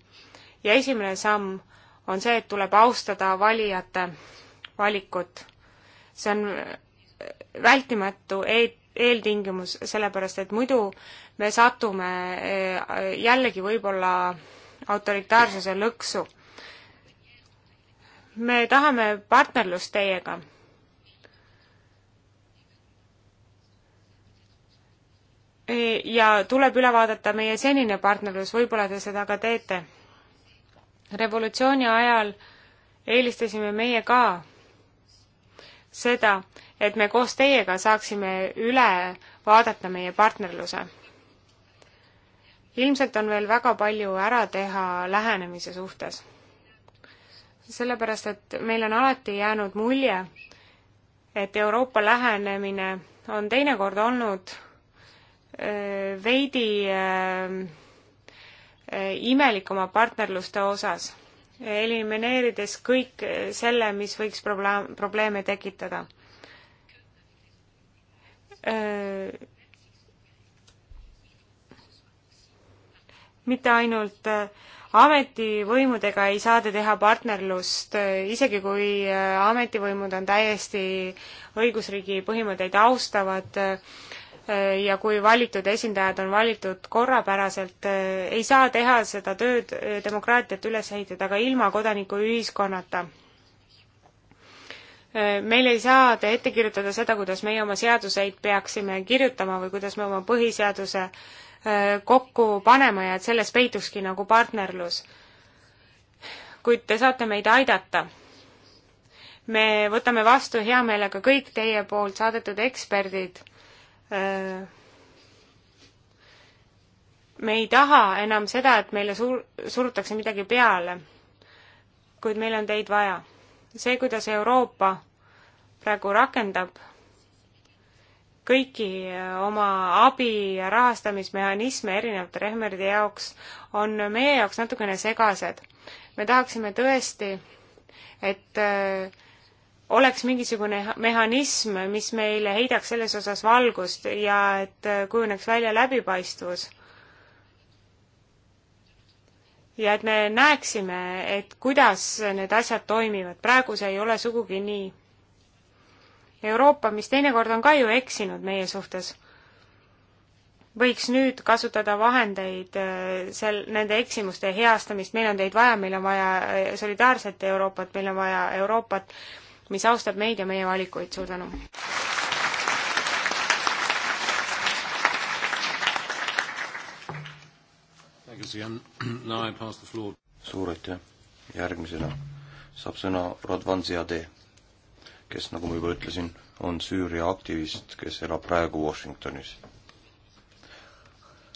ja esimene samm on see, et tuleb austada valijate valikut. see on vältimatu e-, eeltingimus, sellepärast et muidu me satume eh, jällegi võib-olla autoritaarsuse lõksu. me tahame partnerlust teiega ja tuleb üle vaadata meie senine partnerlus, võib-olla te seda ka teete. revolutsiooni ajal eelistasime meie ka seda, et me koos teiega saaksime üle vaadata meie partnerluse. ilmselt on veel väga palju ära teha lähenemise suhtes. sellepärast, et meil on alati jäänud mulje, et Euroopa lähenemine on teinekord olnud Äh, veidi äh, äh, imelik oma partnerluste osas, elimineerides kõik selle, mis võiks probleem, probleeme tekitada. mitte ainult ametivõimudega ei saa te teha partnerlust, isegi kui ametivõimud on täiesti õigusriigi põhimõtteid austavad äh, ja kui valitud esindajad on valitud korrapäraselt, ei saa teha seda tööd, eh, demokraatiat üles ehitada ka ilma kodanikuühiskonnata. Eh, meil ei saa te ette kirjutada seda, kuidas meie oma seaduseid peaksime kirjutama või kuidas me oma põhiseaduse eh, kokku panema ja et selles peitukski nagu partnerlus. kuid te saate meid aidata me võtame vastu hea meelega kõik teie poolt saadetud eksperdid Äh, me ei taha enam seda, et meile sur-, surutakse midagi peale, kuid meil on teid vaja. see, kuidas Euroopa praegu rakendab kõiki äh, oma abi- ja rahastamismehhanisme erinevate rehmeride jaoks, on meie jaoks natukene segased. me tahaksime tõesti, et äh, oleks mingisugune mehhanism, mis meile heidaks selles osas valgust ja et äh, kujuneks välja läbipaistvus. ja et me näeksime, et kuidas need asjad toimivad, praegu see ei ole sugugi nii. Euroopa, mis teinekord on ka ju eksinud meie suhtes, võiks nüüd kasutada vahendeid äh, sel, nende eksimuste heastamist, meil on teid vaja, meil on vaja äh, solidaarset Euroopat, meil on vaja Euroopat, mis austab meid ja meie valikuid, suur tänu! suur aitäh! järgmisena saab sõna Radvan Ziadeh, kes, nagu ma juba ütlesin, on Süüria aktivist, kes elab praegu Washingtonis.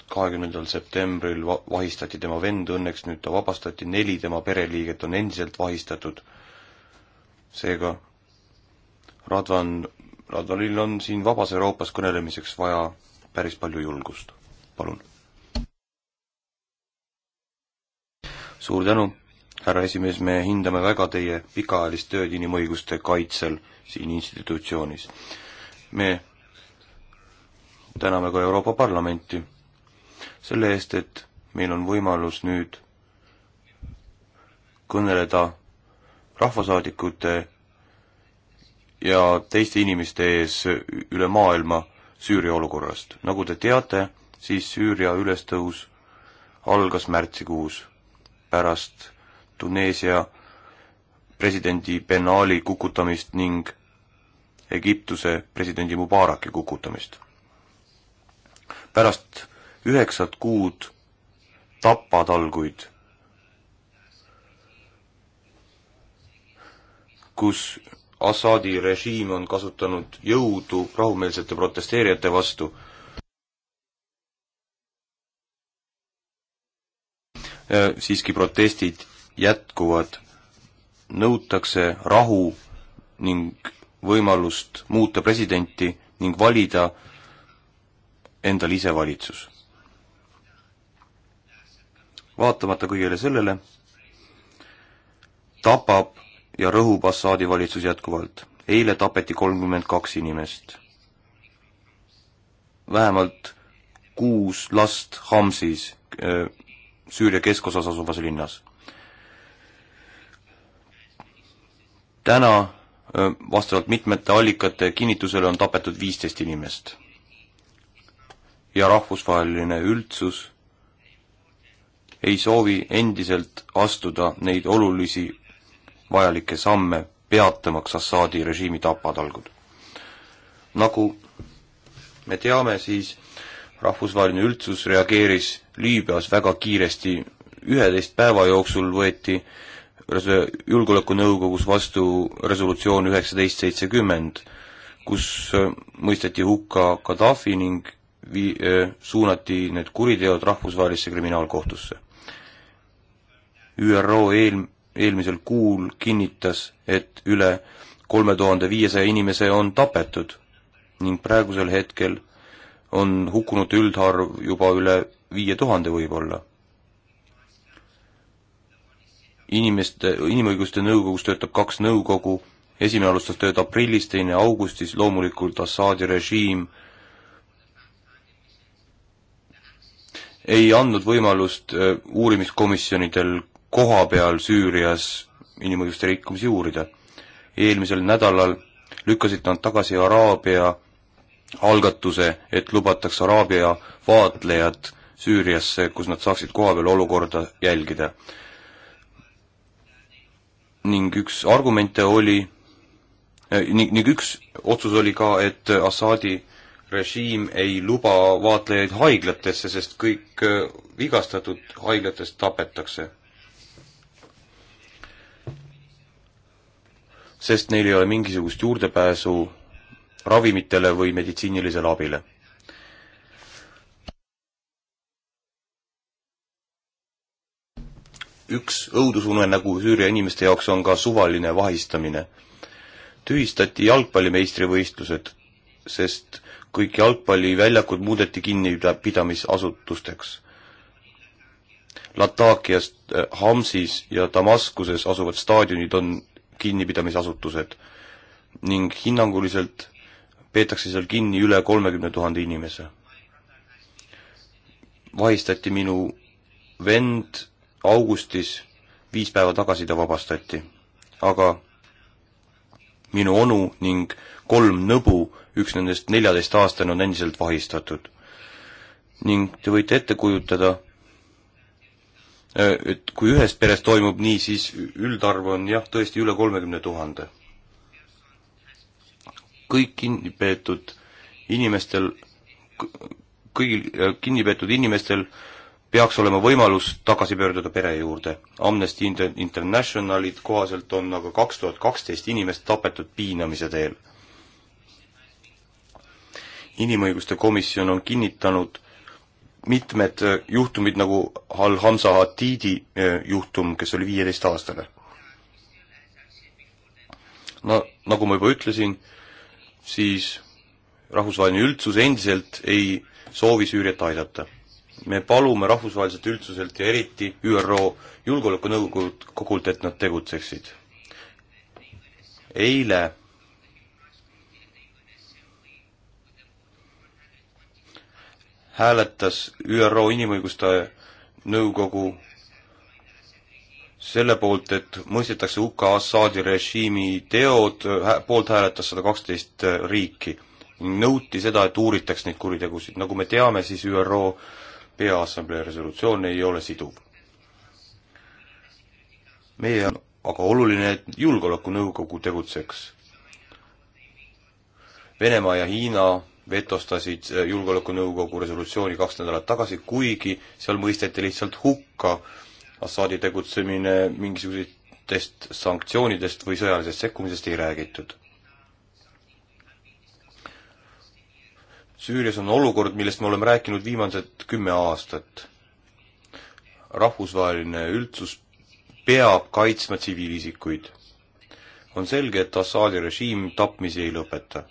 kahekümnendal septembril va-, vahistati tema vend, õnneks nüüd ta vabastati, neli tema pereliiget on endiselt vahistatud, seega Radvan, Radvanil on siin vabas Euroopas kõnelemiseks vaja päris palju julgust. palun. suur tänu, härra esimees, me hindame väga teie pikaajalist tööd inimõiguste kaitsel siin institutsioonis. me täname ka Euroopa Parlamenti selle eest, et meil on võimalus nüüd kõneleda rahvasaadikute ja teiste inimeste ees üle maailma Süüria olukorrast. nagu te teate, siis Süüria ülestõus algas märtsikuus pärast Tuneesia presidendi Ben Ali kukutamist ning Egiptuse presidendi Mubaraki kukutamist. pärast üheksat kuud tapatalguid, kus Assadi režiim on kasutanud jõudu rahumeelsete protesteerijate vastu. Äh, siiski protestid jätkuvad, nõutakse rahu ning võimalust muuta presidenti ning valida endal ise valitsus. vaatamata kõigele sellele tapab ja rõhub Assaadi valitsus jätkuvalt. eile tapeti kolmkümmend kaks inimest. vähemalt kuus last Hamsis, äh, Süüria keskosas asuvas linnas. täna äh, vastavalt mitmete allikate kinnitusele on tapetud viisteist inimest. ja rahvusvaheline üldsus ei soovi endiselt astuda neid olulisi vajalikke samme, peatamaks Assaadi režiimi tapatalgud. nagu me teame, siis rahvusvaheline üldsus reageeris Liibüas väga kiiresti, üheteist päeva jooksul võeti julgeolekunõukogus vastu resolutsioon üheksateist seitsekümmend, kus äh, mõisteti hukka Gaddafi ning vii-, äh, suunati need kuriteod rahvusvahelisse kriminaalkohtusse. ÜRO eel-, eelmisel kuul kinnitas, et üle kolme tuhande viiesaja inimese on tapetud ning praegusel hetkel on hukkunute üldarv juba üle viie tuhande võib-olla. inimeste, Inimõiguste Nõukogus töötab kaks nõukogu, esimene alustas tööd aprillis, teine augustis, loomulikult Assaadi režiim ei andnud võimalust äh, uurimiskomisjonidel koha peal Süürias inimõiguste rikkumisi uurida. eelmisel nädalal lükkasid nad tagasi Araabia algatuse, et lubataks Araabia vaatlejad Süüriasse, kus nad saaksid kohapeal olukorda jälgida. ning üks argumente oli eh, ning, ning üks otsus oli ka, et Assaadi režiim ei luba vaatlejaid haiglatesse, sest kõik eh, vigastatud haiglatest tapetakse. sest neil ei ole mingisugust juurdepääsu ravimitele või meditsiinilisele abile. üks õudusunenägu Süüria inimeste jaoks on ka suvaline vahistamine. tühistati jalgpallimeistrivõistlused, sest kõik jalgpalliväljakud muudeti kinnipidamisasutusteks Latakias, äh, Hamsis ja Damaskuses asuvad staadionid on kinnipidamisasutused ning hinnanguliselt peetakse seal kinni üle kolmekümne tuhande inimese. vahistati minu vend augustis, viis päeva tagasi ta vabastati. aga minu onu ning kolm nõbu, üks nendest neljateistaastane on endiselt vahistatud. ning te võite ette kujutada, Äh, et kui ühes peres toimub nii, siis üldarv on jah, tõesti üle kolmekümne tuhande. kõik kinnipeetud inimestel, kõigil äh, kinnipeetud inimestel peaks olema võimalus tagasi pöörduda pere juurde. Amnesty Internationali kohaselt on aga kaks tuhat kaksteist inimest tapetud piinamise teel. inimõiguste komisjon on kinnitanud, mitmed äh, juhtumid nagu Al-Hamza Hatidi äh, juhtum, kes oli viieteistaastane. no nagu ma juba ütlesin, siis rahvusvaheline üldsus endiselt ei soovi Süüriat aidata. me palume rahvusvaheliselt üldsuselt ja eriti ÜRO Julgeolekunõukogult, et nad tegutseksid. eile hääletas ÜRO Inimõiguste Nõukogu selle poolt, et mõistetakse hukka Assaadi režiimi teod, poolt hääletas sada kaksteist riiki. nõuti seda, et uuritaks neid kuritegusid, nagu me teame, siis ÜRO Peaassamblee resolutsioon ei ole siduv. meie on aga oluline, et Julgeolekunõukogu tegutseks. Venemaa ja Hiina vetostasid äh, Julgeolekunõukogu resolutsiooni kaks nädalat tagasi, kuigi seal mõisteti lihtsalt hukka Assaadi tegutsemine, mingisugustest sanktsioonidest või sõjalisest sekkumisest ei räägitud. Süürias on olukord, millest me oleme rääkinud viimased kümme aastat. rahvusvaheline üldsus peab kaitsma tsiviilisikuid. on selge, et Assaadi režiim tapmisi ei lõpeta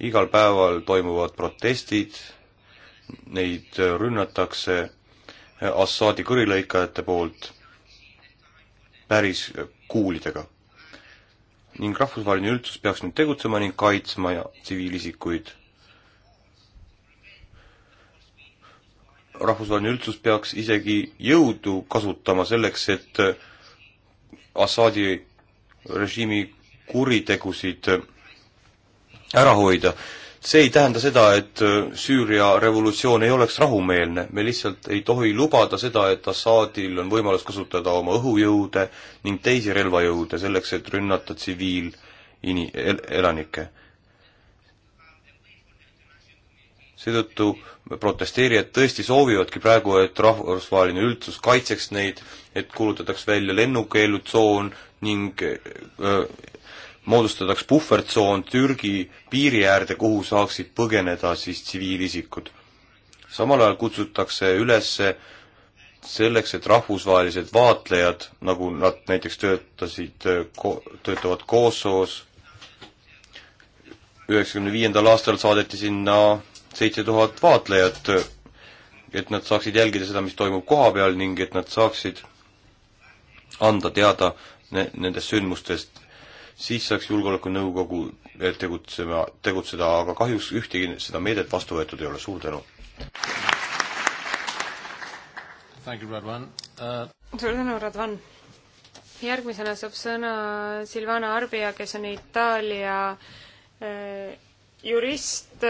igal päeval toimuvad protestid, neid rünnatakse Assaadi kõrilõikajate poolt päris kuulidega. ning rahvusvaheline üldsus peaks nüüd tegutsema ning kaitsma tsiviilisikuid. rahvusvaheline üldsus peaks isegi jõudu kasutama selleks, et Assaadi režiimi kuritegusid ära hoida. see ei tähenda seda, et äh, Süüria revolutsioon ei oleks rahumeelne, me lihtsalt ei tohi lubada seda, et Assadil on võimalus kasutada oma õhujõude ning teisi relvajõude selleks, et rünnata tsiviilini-, el-, elanikke. seetõttu protesteerijad tõesti soovivadki praegu, et rahvusvaheline üldsus kaitseks neid, et kuulutataks välja lennukeelutsoon ning öö, äh, moodustataks puhvertsoon Türgi piiri äärde, kuhu saaksid põgeneda siis tsiviilisikud. samal ajal kutsutakse üles selleks, et rahvusvahelised vaatlejad, nagu nad näiteks töötasid, töötavad Kosovos, üheksakümne viiendal aastal saadeti sinna seitse tuhat vaatlejat, et nad saaksid jälgida seda, mis toimub kohapeal ning et nad saaksid anda teada ne-, nendest sündmustest siis saaks Julgeolekunõukogu tegutsema, tegutseda, aga kahjuks ühtegi seda meedet vastu võetud ei ole, suur tänu! Uh, suur tänu, Radvan! järgmisena saab sõna Silvana Arbia, kes on Itaalia äh, jurist,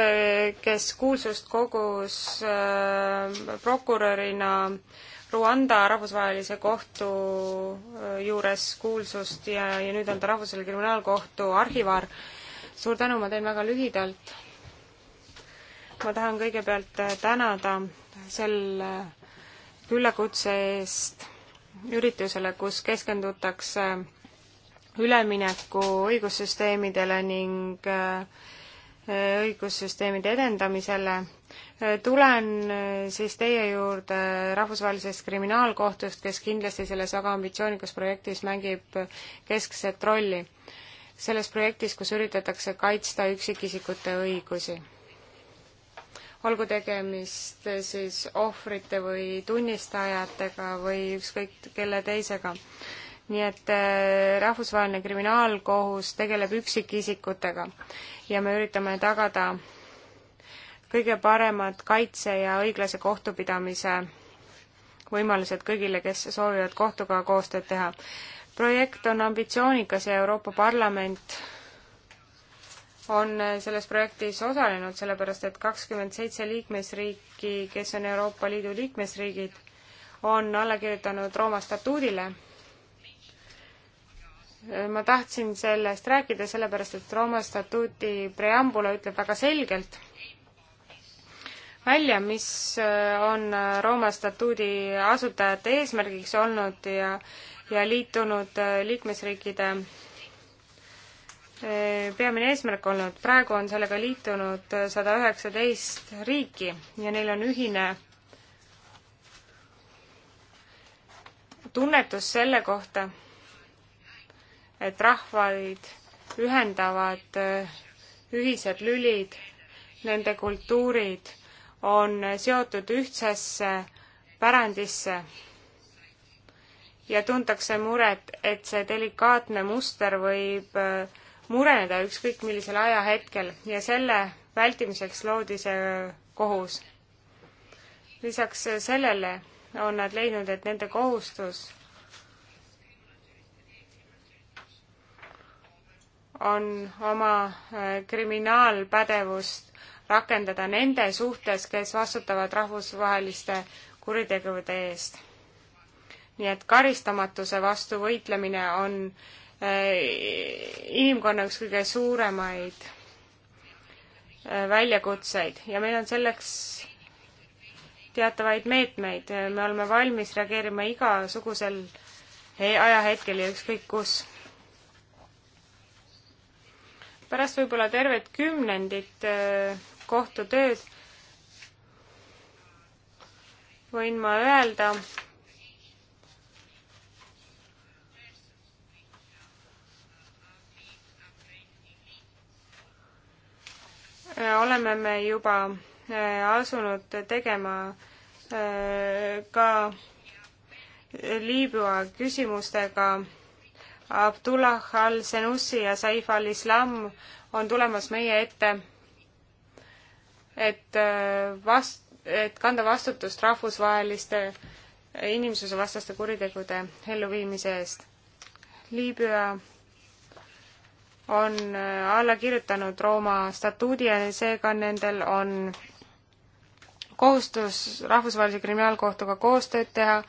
kes kuulsust kogus äh, prokurörina Rwanda rahvusvahelise kohtu äh, juures kuulsust ja, ja nüüd on ta Rahvusvahelise Kriminaalkohtu arhivaar. suur tänu, ma teen väga lühidalt. ma tahan kõigepealt äh, tänada selle küllakutse eest üritusele, kus keskendutakse ülemineku õigussüsteemidele ning äh, õigussüsteemide edendamisele. tulen äh, siis teie juurde Rahvusvahelisest Kriminaalkohtust, kes kindlasti selles väga ambitsioonikas projektis mängib keskset rolli. selles projektis, kus üritatakse kaitsta üksikisikute õigusi olgu tegemist äh, siis ohvrite või tunnistajatega või ükskõik kelle teisega nii et äh, Rahvusvaheline Kriminaalkohus tegeleb üksikisikutega ja me üritame tagada kõige paremad kaitse ja õiglase kohtupidamise võimalused kõigile, kes soovivad kohtuga koostööd teha. projekt on ambitsioonikas ja Euroopa Parlament on äh, selles projektis osalenud, sellepärast et kakskümmend seitse liikmesriiki, kes on Euroopa Liidu liikmesriigid, on alla kirjutanud Rooma statuudile ma tahtsin sellest rääkida, sellepärast et Rooma statuuti preambula ütleb väga selgelt välja, mis äh, on äh, Rooma statuudi asutajate eesmärgiks olnud ja, ja liitunud äh, liikmesriikide peamine eesmärk olnud. praegu on sellega liitunud sada üheksateist riiki ja neil on ühine tunnetus selle kohta et rahvaid ühendavad äh, ühised lülid, nende kultuurid on seotud ühtsesse pärandisse ja tuntakse muret, et see delikaatne muster võib äh, mureneda ükskõik millisel ajahetkel ja selle vältimiseks loodi see äh, kohus. lisaks sellele on nad leidnud, et nende kohustus on oma äh, kriminaalpädevust rakendada nende suhtes, kes vastutavad rahvusvaheliste kuritegude eest. nii et karistamatuse vastu võitlemine on äh, inimkonna üks kõige suuremaid äh, väljakutseid ja meil on selleks teatavaid meetmeid, me oleme valmis reageerima igasugusel ajahetkel ja ükskõik kus pärast võib-olla tervet kümnendit äh, kohtutööd võin ma öelda, äh, oleme me juba äh, asunud tegema ka Liibüa küsimustega Abdullah al-Senussi ja Saif al-Islam on tulemas meie ette, et äh, vast-, et kanda vastutust rahvusvaheliste inimsusevastaste kuritegude elluviimise eest. Liibüa on äh, alla kirjutanud Rooma statuudi ja seega nendel on kohustus Rahvusvahelise Kriminaalkohtuga koostööd teha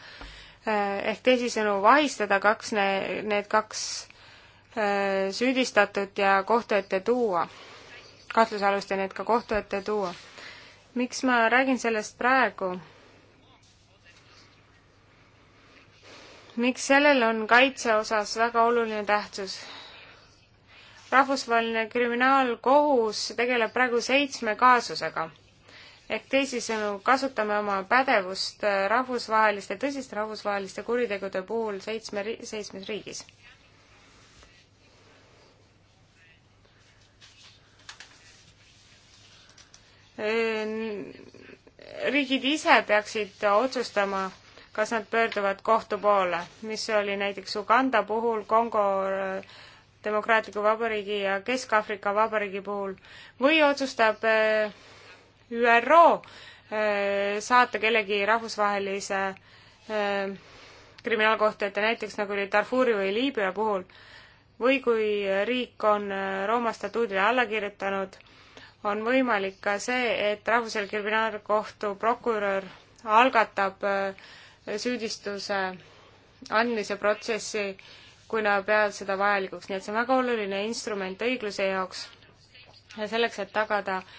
Eh, ehk teisisõnu vahistada kaks ne,, need kaks eh, süüdistatut ja kohtu ette tuua, kahtlusalust ja need ka kohtu ette tuua. miks ma räägin sellest praegu? miks sellel on kaitse osas väga oluline tähtsus? rahvusvaheline kriminaalkohus tegeleb praegu seitsme kaasusega ehk teisisõnu, kasutame oma pädevust äh, rahvusvaheliste, tõsiste rahvusvaheliste kuritegude puhul seitsme, seitsmes riigis. Äh, riigid ise peaksid otsustama, kas nad pöörduvad kohtu poole, mis oli näiteks Uganda puhul, Kongo äh, Demokraatliku Vabariigi ja Kesk-Aafrika Vabariigi puhul, või otsustab ÜRO äh, saata kellegi rahvusvahelise äh, kriminaalkohtu ette, näiteks nagu oli Darfuri või Liibüa puhul, või kui riik on äh, Rooma statuudile alla kirjutanud, on võimalik ka see, et Rahvusvaheline Kriminaalkohtu prokurör algatab süüdistuse andmise protsessi, kui nad peavad seda vajalikuks, nii et see on väga oluline instrument õigluse jaoks ja selleks, et tagada äh,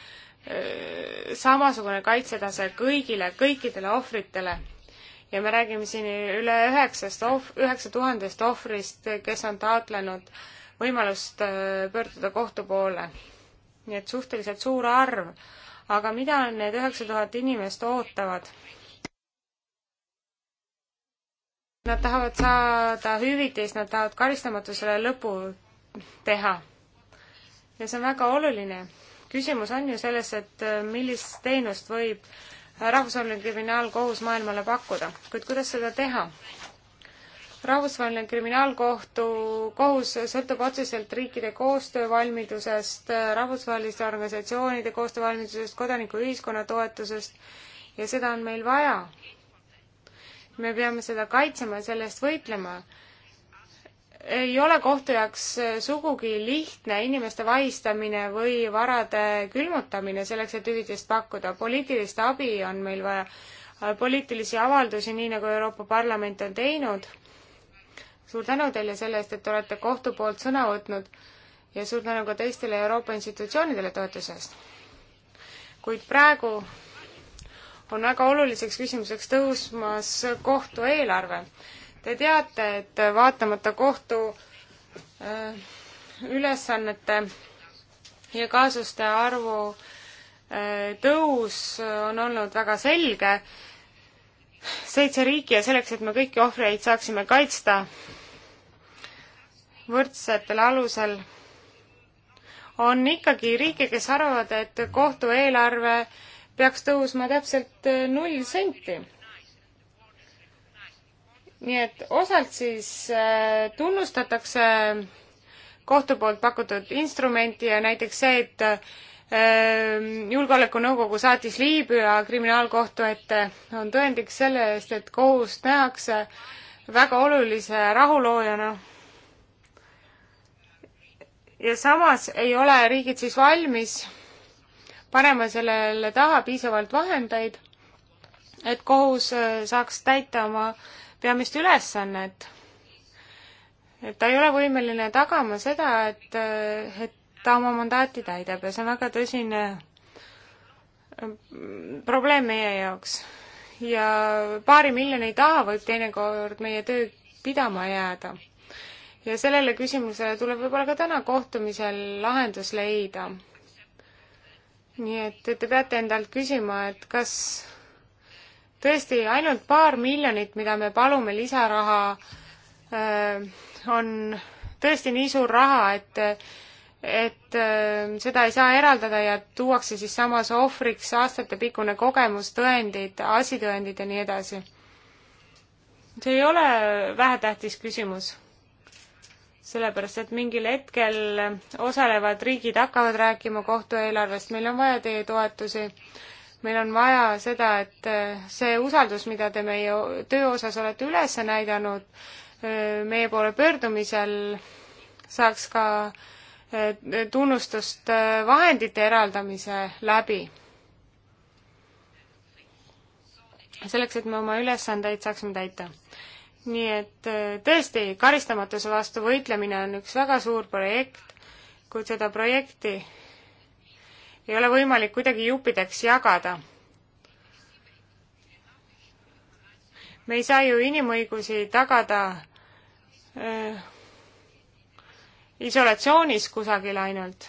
samasugune kaitsetase kõigile, kõikidele ohvritele. ja me räägime siin üle üheksast ohv-, üheksa tuhandest ohvrist, kes on taotlenud võimalust pöörduda kohtu poole. nii et suhteliselt suur arv. aga mida need üheksa tuhat inimest ootavad? Nad tahavad saada hüvitist, nad tahavad karistamatusele lõpu teha. ja see on väga oluline küsimus on ju selles, et äh, millist teenust võib äh, rahvusvaheline kriminaalkohus maailmale pakkuda, kuid kuidas seda teha? rahvusvaheline kriminaalkohtu kohus sõltub otseselt riikide koostöövalmidusest, äh, rahvusvaheliste organisatsioonide koostöövalmidusest, kodanikuühiskonna toetusest ja seda on meil vaja. me peame seda kaitsema ja selle eest võitlema ei ole kohtu jaoks äh, sugugi lihtne inimeste vahistamine või varade külmutamine selleks, et hüvitist pakkuda. poliitilist abi on meil vaja, äh, poliitilisi avaldusi, nii nagu Euroopa Parlament on teinud. suur tänu teile selle eest, et olete kohtu poolt sõna võtnud ja suur tänu ka teistele Euroopa institutsioonidele toetuse eest. kuid praegu on väga oluliseks küsimuseks tõusmas kohtu eelarve Te teate, et vaatamata kohtu äh, ülesannete ja kaasuste arvu äh, tõus on olnud väga selge. seitse riiki ja selleks, et me kõiki ohvreid saaksime kaitsta võrdsetel alusel, on ikkagi riike, kes arvavad, et kohtu eelarve peaks tõusma täpselt äh, null senti nii et osalt siis äh, tunnustatakse kohtu poolt pakutud instrumenti ja näiteks see, et äh, julgeolekunõukogu saatis Liibüa kriminaalkohtu ette, on tõendiks selle eest, et kohus nähakse väga olulise rahuloojana. ja samas ei ole riigid siis valmis panema sellele taha piisavalt vahendeid, et kohus äh, saaks täita oma äh, peamist ülesannet. et ta ei ole võimeline tagama seda, et, et ta oma mandaati täidab ja see on väga tõsine mm, probleem meie jaoks. ja paari miljoni taha võib teinekord meie töö pidama jääda. ja sellele küsimusele tuleb võib-olla ka täna kohtumisel lahendus leida. nii et te peate endalt küsima, et kas tõesti, ainult paar miljonit, mida me palume lisaraha, äh, on tõesti nii suur raha, et et äh, seda ei saa eraldada ja tuuakse siis samas ohvriks aastatepikkune kogemus, tõendid, asitõendid ja nii edasi. see ei ole vähetähtis küsimus. sellepärast, et mingil hetkel osalevad riigid hakkavad rääkima kohtueelarvest, meil on vaja teie toetusi meil on vaja seda, et äh, see usaldus, mida te meie töö osas olete üles näidanud, äh, meie poole pöördumisel saaks ka äh, tunnustust vahendite eraldamise läbi. selleks, et me oma ülesandeid saaksime täita. nii et tõesti, karistamatuse vastu võitlemine on üks väga suur projekt, kuid seda projekti ei ole võimalik kuidagi juppideks jagada. me ei saa ju inimõigusi tagada äh, isolatsioonis kusagil ainult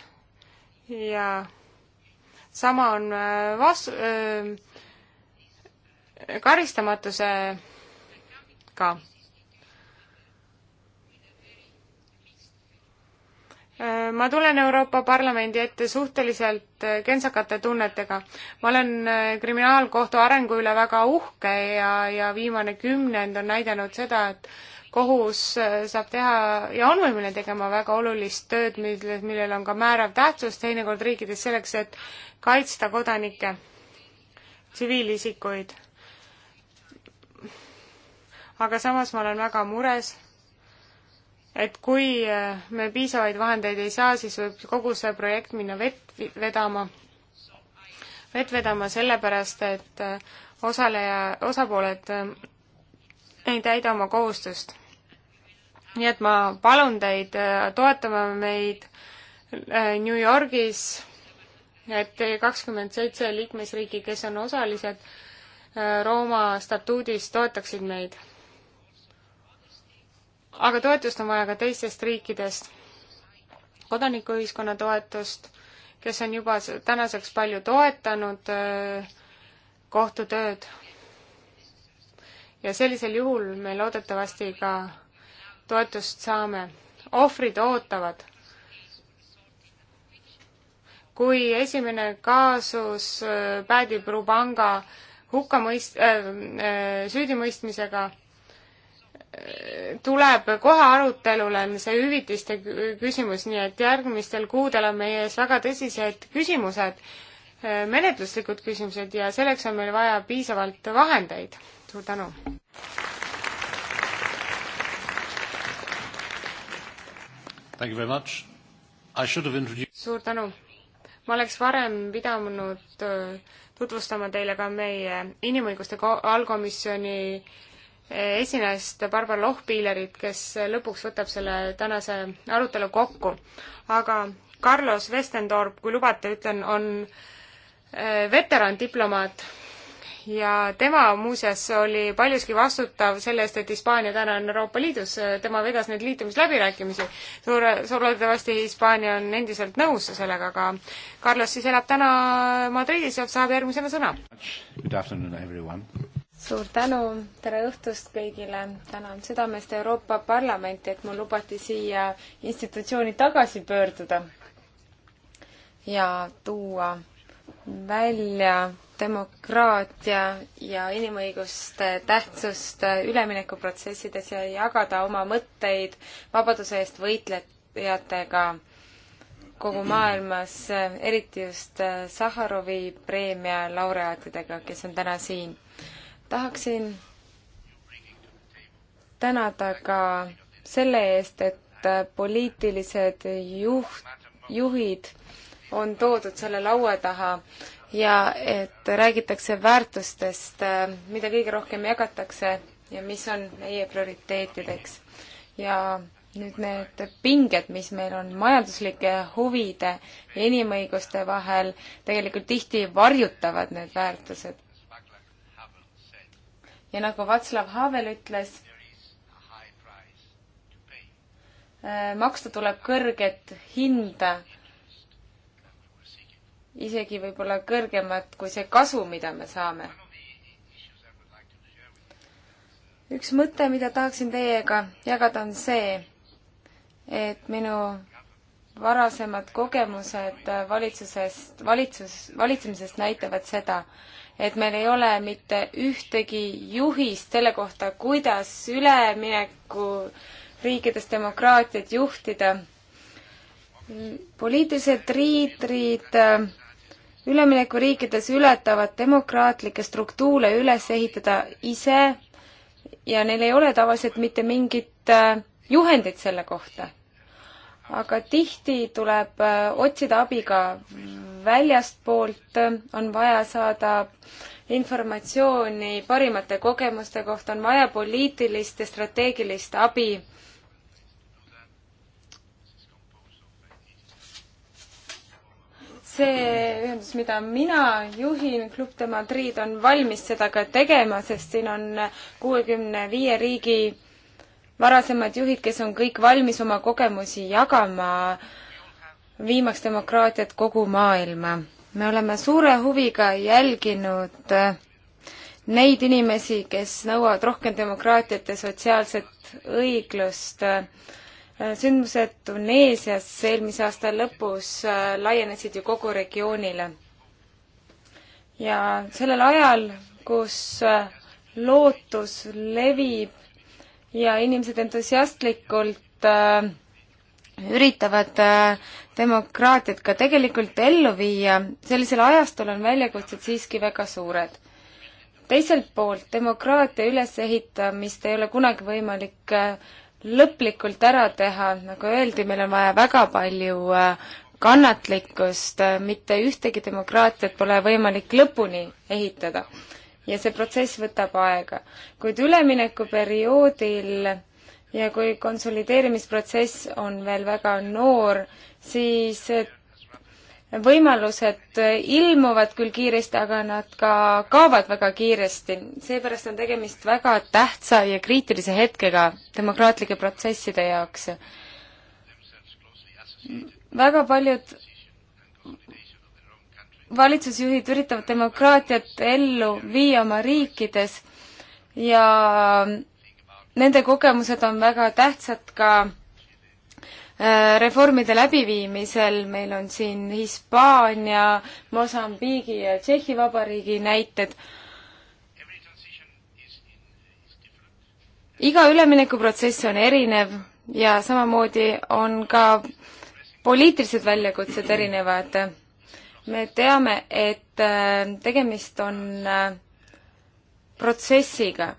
ja sama on äh, vastu äh,, karistamatusega Äh, ma tulen Euroopa Parlamendi ette suhteliselt äh, kentsakate tunnetega. ma olen äh, kriminaalkohtu arengu üle väga uhke ja, ja viimane kümnend on näidanud seda, et kohus saab teha ja on võimeline tegema väga olulist tööd, mille, millel on ka määrav tähtsus teinekord riikides selleks, et kaitsta kodanikke, tsiviilisikuid. aga samas ma olen väga mures et kui äh, me piisavaid vahendeid ei saa, siis võib kogu see projekt minna vett vedama, vett vedama sellepärast, et äh, osaleja, osapooled äh, ei täida oma kohustust. nii et ma palun teid toetama meid New Yorgis, et kakskümmend seitse liikmesriiki, kes on osalised Rooma statuudis, toetaksid meid aga toetust on vaja ka teistest riikidest, kodanikuühiskonna toetust, kes on juba tänaseks palju toetanud äh, kohtutööd. ja sellisel juhul me loodetavasti ka toetust saame. ohvrid ootavad. kui esimene kaasus äh, päädib Rubanga hukkamõist- äh,, äh süüdimõistmisega tuleb kohe arutelule see hüvitiste küsimus, nii et järgmistel kuudel on meie ees väga tõsised küsimused, menetluslikud küsimused ja selleks on meil vaja piisavalt vahendeid. suur tänu! suur tänu! ma oleks varem pidanud äh, tutvustama teile ka meie inimõiguste allkomisjoni esinaist Barbara Lohpiilerit, kes lõpuks võtab selle tänase arutelu kokku. aga Carlos Westendorp, kui lubate, ütlen, on äh, veterandiplomaat ja tema muuseas oli paljuski vastutav selle eest, et Hispaania täna on Euroopa Liidus, tema vedas neid liitumisläbirääkimisi. suure, loodetavasti Hispaania on endiselt nõus sellega, aga Carlos siis elab täna Madridis ja saab järgmisena sõna. Good afternoon everyone suur tänu, tere õhtust kõigile, tänan südamest Euroopa Parlamenti, et mul lubati siia institutsiooni tagasi pöörduda ja tuua välja demokraatia ja inimõiguste tähtsust üleminekuprotsessides ja jagada oma mõtteid vabaduse eest võitlejatega kogu maailmas, eriti just Saharovi preemia laureaatidega, kes on täna siin tahaksin tänada ka selle eest, et poliitilised juht, juhid on toodud selle laua taha ja et räägitakse väärtustest, mida kõige rohkem jagatakse ja mis on meie prioriteetideks. ja nüüd need pinged, mis meil on majanduslike huvide ja inimõiguste vahel, tegelikult tihti varjutavad need väärtused ja nagu Václav Havel ütles, äh, maksta tuleb kõrget hinda, isegi võib-olla kõrgemat kui see kasu, mida me saame. üks mõte, mida tahaksin teiega jagada, on see, et minu varasemad kogemused valitsusest, valitsus, valitsemisest näitavad seda, et meil ei ole mitte ühtegi juhist selle kohta, kuidas ülemineku riikides demokraatiat juhtida. poliitilised riidrid äh, üleminekuriikides ületavad demokraatlikke struktuure üles ehitada ise ja neil ei ole tavaliselt mitte mingit äh, juhendit selle kohta aga tihti tuleb äh, otsida abi ka väljastpoolt, on vaja saada informatsiooni parimate kogemuste kohta, on vaja poliitilist ja strateegilist abi see ühendus, mida mina juhin, Club de Madrid, on valmis seda ka tegema, sest siin on kuuekümne viie riigi varasemad juhid, kes on kõik valmis oma kogemusi jagama, viimaks demokraatiat kogu maailma. me oleme suure huviga jälginud eh, neid inimesi, kes nõuavad rohkem demokraatiat ja sotsiaalset õiglust. Eh, sündmused Tuneesias eelmise aasta lõpus eh, laienesid ju kogu regioonile. ja sellel ajal, kus lootus levib ja inimesed entusiastlikult äh, üritavad äh, demokraatiat ka tegelikult ellu viia, sellisel ajastul on väljakutsed siiski väga suured. teiselt poolt, demokraatia ülesehitamist ei ole kunagi võimalik äh, lõplikult ära teha, nagu öeldi, meil on vaja väga palju äh, kannatlikkust, mitte ühtegi demokraatiat pole võimalik lõpuni ehitada ja see protsess võtab aega. kuid üleminekuperioodil ja kui konsolideerimisprotsess on veel väga noor, siis võimalused ilmuvad küll kiiresti, aga nad ka kaovad väga kiiresti. seepärast on tegemist väga tähtsa ja kriitilise hetkega demokraatlike protsesside jaoks. väga paljud valitsusjuhid üritavad demokraatiat ellu viia oma riikides ja nende kogemused on väga tähtsad ka äh, reformide läbiviimisel, meil on siin Hispaania, Mosambiigi ja Tšehhi Vabariigi näited. iga üleminekuprotsess on erinev ja samamoodi on ka poliitilised väljakutsed erinevad me teame, et äh, tegemist on äh, protsessiga.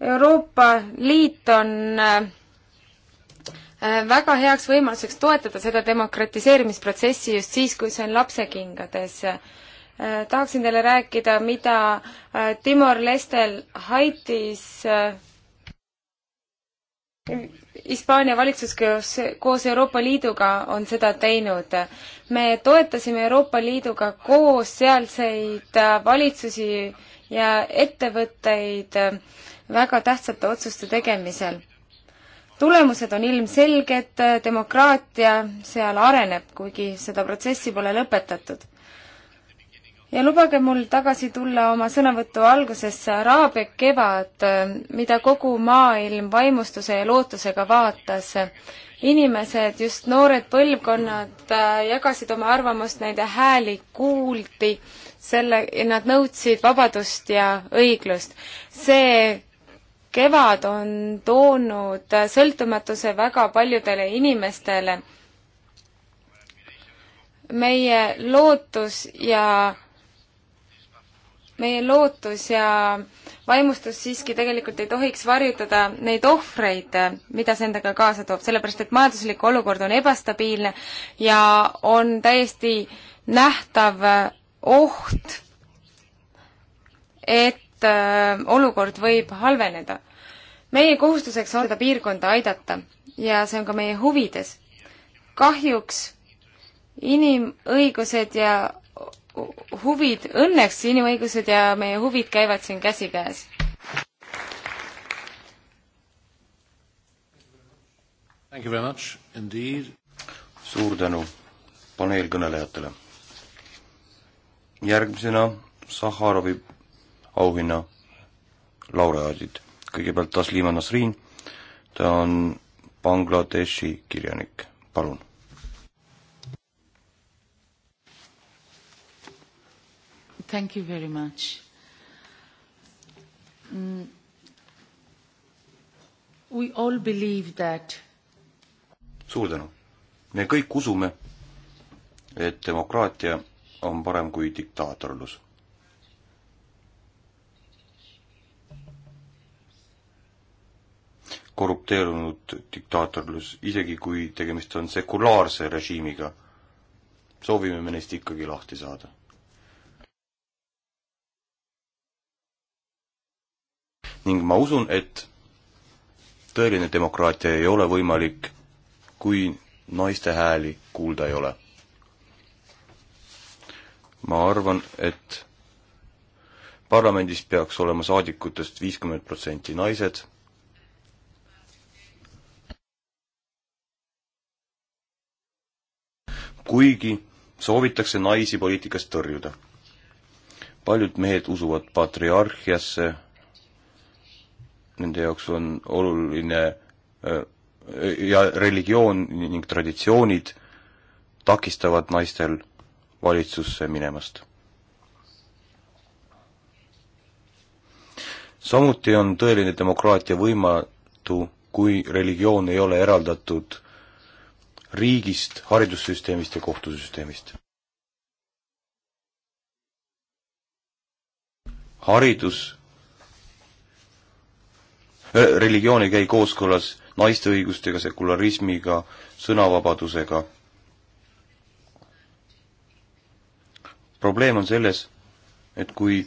Euroopa Liit on äh, väga heaks võimaluseks toetada seda demokratiseerimisprotsessi just siis, kui see on lapsekingades. tahaksin teile rääkida, mida Timor Lestel Haitis Hispaania valitsus koos, koos Euroopa Liiduga on seda teinud. me toetasime Euroopa Liiduga koos sealseid valitsusi ja ettevõtteid väga tähtsate otsuste tegemisel. tulemused on ilmselged, demokraatia seal areneb, kuigi seda protsessi pole lõpetatud ja lubage mul tagasi tulla oma sõnavõtu algusesse Araabia kevad, mida kogu maailm vaimustuse ja lootusega vaatas. inimesed, just noored põlvkonnad äh, jagasid oma arvamust, nende hääli kuuldi, selle, nad nõudsid vabadust ja õiglust. see kevad on toonud sõltumatuse väga paljudele inimestele. meie lootus ja meie lootus ja vaimustus siiski tegelikult ei tohiks varjutada neid ohvreid, mida see endaga kaasa toob, sellepärast et majanduslik olukord on ebastabiilne ja on täiesti nähtav oht, et äh, olukord võib halveneda. meie kohustuseks on seda piirkonda aidata ja see on ka meie huvides. kahjuks inimõigused ja huvid, õnneks inimõigused ja meie huvid käivad siin käsikäes. suur tänu paneelkõnelejatele. järgmisena Sahharovi auhinna laureaadid. kõigepealt Taslima Nasrin, ta on Bangladeshi kirjanik, palun Thank you very much. Mm. We all believe that suur tänu. me kõik usume, et demokraatia on parem kui diktaatorlus. korrupteerunud diktaatorlus, isegi kui tegemist on sekulaarse režiimiga, soovime me neist ikkagi lahti saada ning ma usun, et tõeline demokraatia ei ole võimalik, kui naiste hääli kuulda ei ole. ma arvan, et parlamendis peaks olema saadikutest viiskümmend protsenti naised kuigi soovitakse naisi poliitikast tõrjuda. paljud mehed usuvad patriarhiasse nende jaoks on oluline ja religioon ning traditsioonid takistavad naistel valitsusse minemast. samuti on tõeline demokraatia võimatu, kui religioon ei ole eraldatud riigist, haridussüsteemist ja kohtusüsteemist. haridus Äh, religiooniga ei kooskõlas naiste õigustega, sekularismiga, sõnavabadusega. probleem on selles, et kui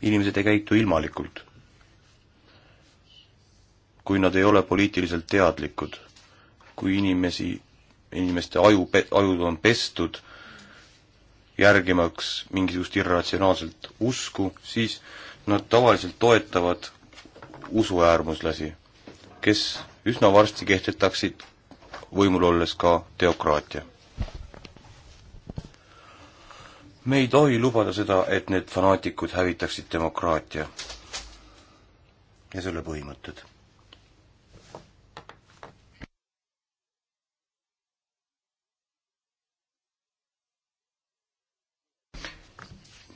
inimesed ei käitu ilmalikult, kui nad ei ole poliitiliselt teadlikud, kui inimesi, inimeste aju, ajud on pestud, järgimaks mingisugust irratsionaalset usku, siis äh, Nad tavaliselt toetavad usuäärmuslasi, kes üsna varsti kehtetaksid võimul olles ka teokraatia. me ei tohi lubada seda, et need fanaatikud hävitaksid demokraatia ja selle põhimõtted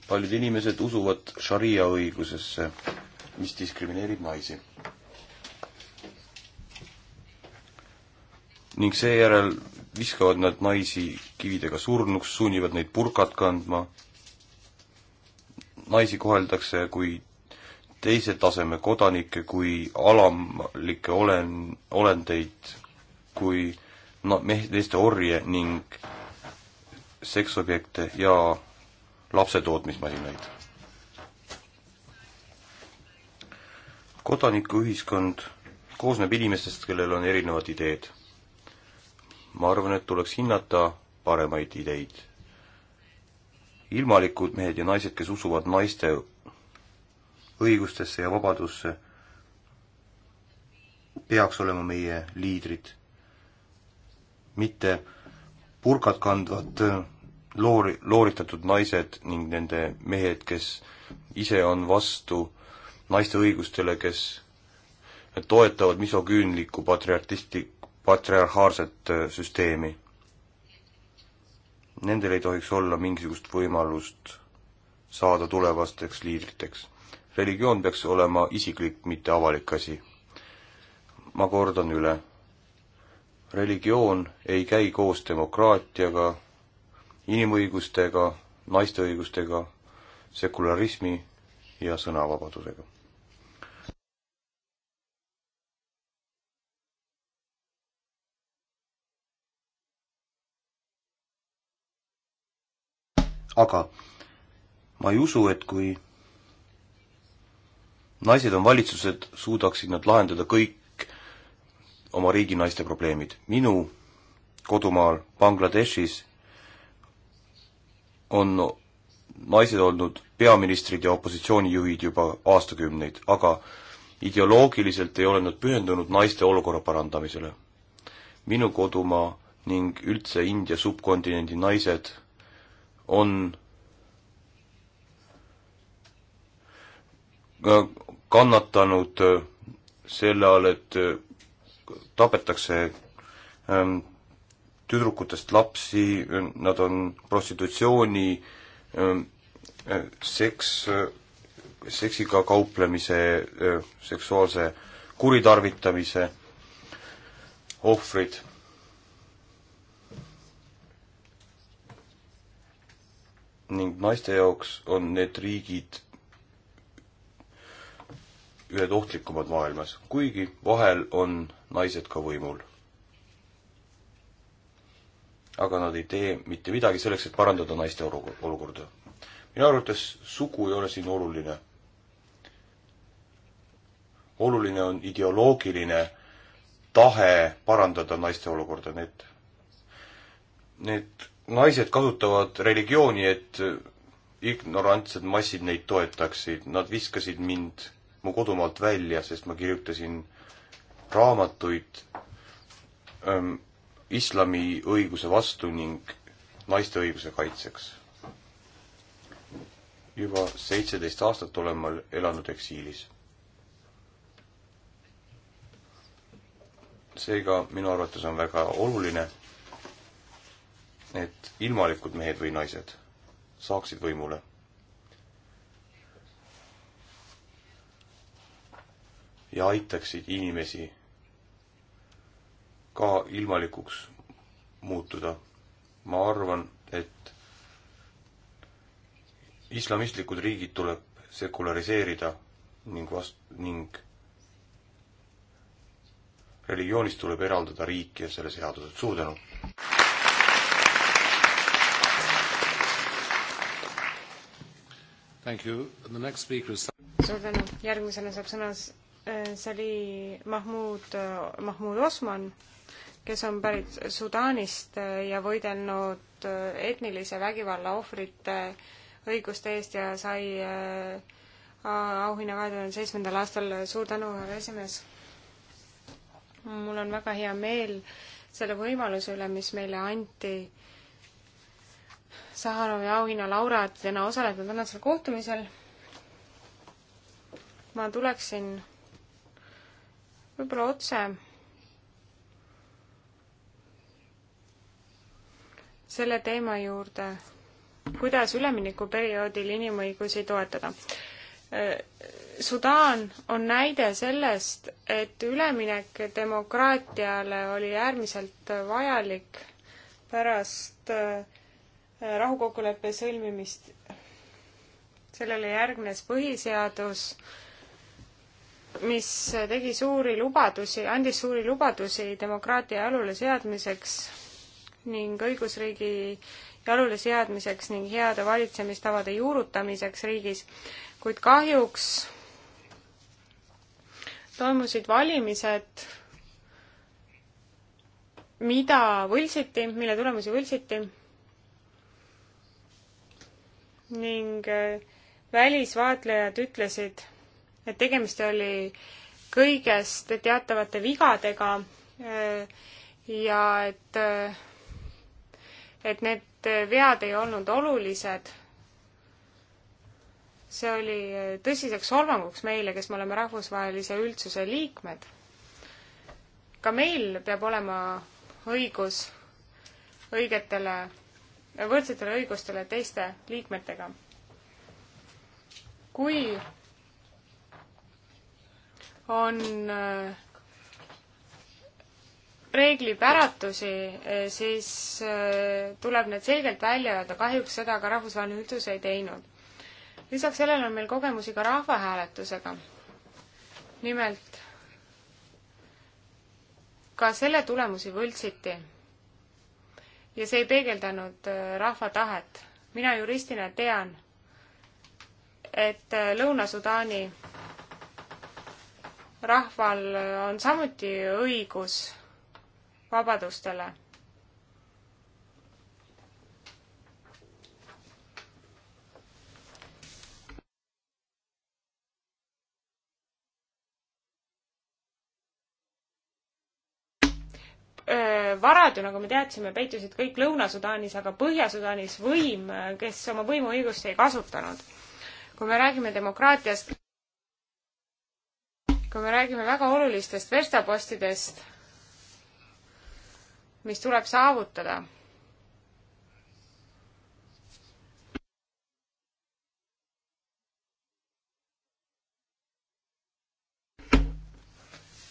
paljud inimesed usuvad šaria õigusesse, mis diskrimineerib naisi. ning seejärel viskavad nad naisi kividega surnuks, sunnivad neid purkat kandma, naisi koheldakse kui teise taseme kodanikke, kui alamlikke olen, olendeid, kui no, meeste orje ning seksobjekte ja lapsetootmismasinaid. kodanikuühiskond koosneb inimestest, kellel on erinevad ideed. ma arvan, et tuleks hinnata paremaid ideid. ilmalikud mehed ja naised, kes usuvad naiste õigustesse ja vabadusse, peaks olema meie liidrid, mitte purkad kandvad loori, looritatud naised ning nende mehed, kes ise on vastu naiste õigustele, kes toetavad misoküünlikku patriarhisti, patriarhaalset äh, süsteemi. Nendel ei tohiks olla mingisugust võimalust saada tulevasteks liidriteks. religioon peaks olema isiklik, mitte avalik asi. ma kordan üle. religioon ei käi koos demokraatiaga inimõigustega, naiste õigustega, sekularismi ja sõnavabadusega. aga ma ei usu, et kui naised on valitsused, suudaksid nad lahendada kõik oma riigi naiste probleemid. minu kodumaal Bangladeshis on naised olnud peaministrid ja opositsioonijuhid juba aastakümneid, aga ideoloogiliselt ei ole nad pühendunud naiste olukorra parandamisele. minu kodumaa ning üldse India subkontinendi naised on kannatanud selle all, et tapetakse ähm, tüdrukutest lapsi, nad on prostitutsiooni, ähm, seks, seksiga kauplemise, äh, seksuaalse kuritarvitamise ohvrid. ning naiste jaoks on need riigid ühed ohtlikumad maailmas, kuigi vahel on naised ka võimul aga nad ei tee mitte midagi selleks, et parandada naiste olukorda. minu arvates sugu ei ole siin oluline. oluline on ideoloogiline tahe parandada naiste olukorda, need, need naised kasutavad religiooni, et ignorantsed massid neid toetaksid, nad viskasid mind mu kodumaalt välja, sest ma kirjutasin raamatuid ähm, islami õiguse vastu ning naiste õiguse kaitseks. juba seitseteist aastat olen ma elanud eksiilis. seega minu arvates on väga oluline, et ilmalikud mehed või naised saaksid võimule. ja aitaksid inimesi ka ilmalikuks muutuda. ma arvan, et islamistlikud riigid tuleb sekulariseerida ning vast-, ning religioonist tuleb eraldada riik ja selle seadused. suur tänu! suur tänu, järgmisena saab sõna Äh, see oli Mahmud, äh, Mahmud Osman, kes on pärit Sudaanist äh, ja võidelnud etnilise vägivalla ohvrite õiguste eest ja sai auhinna kahe tuhande seitsmendal aastal. suur tänu, härra esimees! mul on väga hea meel selle võimaluse üle, mis meile anti Saharovi auhinna laureaatidena osaleda tänasel kohtumisel. ma tuleksin võib-olla otse selle teema juurde, kuidas üleminekuperioodil inimõigusi toetada. Sudaan on näide sellest, et üleminek demokraatiale oli äärmiselt vajalik pärast äh, rahukokkuleppe sõlmimist. sellele järgnes põhiseadus, mis tegi suuri lubadusi, andis suuri lubadusi demokraatia jalule seadmiseks ning õigusriigi jalule seadmiseks ning heade valitsemistavade juurutamiseks riigis, kuid kahjuks toimusid valimised, mida võltsiti, mille tulemusi võltsiti ning välisvaatlejad ütlesid, et tegemist oli kõigest teatavate vigadega äh, ja et, äh, et need vead ei olnud olulised. see oli äh, tõsiseks solvanguks meile, kes me oleme rahvusvahelise üldsuse liikmed. ka meil peab olema õigus õigetele, võrdsetele õigustele teiste liikmetega. kui on äh, reeglipäratusi, äh, siis äh, tuleb need selgelt välja öelda, kahjuks seda ka rahvusvaheline üldsus ei teinud. lisaks sellele on meil kogemusi ka rahvahääletusega. nimelt, ka selle tulemusi võltsiti. ja see ei peegeldanud rahva tahet. mina juristina tean, et Lõuna-Sudaani rahval on samuti õigus vabadustele. varad ju, nagu me teadsime, peitusid kõik Lõuna-Sudaanis, aga Põhja-Sudaanis võim, kes oma võimuõigust ei kasutanud. kui me räägime demokraatiast kui me räägime väga olulistest verstapostidest, mis tuleb saavutada,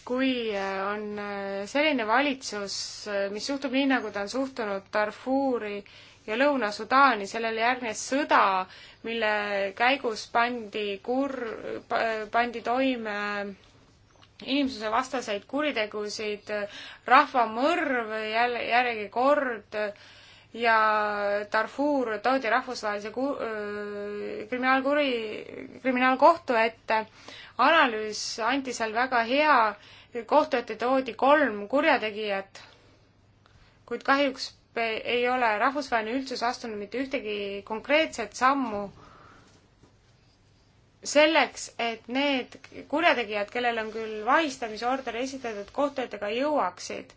kui äh, on äh, selline valitsus, äh, mis suhtub nii, nagu ta on suhtunud Darfuri ja Lõuna-Sudaani, sellele järgnes sõda, mille käigus pandi kur-, pandi toime inimsusevastaseid kuritegusid, rahvamõrv jälle, järgi kord ja Darfur toodi rahvusvahelise ku-, kriminaalkuri, kriminaalkohtu ette. analüüs anti seal väga hea, kohtu ette toodi kolm kurjategijat, kuid kahjuks ei ole rahvusvaheline üldsus astunud mitte ühtegi konkreetset sammu selleks, et need kurjategijad, kellel on küll vahistamisorder esitatud kohtuetega, jõuaksid.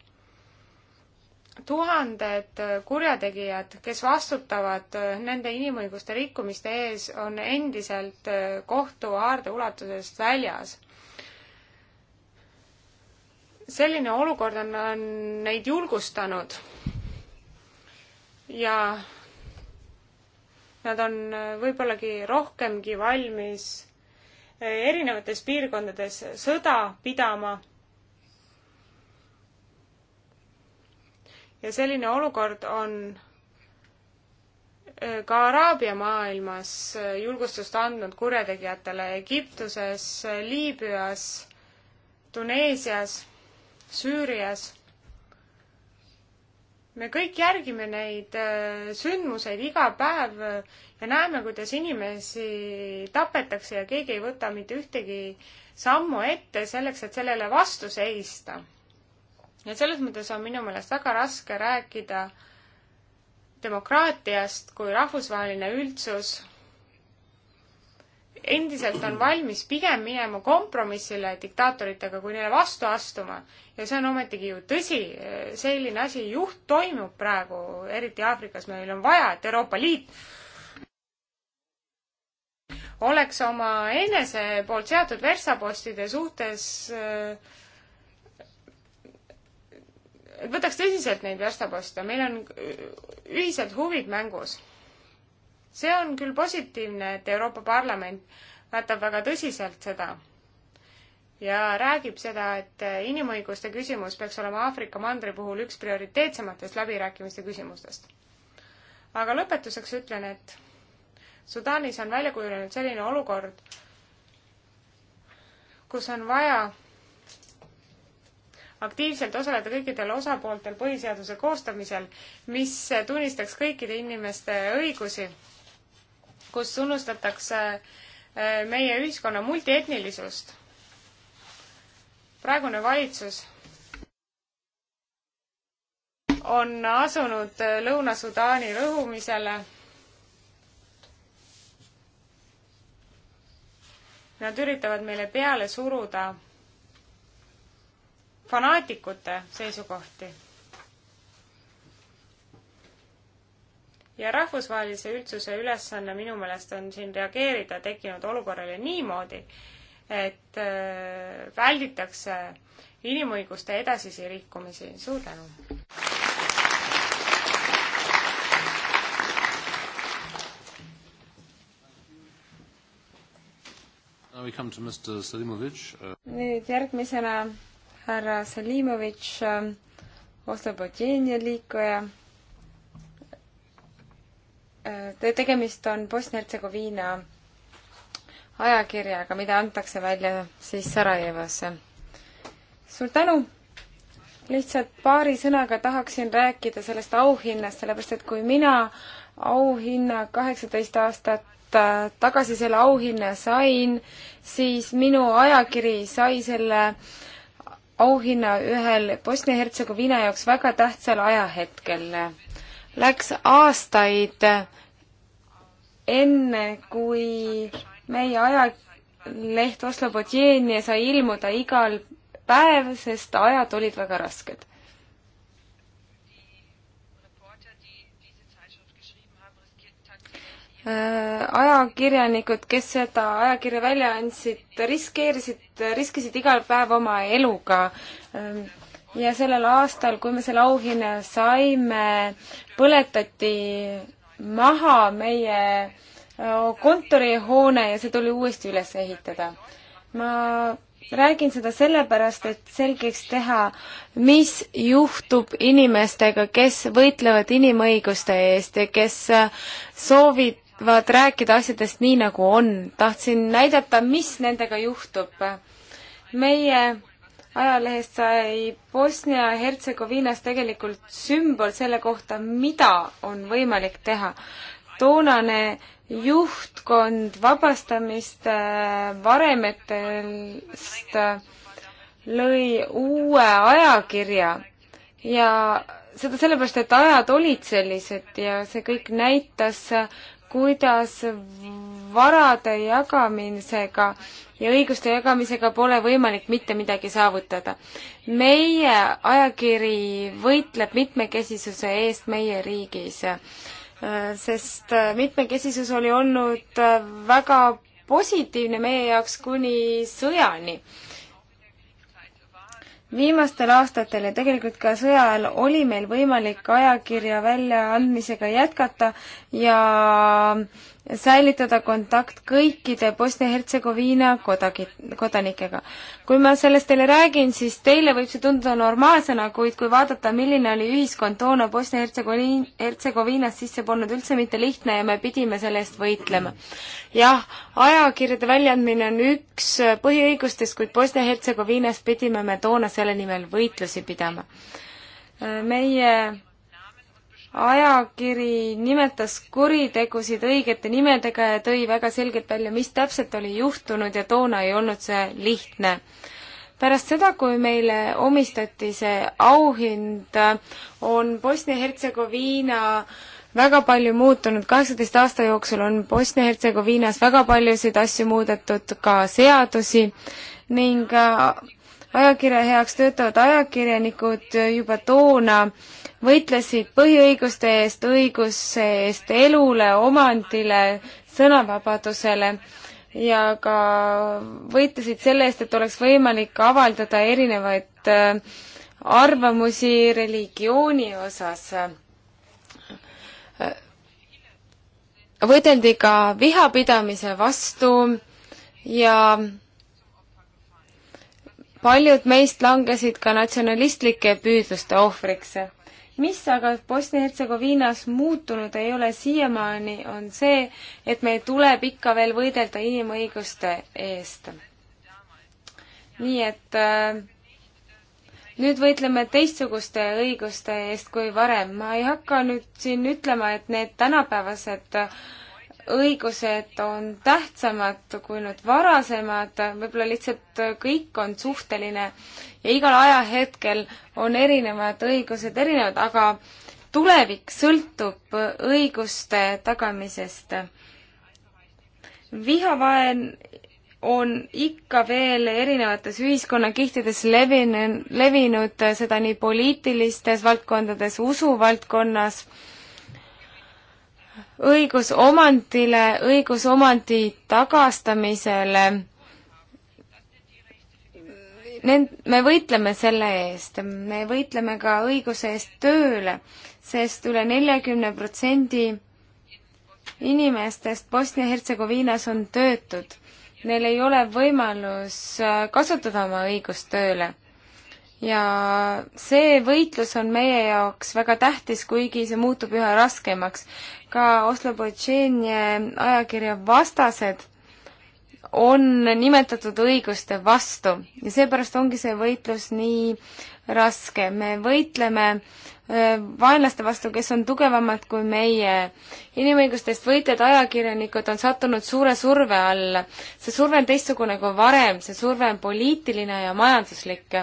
tuhanded kurjategijad, kes vastutavad nende inimõiguste rikkumiste ees, on endiselt kohtu haarde ulatusest väljas. selline olukord on, on neid julgustanud ja Nad on äh, võib-ollagi rohkemgi valmis äh, erinevates piirkondades sõda pidama. ja selline olukord on äh, ka Araabia maailmas julgustust andnud kurjategijatele Egiptuses, Liibüas, Tuneesias, Süürias me kõik järgime neid äh, sündmuseid iga päev äh, ja näeme, kuidas inimesi tapetakse ja keegi ei võta mitte ühtegi sammu ette selleks, et sellele vastu seista. ja selles mõttes on minu meelest väga raske rääkida demokraatiast, kui rahvusvaheline üldsus endiselt on valmis pigem minema kompromissile diktaatoritega, kui neile vastu astuma. ja see on ometigi ju tõsi, selline asi juht toimub praegu, eriti Aafrikas, meil on vaja, et Euroopa Liit oleks oma enese poolt seatud versapostide suhtes et võtaks tõsiselt neid verstaposte, meil on ühised huvid mängus see on küll positiivne, et Euroopa Parlament võtab väga tõsiselt seda ja räägib seda, et inimõiguste küsimus peaks olema Aafrika mandri puhul üks prioriteetsematest läbirääkimiste küsimustest. aga lõpetuseks ütlen, et Sudaanis on välja kujunenud selline olukord, kus on vaja aktiivselt osaleda kõikidel osapooltel põhiseaduse koostamisel, mis tunnistaks kõikide inimeste õigusi kus tunnustatakse äh, meie ühiskonna multietnilisust. praegune valitsus on asunud äh, Lõuna-Sudaani rõhumisele. Nad üritavad meile peale suruda fanaatikute seisukohti ja rahvusvahelise üldsuse ülesanne minu meelest on siin reageerida tekkinud olukorrale niimoodi, et äh, välditakse inimõiguste edasisi rikkumisi. suur tänu! Uh, nüüd järgmisena härra Selimovitš, äh, Oslo Botšenia liikuja tegemist on Bosnia-Hertsegoviina ajakirjaga, mida antakse välja siis Sarajevosse. suur tänu! lihtsalt paari sõnaga tahaksin rääkida sellest auhinnast, sellepärast et kui mina auhinna kaheksateist aastat äh, tagasi selle auhinna sain, siis minu ajakiri sai selle auhinna ühel Bosnia-Hertsegoviina jaoks väga tähtsal ajahetkel läks aastaid enne, kui meie ajaleht Oslo Podjeni sai ilmuda igal päev, sest ajad olid väga rasked. Äh, ajakirjanikud, kes seda ajakirja välja andsid, riskeerisid, riskisid igal päev oma eluga ähm, ja sellel aastal, kui me selle auhinna saime, põletati maha meie äh, kontorihoone ja see tuli uuesti üles ehitada. ma räägin seda sellepärast, et selgeks teha, mis juhtub inimestega, kes võitlevad inimõiguste eest ja kes äh, soovivad rääkida asjadest nii, nagu on. tahtsin näidata, mis nendega juhtub. meie ajalehest sai Bosnia-Hertsegoviinas tegelikult sümbol selle kohta, mida on võimalik teha. toonane juhtkond vabastamist äh, varemetest äh, lõi uue ajakirja ja seda sellepärast, et ajad olid sellised ja see kõik näitas, kuidas varade jagamisega ja õiguste jagamisega pole võimalik mitte midagi saavutada. meie ajakiri võitleb mitmekesisuse eest meie riigis, äh, sest äh, mitmekesisus oli olnud äh, väga positiivne meie jaoks kuni sõjani viimastel aastatel ja tegelikult ka sõja ajal oli meil võimalik ajakirja väljaandmisega jätkata ja säilitada kontakt kõikide Bosnia-Hertsegoviina kodanikega. kui ma sellest teile räägin, siis teile võib see tunduda normaalsena, kuid kui vaadata, milline oli ühiskond toona Bosnia-Hertsegoviinas, siis see polnud üldse mitte lihtne ja me pidime selle eest võitlema. jah, ajakirjade väljaandmine on üks põhiõigustest, kuid Bosnia-Hertsegoviinas pidime me toona selle nimel võitlusi pidama. meie ajakiri nimetas kuritegusid õigete nimedega ja tõi väga selgelt välja, mis täpselt oli juhtunud ja toona ei olnud see lihtne. pärast seda, kui meile omistati see auhind, on Bosnia-Hertsegoviina väga palju muutunud, kaheksateist aasta jooksul on Bosnia-Hertsegoviinas väga paljusid asju muudetud, ka seadusi ning äh, ajakirja heaks töötavad ajakirjanikud juba toona äh, võitlesid põhiõiguste eest, õiguse eest elule, omandile, sõnavabadusele ja ka võitlesid selle eest, et oleks võimalik avaldada erinevaid äh, arvamusi religiooni osas. võideldi ka vihapidamise vastu ja paljud meist langesid ka natsionalistlike püüdluste ohvriks mis aga Bosnia-Hertsegoviinas muutunud ei ole siiamaani, on see, et meil tuleb ikka veel võidelda inimõiguste eest. nii et äh, nüüd võitleme teistsuguste õiguste eest kui varem. ma ei hakka nüüd siin ütlema, et need tänapäevased äh, õigused on tähtsamad kui need varasemad, võib-olla lihtsalt kõik on suhteline ja igal ajahetkel on erinevad õigused erinevad, aga tulevik sõltub õiguste tagamisest. vihavaen on ikka veel erinevates ühiskonnakihtides levinud, levinud, seda nii poliitilistes valdkondades, usuvaldkonnas, õigus omandile, õigus omandi tagastamisele. Need, me võitleme selle eest, me võitleme ka õiguse eest tööle, sest üle neljakümne protsendi inimestest Bosnia-Hertsegoviinas on töötud. Neil ei ole võimalus äh, kasutada oma õigust tööle ja see võitlus on meie jaoks väga tähtis, kuigi see muutub üha raskemaks ka Oslo Botšenje ajakirja vastased on nimetatud õiguste vastu ja seepärast ongi see võitlus nii raske. me võitleme äh, vaenlaste vastu, kes on tugevamad kui meie. inimõigustest võitlejad, ajakirjanikud on sattunud suure surve alla. see surve on teistsugune kui varem, see surve on poliitiline ja majanduslik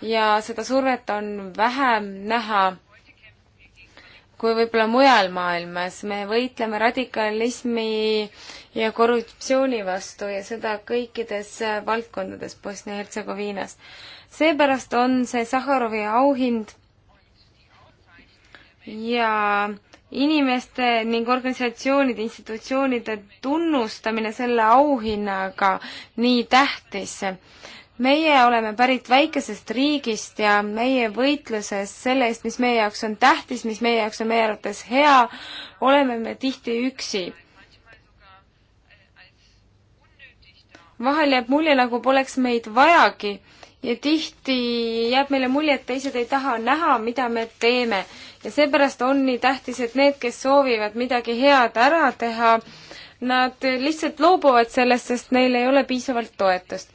ja seda survet on vähem näha kui võib-olla mujal maailmas. me võitleme radikalismi ja korruptsiooni vastu ja seda kõikides valdkondades Bosnia-Hertsegoviinas. seepärast on see Sahharovi auhind ja inimeste ning organisatsioonide, institutsioonide tunnustamine selle auhinnaga nii tähtis meie oleme pärit väikesest riigist ja meie võitluses selle eest, mis meie jaoks on tähtis, mis meie jaoks on meie arvates hea, oleme me tihti üksi. vahel jääb mulje, nagu poleks meid vajagi ja tihti jääb meile mulje, et teised ei taha näha, mida me teeme. ja seepärast on nii tähtis, et need, kes soovivad midagi head ära teha, nad lihtsalt loobuvad sellest, sest neil ei ole piisavalt toetust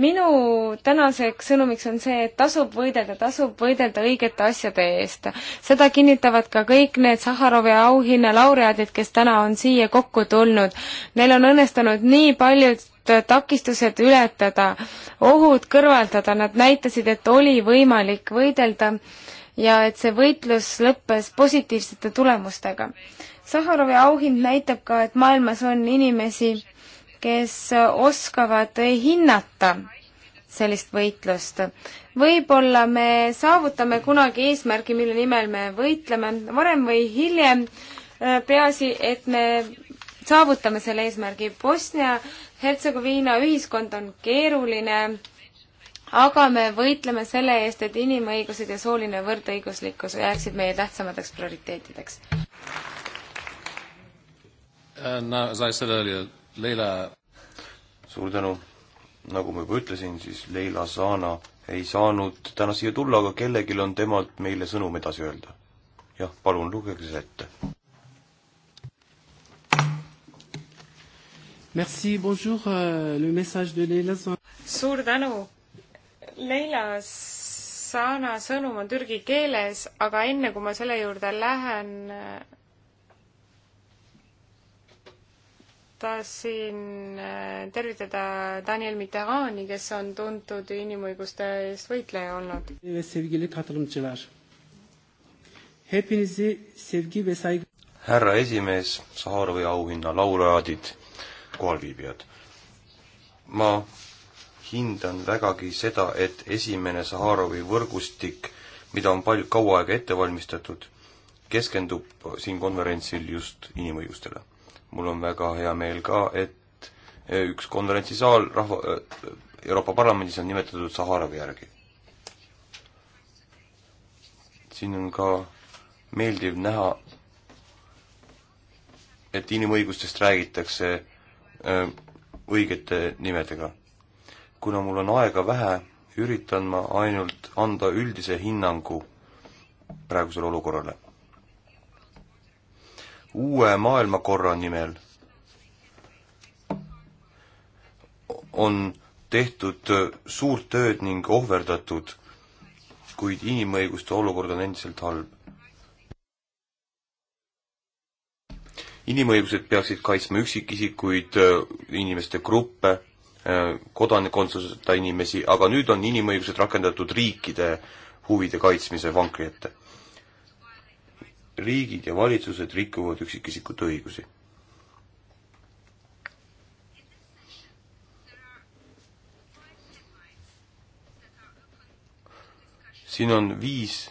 minu tänaseks sõnumiks on see, et tasub võidelda, tasub võidelda õigete asjade eest. seda kinnitavad ka kõik need Sahharovi auhinna laureaadid, kes täna on siia kokku tulnud. Neil on õnnestunud nii paljud takistused ületada, ohud kõrvaldada, nad näitasid, et oli võimalik võidelda ja et see võitlus lõppes positiivsete tulemustega. Sahharovi auhind näitab ka, et maailmas on inimesi, kes oskavad hinnata sellist võitlust. võib-olla me saavutame kunagi eesmärgi, mille nimel me võitleme, varem või hiljem, äh, peaasi, et me saavutame selle eesmärgi. Bosnia-Hertsegoviina ühiskond on keeruline, aga me võitleme selle eest, et inimõigused ja sooline võrdõiguslikkus jääksid meie tähtsamateks prioriteetideks. Uh, now, as I said earlier, Leila. suur tänu. nagu ma juba ütlesin, siis Leila Zana ei saanud täna siia tulla, aga kellelgi on temalt meile sõnum edasi öelda. jah, palun lugege see ette. Merci, bonjour, euh, le message de Leila Zana. suur tänu. Leila Zana sõnum on türgi keeles, aga enne kui ma selle juurde lähen, tahtsin äh, tervitada Daniel Mitterrandi, kes on tuntud inimõiguste eest võitleja olnud. härra esimees, Saharovi auhinna laureaadid, kohalviibijad. ma hindan vägagi seda, et esimene Saharovi võrgustik, mida on palju, kaua aega ette valmistatud, keskendub siin konverentsil just inimõigustele mul on väga hea meel ka, et e, üks konverentsisaal rahva, e, Euroopa Parlamendis on nimetatud Saharovi järgi. siin on ka meeldiv näha, et inimõigustest räägitakse e, õigete nimedega. kuna mul on aega vähe, üritan ma ainult anda üldise hinnangu praegusele olukorrale uue maailmakorra nimel on tehtud suurt tööd ning ohverdatud, kuid inimõiguste olukord on endiselt halb. inimõigused peaksid kaitsma üksikisikuid, inimeste gruppe, kodanikkondsuseta inimesi, aga nüüd on inimõigused rakendatud riikide huvide kaitsmise vankri ette riigid ja valitsused rikuvad üksikisikute õigusi. siin on viis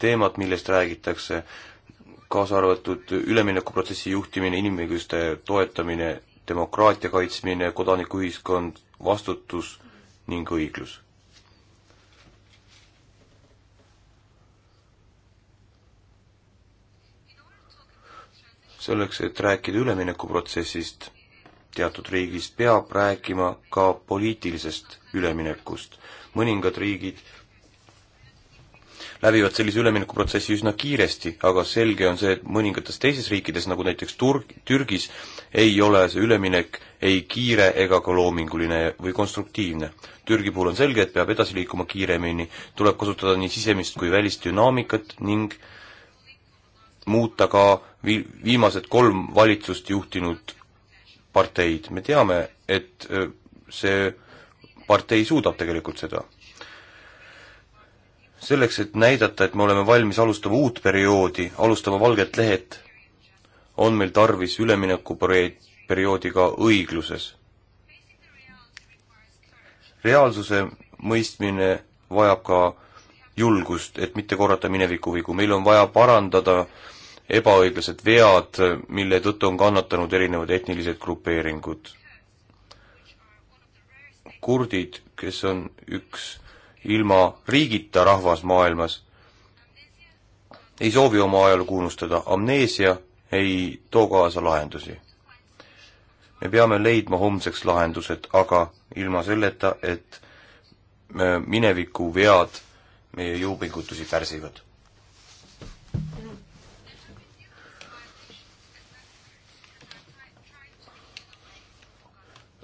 teemat, millest räägitakse, kaasa arvatud üleminekuprotsessi juhtimine, inimõiguste toetamine, demokraatia kaitsmine, kodanikuühiskond, vastutus ning õiglus selleks, et rääkida üleminekuprotsessist teatud riigis, peab rääkima ka poliitilisest üleminekust. mõningad riigid läbivad sellise üleminekuprotsessi üsna kiiresti, aga selge on see, et mõningates teises riikides, nagu näiteks Tur-, Türgis, ei ole see üleminek ei kiire ega ka loominguline või konstruktiivne. Türgi puhul on selge, et peab edasi liikuma kiiremini, tuleb kasutada nii sisemist kui välist dünaamikat ning äh, muuta ka vi-, viimased kolm valitsust juhtinud parteid, me teame, et see partei suudab tegelikult seda. selleks, et näidata, et me oleme valmis alustama uut perioodi, alustama valget lehet, on meil tarvis üleminekuperioodiga õigluses. reaalsuse mõistmine vajab ka julgust, et mitte korrata mineviku vigu, meil on vaja parandada äh, ebaõiglased vead, mille tõttu on kannatanud erinevad etnilised grupeeringud. kurdid, kes on üks ilma riigita rahvas maailmas, ei soovi oma ajalugu unustada, amneesia ei too kaasa lahendusi. me peame leidma homseks lahendused, aga ilma selleta, et mineviku vead meie jõupingutusi pärsivad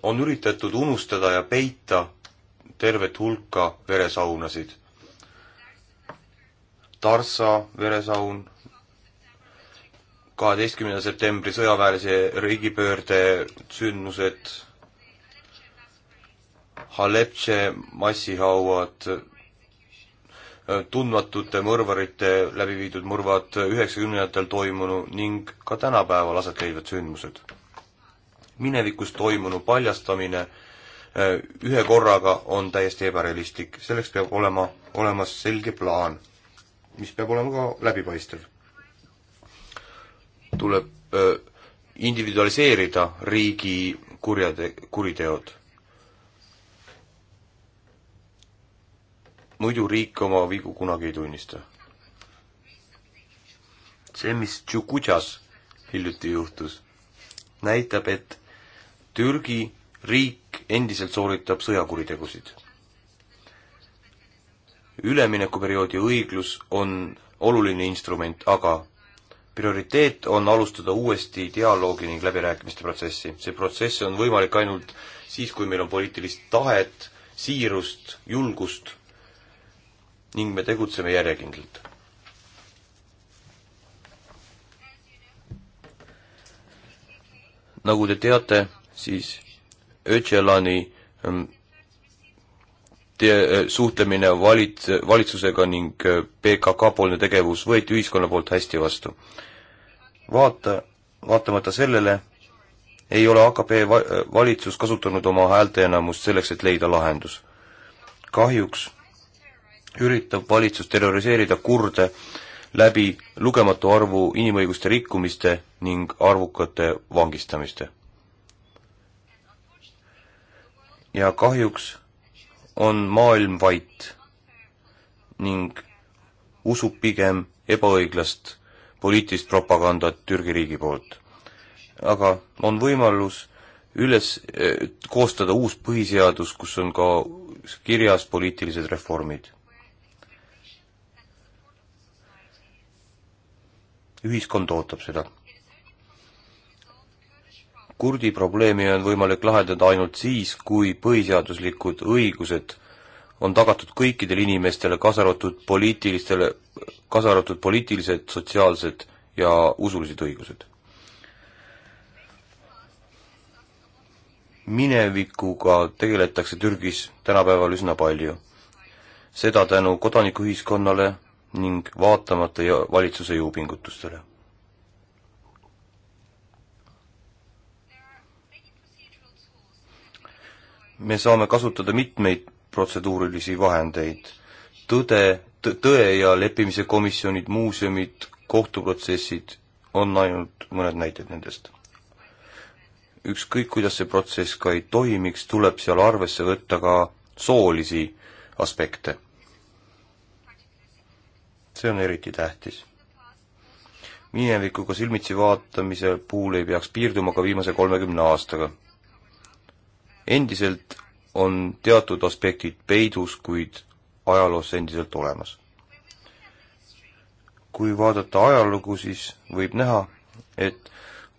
on üritatud unustada ja peita tervet hulka veresaunasid. Tarsa veresaun, kaheteistkümnenda septembri sõjaväelise riigipöörde sündmused, Halepše massihauad, tundmatute mõrvarite läbi viidud mõrvad üheksakümnendatel toimunu ning ka tänapäeval aset leidvad sündmused minevikus toimunu paljastamine äh, ühe korraga on täiesti ebarealistlik, selleks peab olema olemas selge plaan, mis peab olema ka läbipaistev. tuleb äh, individualiseerida riigi kurjade, kuriteod. muidu riik oma vigu kunagi ei tunnista. see, mis Tšukutšas hiljuti juhtus, näitab, et Türgi riik endiselt sooritab sõjakuritegusid. üleminekuperioodi õiglus on oluline instrument, aga prioriteet on alustada uuesti dialoogi ning läbirääkimiste protsessi. see protsess on võimalik ainult siis, kui meil on poliitilist tahet, siirust, julgust ning me tegutseme järjekindlalt. nagu te teate, siis Öcalani ähm, te-, äh, suhtlemine valit-, valitsusega ning äh, PKK-poolne tegevus võeti ühiskonna poolt hästi vastu. vaata, vaatamata sellele ei ole AKP va-, äh, valitsus kasutanud oma häälteenamust selleks, et leida lahendus. kahjuks üritab valitsus terroriseerida kurde läbi lugematu arvu inimõiguste rikkumiste ning arvukate vangistamiste ja kahjuks on maailm vait ning usub pigem ebaõiglast poliitilist propagandat Türgi riigi poolt. aga on võimalus üles eh,, koostada uus põhiseadus, kus on ka kirjas poliitilised reformid. ühiskond ootab seda kurdi probleemi on võimalik lahendada ainult siis, kui põhiseaduslikud õigused on tagatud kõikidele inimestele, kaasa arvatud poliitilistele, kaasa arvatud poliitilised, sotsiaalsed ja usulised õigused. minevikuga tegeletakse Türgis tänapäeval üsna palju. seda tänu kodanikuühiskonnale ning vaatamata valitsuse jõupingutustele me saame kasutada mitmeid protseduurilisi vahendeid, tõde, tõe ja leppimise komisjonid, muuseumid, kohtuprotsessid on ainult mõned näited nendest. ükskõik, kuidas see protsess ka ei toimiks, tuleb seal arvesse võtta ka soolisi aspekte. see on eriti tähtis. minevikuga silmitsi vaatamise puhul ei peaks piirduma ka viimase kolmekümne aastaga endiselt on teatud aspektid peidus, kuid ajaloos endiselt olemas. kui vaadata ajalugu, siis võib näha, et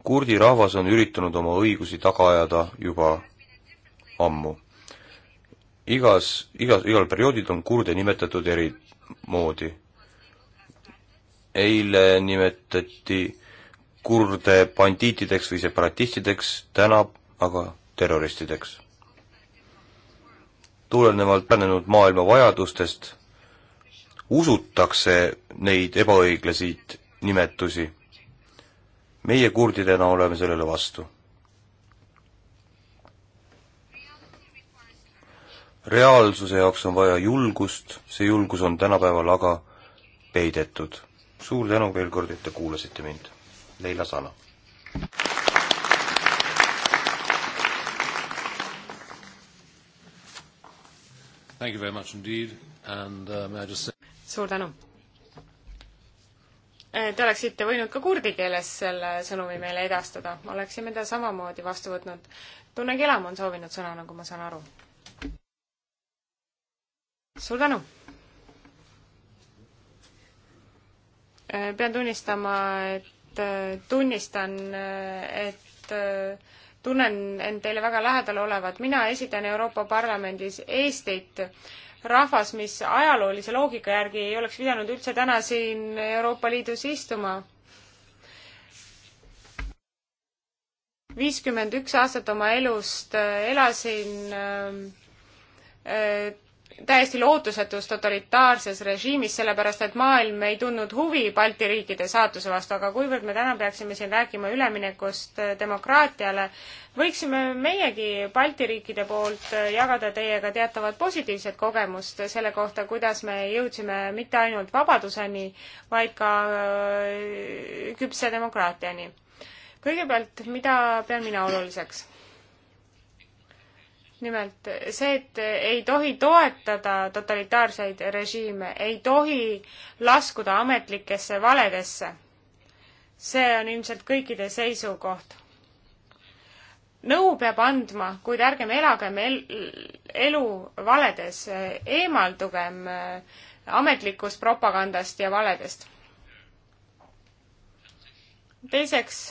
kurdi rahvas on üritanud oma õigusi taga ajada juba ammu. igas, igas, igal perioodil on kurde nimetatud eri moodi. eile nimetati kurde bandiitideks või separatistideks, täna aga terroristideks. tulenevalt pärenenud maailma vajadustest usutakse neid ebaõiglaseid nimetusi. meie kurdidena oleme sellele vastu. reaalsuse jaoks on vaja julgust, see julgus on tänapäeval aga peidetud. suur tänu veel kord, et te kuulasite mind. Leila Sala. Thank you very much indeed and uh, may I just say suur tänu! Te oleksite võinud ka kurdi keeles selle sõnumi meile edastada, oleksime ta samamoodi vastu võtnud. Tunne Kelam on soovinud sõna, nagu ma saan aru. suur tänu! pean tunnistama, et tunnistan, et tunnen end teile väga lähedal olevat. mina esitan Euroopa Parlamendis Eestit, rahvas, mis ajaloolise loogika järgi ei oleks pidanud üldse täna siin Euroopa Liidus istuma. viiskümmend üks aastat oma elust äh, elasin äh, äh, täiesti lootusetus totalitaarses režiimis, sellepärast et maailm ei tundnud huvi Balti riikide saatuse vastu, aga kuivõrd me täna peaksime siin rääkima üleminekust äh, demokraatiale, võiksime meiegi Balti riikide poolt äh, jagada teiega teatavat positiivset kogemust selle kohta, kuidas me jõudsime mitte ainult vabaduseni, vaid ka äh, küpse demokraatiani. kõigepealt, mida pean mina oluliseks? nimelt see, et ei tohi toetada totalitaarseid režiime, ei tohi laskuda ametlikesse valedesse. see on ilmselt kõikide seisukoht. nõu peab andma, kuid ärgem elagem el elu valedes, eemaldugem äh, ametlikust propagandast ja valedest. teiseks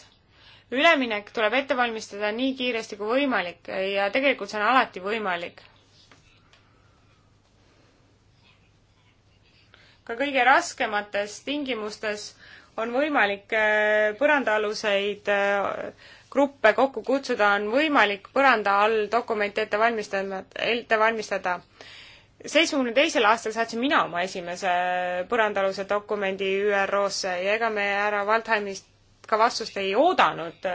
üleminek tuleb ette valmistada nii kiiresti kui võimalik ja tegelikult see on alati võimalik. ka kõige raskemates tingimustes on võimalik äh, põrandaaluseid äh, gruppe kokku kutsuda, on võimalik põranda all dokumente ette valmistada, ette valmistada. seitsmekümne teisel aastal saatsin mina oma esimese äh, põrandaaluse dokumendi ÜRO-sse ja ega me härra Waldheimist ka vastust ei oodanud.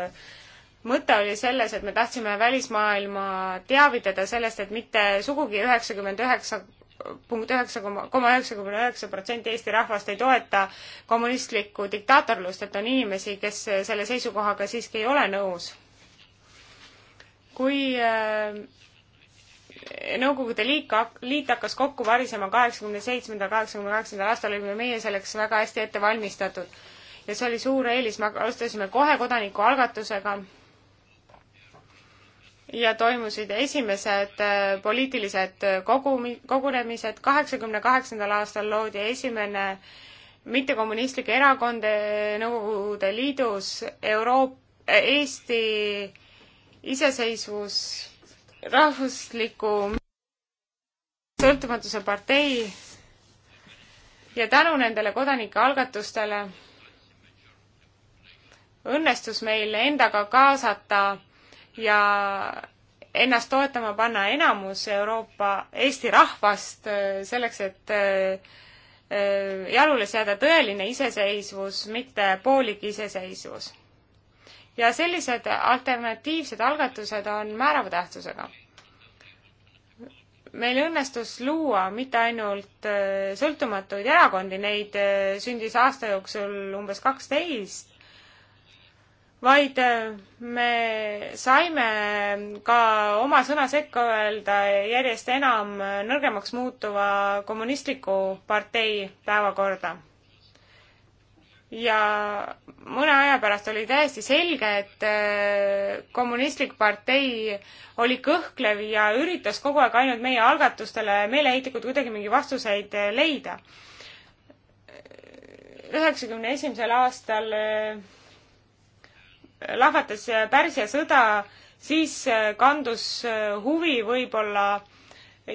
mõte oli selles, et me tahtsime välismaailma teavitada sellest, et mitte sugugi üheksakümmend üheksa punkt üheksa koma, koma üheksakümne üheksa protsenti Eesti rahvast ei toeta kommunistlikku diktaatorlust, et on inimesi, kes selle seisukohaga siiski ei ole nõus. kui äh, Nõukogude liik, liit hakkas kokku varisema kaheksakümne seitsmendal, kaheksakümne kaheksandal aastal, olime meie selleks väga hästi ette valmistatud ja see oli suur eelis, me alustasime kohe kodanikualgatusega ja toimusid esimesed äh, poliitilised kogumi-, kogunemised, kaheksakümne kaheksandal aastal loodi esimene mittekommunistlik erakond äh, Nõukogude Liidus, Euroop-, äh, Eesti iseseisvus, rahvusliku sõltumatuse partei ja tänu nendele kodanike algatustele õnnestus meil endaga kaasata ja ennast toetama panna enamus Euroopa, Eesti rahvast äh, selleks, et äh, äh, jalule seada tõeline iseseisvus, mitte poolik iseseisvus. ja sellised alternatiivsed algatused on määrava tähtsusega. meil õnnestus luua mitte ainult sõltumatuid erakondi, neid sündis aasta jooksul umbes kaksteist, vaid äh, me saime ka oma sõna sekka öelda järjest enam nõrgemaks muutuva kommunistliku partei päevakorda. ja mõne aja pärast oli täiesti selge, et äh, kommunistlik partei oli kõhklev ja üritas kogu aeg ainult meie algatustele meeleheitlikult kuidagi mingi vastuseid äh, leida. üheksakümne esimesel aastal lahvatas Pärsia sõda, siis äh, kandus äh, huvi võib-olla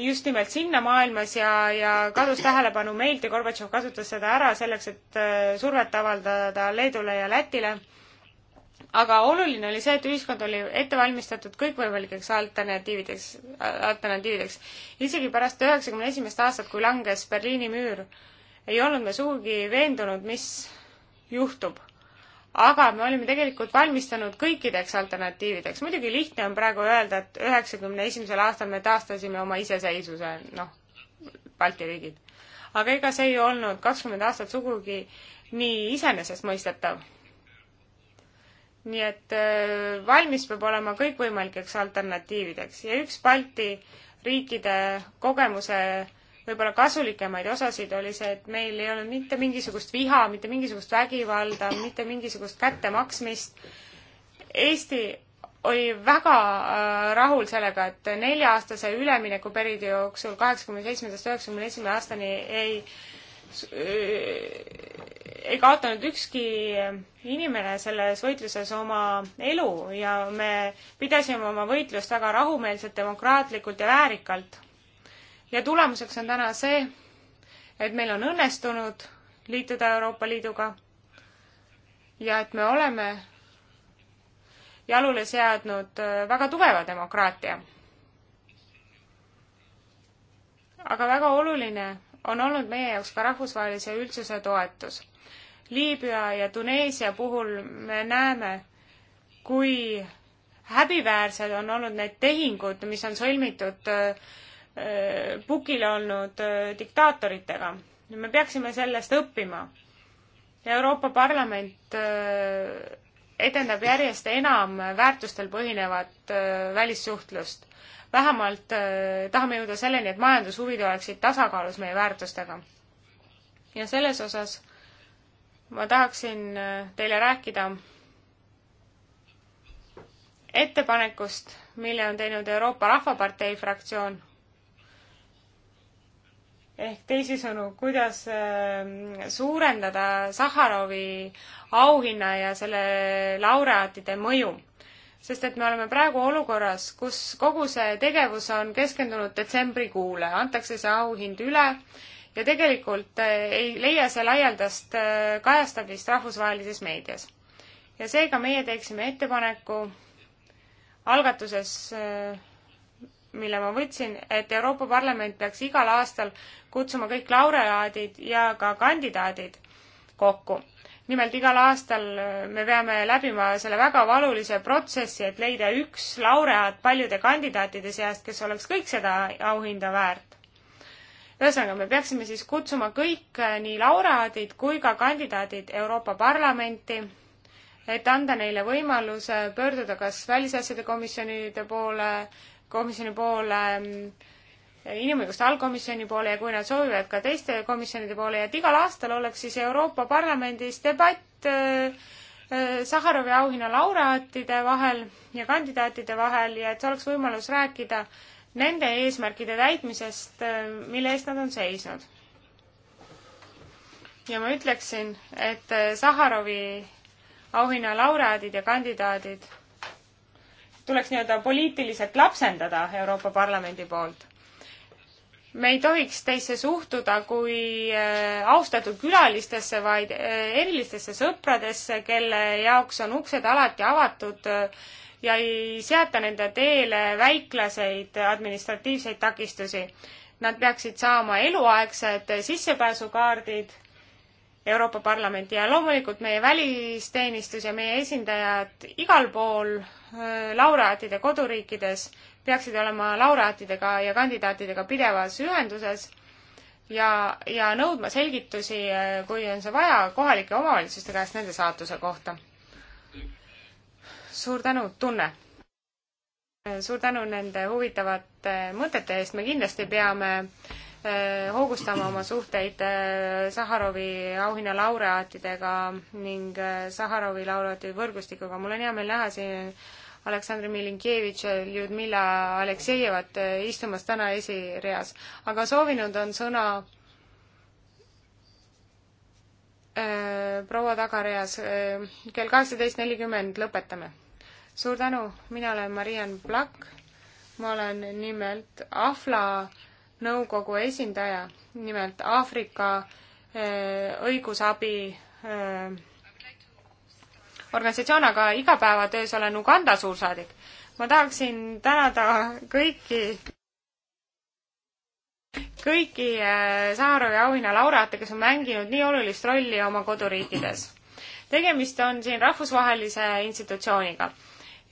just nimelt sinna maailmas ja, ja kadus tähelepanu meilt ja Gorbatšov kasutas seda ära selleks, et äh, survet avaldada Leedule ja Lätile. aga oluline oli see, et ühiskond oli ette valmistatud kõikvõimalikeks alternatiivideks, alternatiivideks. isegi pärast üheksakümne esimest aastat, kui langes Berliini müür, ei olnud me sugugi veendunud, mis juhtub aga me olime tegelikult valmistunud kõikideks alternatiivideks. muidugi lihtne on praegu öelda, et üheksakümne esimesel aastal me taastasime oma iseseisvuse, noh, Balti riigid. aga ega see ei olnud kakskümmend aastat sugugi nii iseenesestmõistetav. nii et äh, valmis peab olema kõikvõimalikeks alternatiivideks ja üks Balti riikide kogemuse võib-olla kasulikemaid osasid oli see, et meil ei olnud mitte mingisugust viha, mitte mingisugust vägivalda, mitte mingisugust kättemaksmist. Eesti oli väga äh, rahul sellega, et nelja-aastase üleminekuperioodi jooksul kaheksakümne seitsmendast üheksakümne esimene aastani ei äh, ei kaotanud ükski inimene selles võitluses oma elu ja me pidasime oma võitlust väga rahumeelselt, demokraatlikult ja väärikalt ja tulemuseks on täna see, et meil on õnnestunud liituda Euroopa Liiduga ja et me oleme jalule seadnud äh, väga tugeva demokraatia. aga väga oluline on olnud meie jaoks ka rahvusvahelise üldsuse toetus. Liibüa ja Tuneesia puhul me näeme, kui häbiväärsed on olnud need tehingud, mis on sõlmitud äh, Äh, pukil olnud äh, diktaatoritega. me peaksime sellest õppima. Euroopa Parlament äh, edendab järjest enam väärtustel põhinevat välissuhtlust. vähemalt tahame jõuda selleni, et majandushuvid oleksid tasakaalus meie väärtustega. ja selles osas ma tahaksin teile rääkida ettepanekust, mille on teinud Euroopa Rahvapartei fraktsioon ehk teisisõnu, kuidas ähm, suurendada Saharovi auhinna ja selle laureaatide mõju. sest et me oleme praegu olukorras, kus kogu see tegevus on keskendunud detsembrikuule, antakse see auhind üle ja tegelikult äh, ei leia see laialdast äh, kajastamist rahvusvahelises meedias. ja seega meie teeksime ettepaneku algatuses äh, mille ma võtsin, et Euroopa Parlament peaks igal aastal kutsuma kõik laureaadid ja ka kandidaadid kokku. nimelt igal aastal äh, me peame läbima selle väga valulise protsessi, et leida üks laureaat paljude kandidaatide seast, kes oleks kõik seda auhinda väärt. ühesõnaga, me peaksime siis kutsuma kõik äh, nii laureaadid kui ka kandidaadid Euroopa Parlamenti et anda neile võimaluse pöörduda kas välisasjade komisjonide poole, komisjoni poole, ähm, inimõiguste allkomisjoni poole ja kui nad soovivad ka teiste komisjonide poole ja et igal aastal oleks siis Euroopa Parlamendis debatt äh, äh, Saharovi auhinna laureaatide vahel ja kandidaatide vahel ja et see oleks võimalus rääkida nende eesmärkide täitmisest, äh, mille eest nad on seisnud. ja ma ütleksin, et Saharovi auhinna laureaadid ja kandidaadid tuleks nii-öelda poliitiliselt lapsendada Euroopa Parlamendi poolt. me ei tohiks teisse suhtuda kui äh, austatud külalistesse, vaid äh, erilistesse sõpradesse, kelle jaoks on uksed alati avatud äh, ja ei seata nende teele väiklaseid administratiivseid takistusi. Nad peaksid saama eluaegsed sissepääsukaardid Euroopa Parlament ja loomulikult meie välisteenistus ja meie esindajad igal pool äh, laureaatide koduriikides peaksid olema laureaatidega ja kandidaatidega pidevas ühenduses ja, ja nõudma selgitusi, äh, kui on see vaja, kohalike omavalitsuste käest nende saatuse kohta. suur tänu, Tunne! Äh, suur tänu nende huvitavate mõtete eest, me kindlasti peame äh, Äh, hoogustama oma suhteid äh, Saharovi auhinna laureaatidega ning äh, Saharovi laureaatide võrgustikuga. mul on hea meel näha siin Aleksandr Milinkevitš, Ljudmila Aleksejevat istumas täna esireas, aga soovinud on sõna proua tagareas, kell kaheksateist nelikümmend lõpetame. suur tänu, mina olen Mariann Plakk, ma olen nimelt Ahla nõukogu esindaja, nimelt Aafrika eh, õigusabi eh, organisatsioon, aga igapäevatöös olen Uganda suursaadik. ma tahaksin tänada kõiki kõiki eh, Saharovi auhinna laureaate, kes on mänginud nii olulist rolli oma koduriikides. tegemist on siin rahvusvahelise institutsiooniga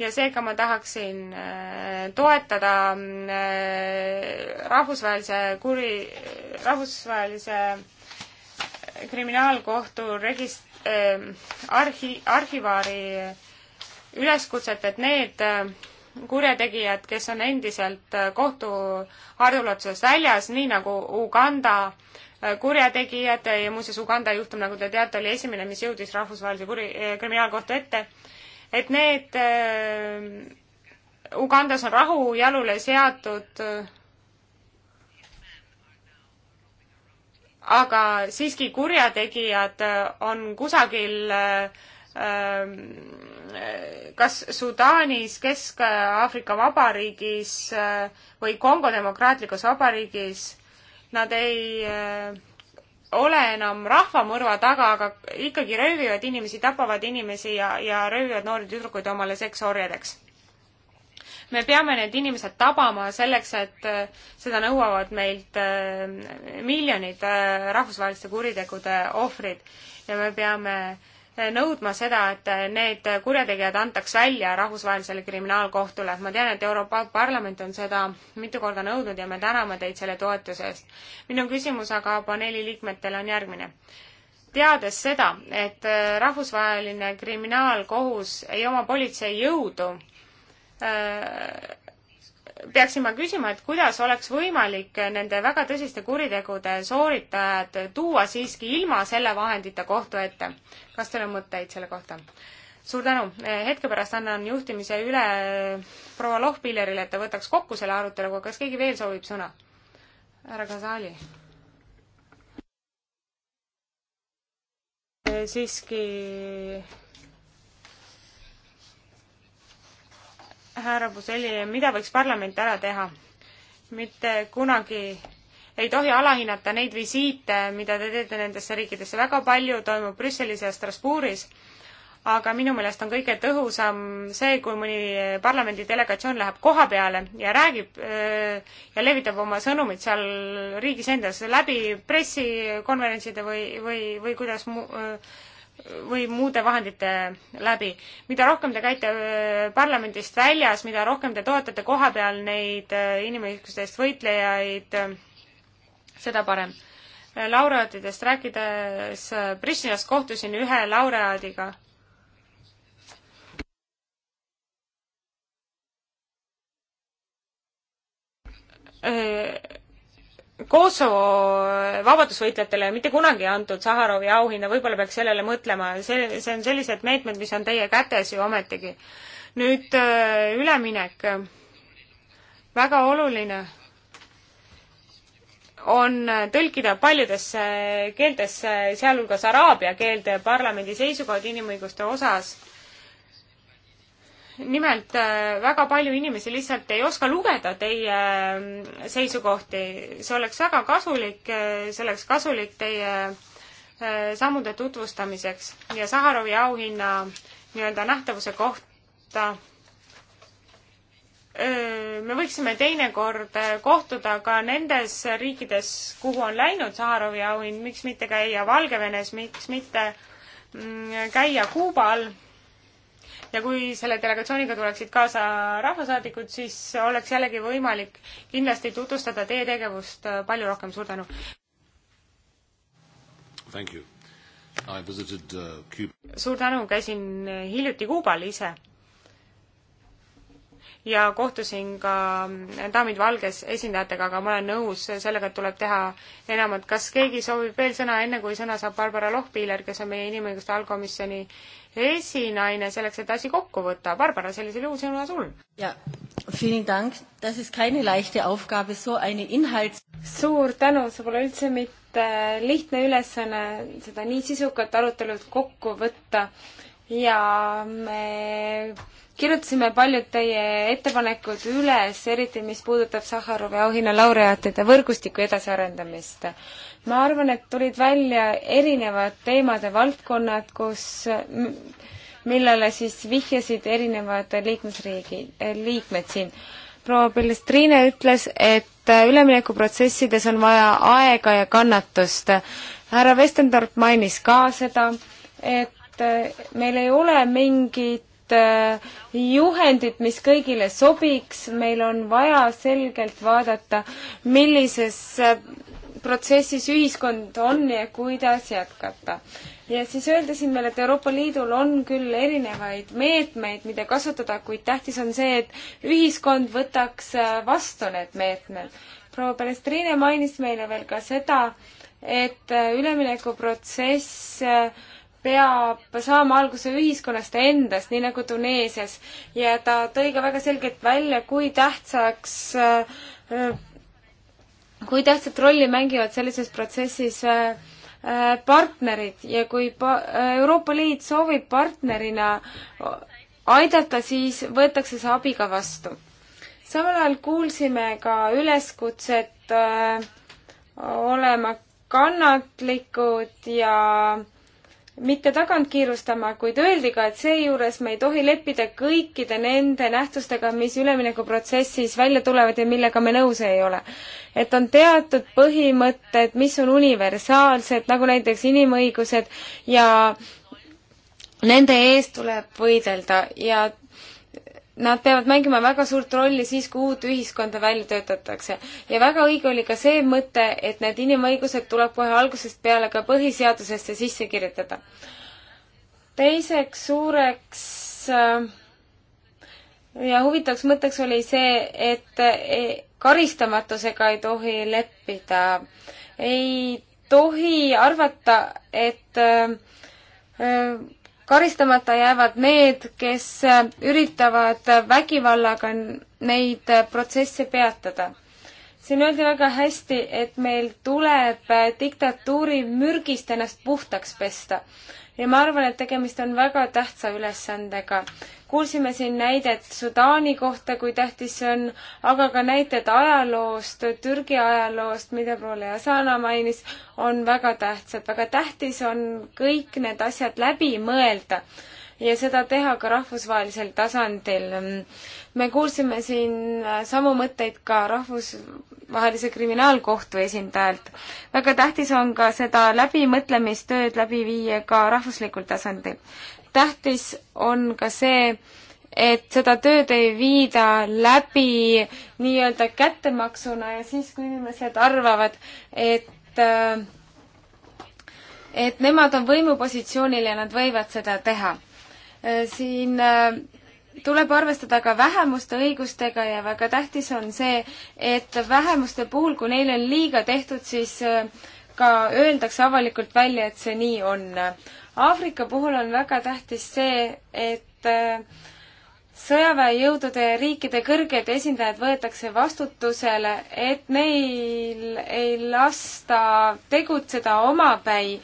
ja seega ma tahaksin äh, toetada äh, rahvusvahelise kuri, rahvusvahelise kriminaalkohtu regist-, äh, arhi-, arhivaari üleskutset, et need kurjategijad, kes on endiselt kohtu hardulatuses väljas, nii nagu Uganda kurjategijad ja muuseas Uganda juhtum, nagu te teate, oli esimene, mis jõudis rahvusvahelise kuri-, kriminaalkohtu ette, et need äh, Ugandas on rahu jalule seatud, aga siiski kurjategijad äh, on kusagil äh, kas Sudaanis, Kesk-Aafrika Vabariigis või Kongo Demokraatlikus Vabariigis, nad ei ole enam rahvamõrva taga, aga ikkagi röövivad inimesi, tapavad inimesi ja, ja röövivad noori tüdrukuid omale seksorjadeks. me peame need inimesed tabama selleks, et äh, seda nõuavad meilt äh, miljonid äh, rahvusvaheliste kuritegude ohvrid ja me peame äh, nõudma seda, et need kurjategijad antaks välja rahvusvahelisele kriminaalkohtule. ma tean, et Euroopa Parlament on seda mitu korda nõudnud ja me täname teid selle toetuse eest. minu küsimus aga paneeli liikmetele on järgmine. teades seda, et rahvusvaheline kriminaalkohus ei oma politsei jõudu äh, peaksin ma küsima, et kuidas oleks võimalik nende väga tõsiste kuritegude sooritajad tuua siiski ilma selle vahendita kohtu ette? kas teil on mõtteid selle kohta? suur tänu, hetke pärast annan juhtimise üle proua Lohpillerile, et ta võtaks kokku selle aruteluga, kas keegi veel soovib sõna? härra Kasali. siiski härra Buzeli, mida võiks parlament ära teha? mitte kunagi ei tohi alahinnata neid visiite, mida te teete nendesse riikidesse, väga palju toimub Brüsselis ja Strasbourgis, aga minu meelest on kõige tõhusam see, kui mõni parlamendi delegatsioon läheb koha peale ja räägib äh, ja levitab oma sõnumit seal riigis endas läbi pressikonverentside või, või, või kuidas mu, äh, või muude vahendite läbi. mida rohkem te käite äh, parlamendist väljas, mida rohkem te toetate kohapeal neid äh, inimõiguste eest võitlejaid, äh, seda parem. laureaatidest rääkides, Pristinas kohtusin ühe laureaadiga. Kosovo vabadusvõitlejatele mitte kunagi antud Saharovi auhinda, võib-olla peaks sellele mõtlema, see, see on sellised meetmed, mis on teie kätes ju ometigi. nüüd äh, üleminek, väga oluline on tõlkida paljudesse keeltesse, sealhulgas araabia keelde parlamendi seisukohad inimõiguste osas nimelt äh, väga palju inimesi lihtsalt ei oska lugeda teie äh, seisukohti. see oleks väga kasulik, äh, see oleks kasulik teie sammude tutvustamiseks ja Saharovi auhinna nii-öelda nähtavuse kohta. me võiksime teinekord kohtuda ka nendes riikides, kuhu on läinud Saharovi auhind, miks mitte käia Valgevenes, miks mitte mm, käia Kuubal ja kui selle delegatsiooniga tuleksid kaasa rahvasaadikud, siis oleks jällegi võimalik kindlasti tutvustada teie tegevust äh, palju rohkem, suur tänu! Visited, uh, suur tänu, käisin äh, hiljuti Kuubal ise ja kohtusin ka äh, daamid valges esindajatega, aga ma olen nõus sellega, et tuleb teha enamat. kas keegi soovib veel sõna, enne kui sõna saab Barbara Lohpiiler, kes on meie inimõiguste allkomisjoni esinaine selleks, et asi kokku võtta. Barbara, sellisel juhul sõna sul. jaa, vielen dank, das ist keine leichte aufgabe, so eine inhalt-. suur tänu, see pole üldse mitte lihtne ülesanne, seda nii sisukat arutelu kokku võtta ja me kirjutasime paljud teie ettepanekud üles, eriti mis puudutab Sahharovi auhinna laureaatide võrgustiku edasiarendamist ma arvan, et tulid välja erinevad teemad ja valdkonnad, kus, millele siis vihjasid erinevad liikmesriigid, eh, liikmed siin. proua Pelestrine ütles, et eh, üleminekuprotsessides on vaja aega ja kannatust. härra Vestendorp mainis ka seda, et eh, meil ei ole mingit juhendit, mis kõigile sobiks, meil on vaja selgelt vaadata, millises protsessis ühiskond on ja kuidas jätkata. ja siis öelda siin veel, et Euroopa Liidul on küll erinevaid meetmeid, mida kasutada, kuid tähtis on see, et ühiskond võtaks äh, vastu need meetmed. proua Palestriine mainis meile veel ka seda, et äh, üleminekuprotsess äh, peab saama alguse ühiskonnast endast, nii nagu Tuneesias ja ta tõi ka väga selgelt välja, kui tähtsaks kui tähtsat rolli mängivad sellises protsessis äh, äh, partnerid ja kui pa-, äh, Euroopa Liit soovib partnerina aidata, siis võetakse see abi ka vastu. samal ajal kuulsime ka üleskutset öö, olema kannatlikud ja mitte tagantkiirustama, kuid öeldi ka, et seejuures me ei tohi leppida kõikide nende nähtustega, mis üleminekuprotsessis välja tulevad ja millega me nõus ei ole. et on teatud põhimõtted, mis on universaalsed, nagu näiteks inimõigused ja nende eest tuleb võidelda ja Nad peavad mängima väga suurt rolli siis, kui uut ühiskonda välja töötatakse. ja väga õige oli ka see mõte, et need inimõigused tuleb kohe algusest peale ka põhiseadusesse sisse kirjutada. teiseks suureks äh, ja huvitavaks mõtteks oli see, et e, karistamatusega ei tohi leppida. ei tohi arvata, et äh, äh, karistamata jäävad need, kes üritavad vägivallaga neid protsesse peatada. siin öeldi väga hästi, et meil tuleb diktatuuri mürgist ennast puhtaks pesta ja ma arvan, et tegemist on väga tähtsa ülesandega kuulsime siin näidet Sudaani kohta, kui tähtis see on, aga ka näited ajaloost, Türgi ajaloost, mida proua Leasana mainis, on väga tähtsad. väga tähtis on kõik need asjad läbi mõelda ja seda teha ka rahvusvahelisel tasandil. me kuulsime siin samu mõtteid ka rahvusvahelise kriminaalkohtu esindajalt. väga tähtis on ka seda läbimõtlemistööd läbi viia ka rahvuslikul tasandil tähtis on ka see, et seda tööd ei viida läbi nii-öelda kättemaksuna ja siis, kui inimesed arvavad, et äh, et nemad on võimupositsioonil ja nad võivad seda teha. Äh, siin äh, tuleb arvestada ka vähemuste õigustega ja väga tähtis on see, et vähemuste puhul, kui neile on liiga tehtud, siis ka öeldakse avalikult välja, et see nii on. Aafrika puhul on väga tähtis see, et äh, sõjaväejõudude ja riikide kõrged esindajad võetakse vastutusele, et neil ei lasta tegutseda omapäi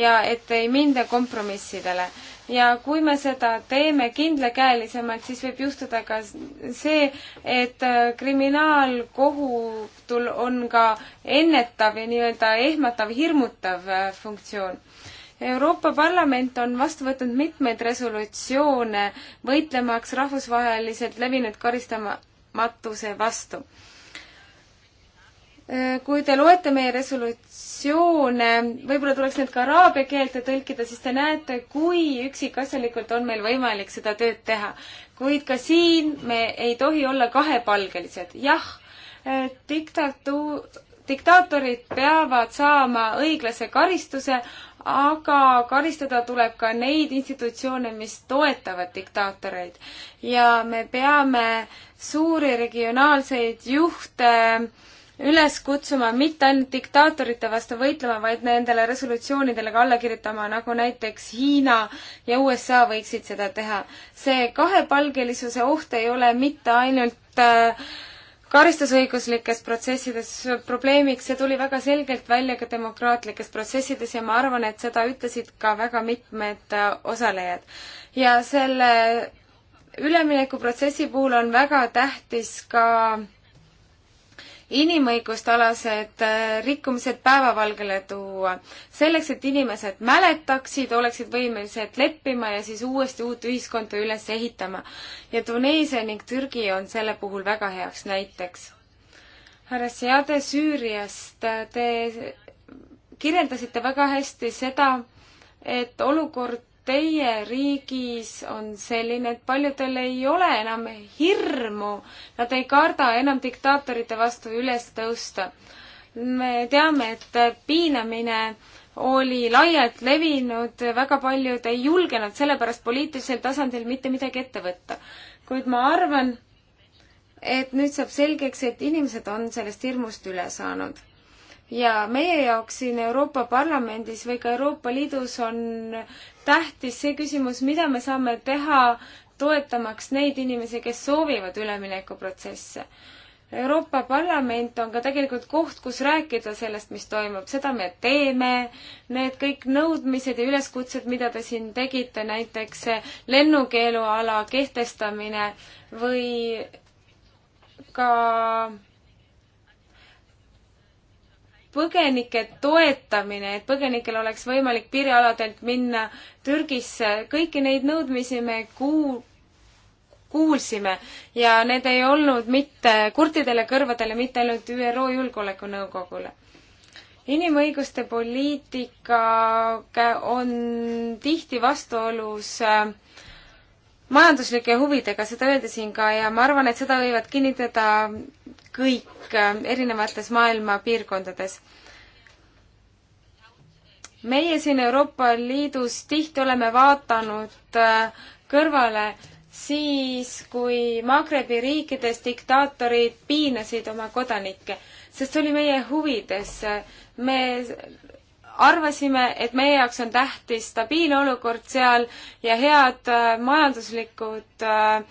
ja et ei minda kompromissidele ja kui me seda teeme kindlakäelisemalt, siis võib juhtuda ka see, et äh, kriminaalkohutul on ka ennetav ja nii-öelda ehmatav, hirmutav äh, funktsioon. Euroopa Parlament on vastu võtnud mitmeid resolutsioone võitlemaks rahvusvaheliselt levinud karistamatuse vastu. Äh, kui te loete meie resolutsiooni, definitsioone, võib-olla tuleks need ka araabia keelde tõlkida, siis te näete, kui üksikasjalikult on meil võimalik seda tööd teha. kuid ka siin me ei tohi olla kahepalgelised. jah, eh, diktatu-, diktaatorid peavad saama õiglase karistuse, aga karistada tuleb ka neid institutsioone, mis toetavad diktaatoreid. ja me peame suuri regionaalseid juhte äh, üles kutsuma mitte ainult diktaatorite vastu võitlema, vaid nendele resolutsioonidele ka alla kirjutama, nagu näiteks Hiina ja USA võiksid seda teha. see kahepalgelisuse oht ei ole mitte ainult äh, karistusõiguslikes protsessides probleemiks, see tuli väga selgelt välja ka demokraatlikes protsessides ja ma arvan, et seda ütlesid ka väga mitmed äh, osalejad. ja selle üleminekuprotsessi puhul on väga tähtis ka inimõiguste alased äh, rikkumised päevavalgele tuua. selleks, et inimesed mäletaksid, oleksid võimelised leppima ja siis uuesti uut ühiskonda üles ehitama. ja Tuneesia ning Türgi on selle puhul väga heaks näiteks. härra Seade Süüriast, äh, te kirjeldasite väga hästi seda, et olukord teie riigis on selline, et paljudel ei ole enam hirmu, nad ei karda enam diktaatorite vastu üles tõusta. me teame, et piinamine oli laialt levinud, väga paljud ei julgenud sellepärast poliitilisel tasandil mitte midagi ette võtta. kuid ma arvan, et nüüd saab selgeks, et inimesed on sellest hirmust üle saanud ja meie jaoks siin Euroopa Parlamendis või ka Euroopa Liidus on tähtis see küsimus, mida me saame teha toetamaks neid inimesi, kes soovivad üleminekuprotsesse. Euroopa Parlament on ka tegelikult koht, kus rääkida sellest, mis toimub, seda me teeme, need kõik nõudmised ja üleskutsed, mida te siin tegite, näiteks lennukeeluala kehtestamine või ka põgenike toetamine, et põgenikel oleks võimalik piirialadelt minna Türgisse, kõiki neid nõudmisi me kuu-, kuulsime ja need ei olnud mitte kurtidele kõrvadele, mitte ainult ÜRO Julgeolekunõukogule. inimõiguste poliitika on tihti vastuolus äh, majanduslike huvidega, seda öeldi siin ka ja ma arvan, et seda võivad kinnitada kõik ähm, erinevates maailma piirkondades. meie siin Euroopa Liidus tihti oleme vaatanud äh, kõrvale siis, kui Magrebi riikides diktaatorid piinasid oma kodanikke, sest see oli meie huvides. me arvasime, et meie jaoks on tähtis stabiilne olukord seal ja head äh, majanduslikud äh,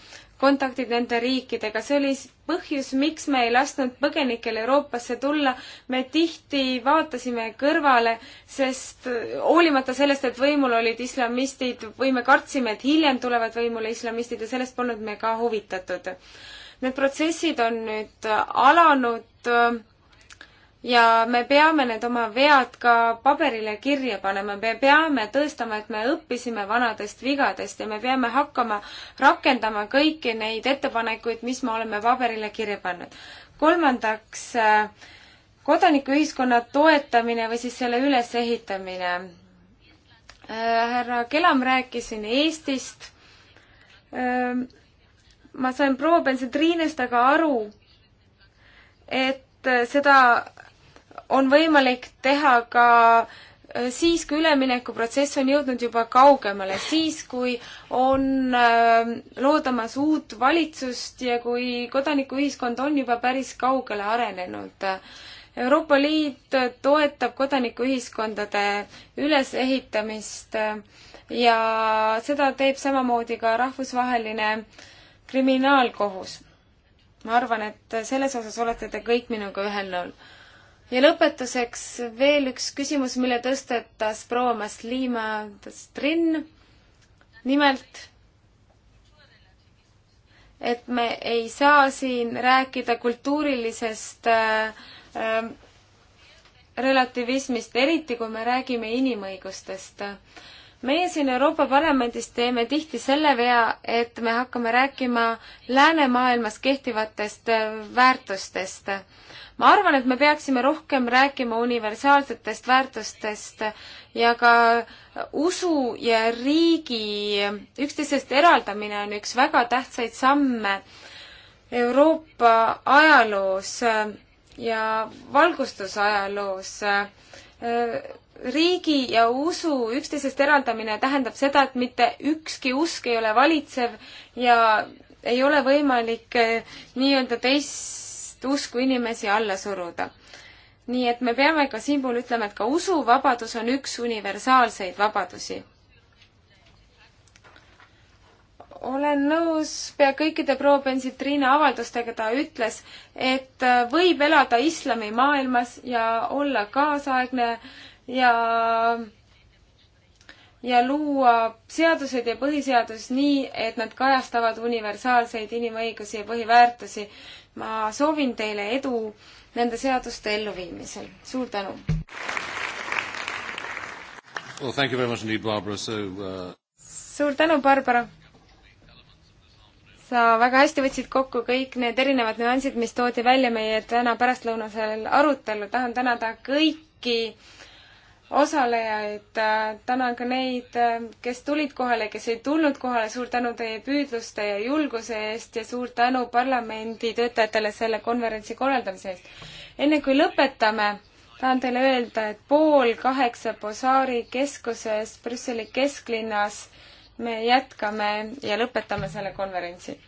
kontaktid nende riikidega, see oli põhjus, miks me ei lasknud põgenikel Euroopasse tulla. me tihti vaatasime kõrvale, sest hoolimata sellest, et võimul olid islamistid või me kartsime, et hiljem tulevad võimule islamistid ja sellest polnud me ka huvitatud. Need protsessid on nüüd alanud ja me peame need oma vead ka paberile kirja panema, me peame tõestama, et me õppisime vanadest vigadest ja me peame hakkama rakendama kõiki neid ettepanekuid, mis me oleme paberile kirja pannud. kolmandaks, äh, kodanikuühiskonna toetamine või siis selle ülesehitamine. Äh, härra Kelam rääkis siin Eestist. Ähm, ma sain proua Bensetriinest aga aru, et äh, seda on võimalik teha ka äh, siis, kui üleminekuprotsess on jõudnud juba kaugemale, siis kui on äh, loodamas uut valitsust ja kui kodanikuühiskond on juba päris kaugele arenenud. Euroopa Liit toetab kodanikuühiskondade ülesehitamist ja seda teeb samamoodi ka rahvusvaheline kriminaalkohus. ma arvan, et selles osas olete te kõik minuga ühel nõul ja lõpetuseks veel üks küsimus, mille tõstetas proua Maslima Strin. nimelt, et me ei saa siin rääkida kultuurilisest äh, äh, relativismist, eriti kui me räägime inimõigustest. meie siin Euroopa Parlamendis teeme tihti selle vea, et me hakkame rääkima läänemaailmas kehtivatest äh, väärtustest ma arvan, et me peaksime rohkem rääkima universaalsetest väärtustest ja ka usu ja riigi üksteisest eraldamine on üks väga tähtsaid samme Euroopa ajaloos ja valgustusajaloos riigi ja usu üksteisest eraldamine tähendab seda, et mitte ükski usk ei ole valitsev ja ei ole võimalik eh, nii-öelda teist usku inimesi alla suruda. nii et me peame ka siin puhul ütlema, et ka usuvabadus on üks universaalseid vabadusi. olen nõus pea kõikide proua Bensitrina avaldustega, ta ütles, et võib elada islamimaailmas ja olla kaasaegne ja ja luua seadused ja põhiseadus nii, et nad kajastavad universaalseid inimõigusi ja põhiväärtusi ma soovin teile edu nende seaduste elluviimisel. suur tänu! Well, thank you very much indeed, Barbara. So, uh... suur tänu, Barbara! sa väga hästi võtsid kokku kõik need erinevad nüansid, mis toodi välja meie täna pärastlõunasel arutelul. tahan tänada kõiki äh, osalejaid, äh, tänan ka neid, äh, kes tulid kohale, kes ei tulnud kohale, suur tänu teie püüdluste ja julguse eest ja suur tänu parlamendi töötajatele selle konverentsi korraldamise eest. enne kui lõpetame, tahan teile öelda, et pool kaheksa Bosaari keskuses Brüsseli kesklinnas me jätkame ja lõpetame selle konverentsi.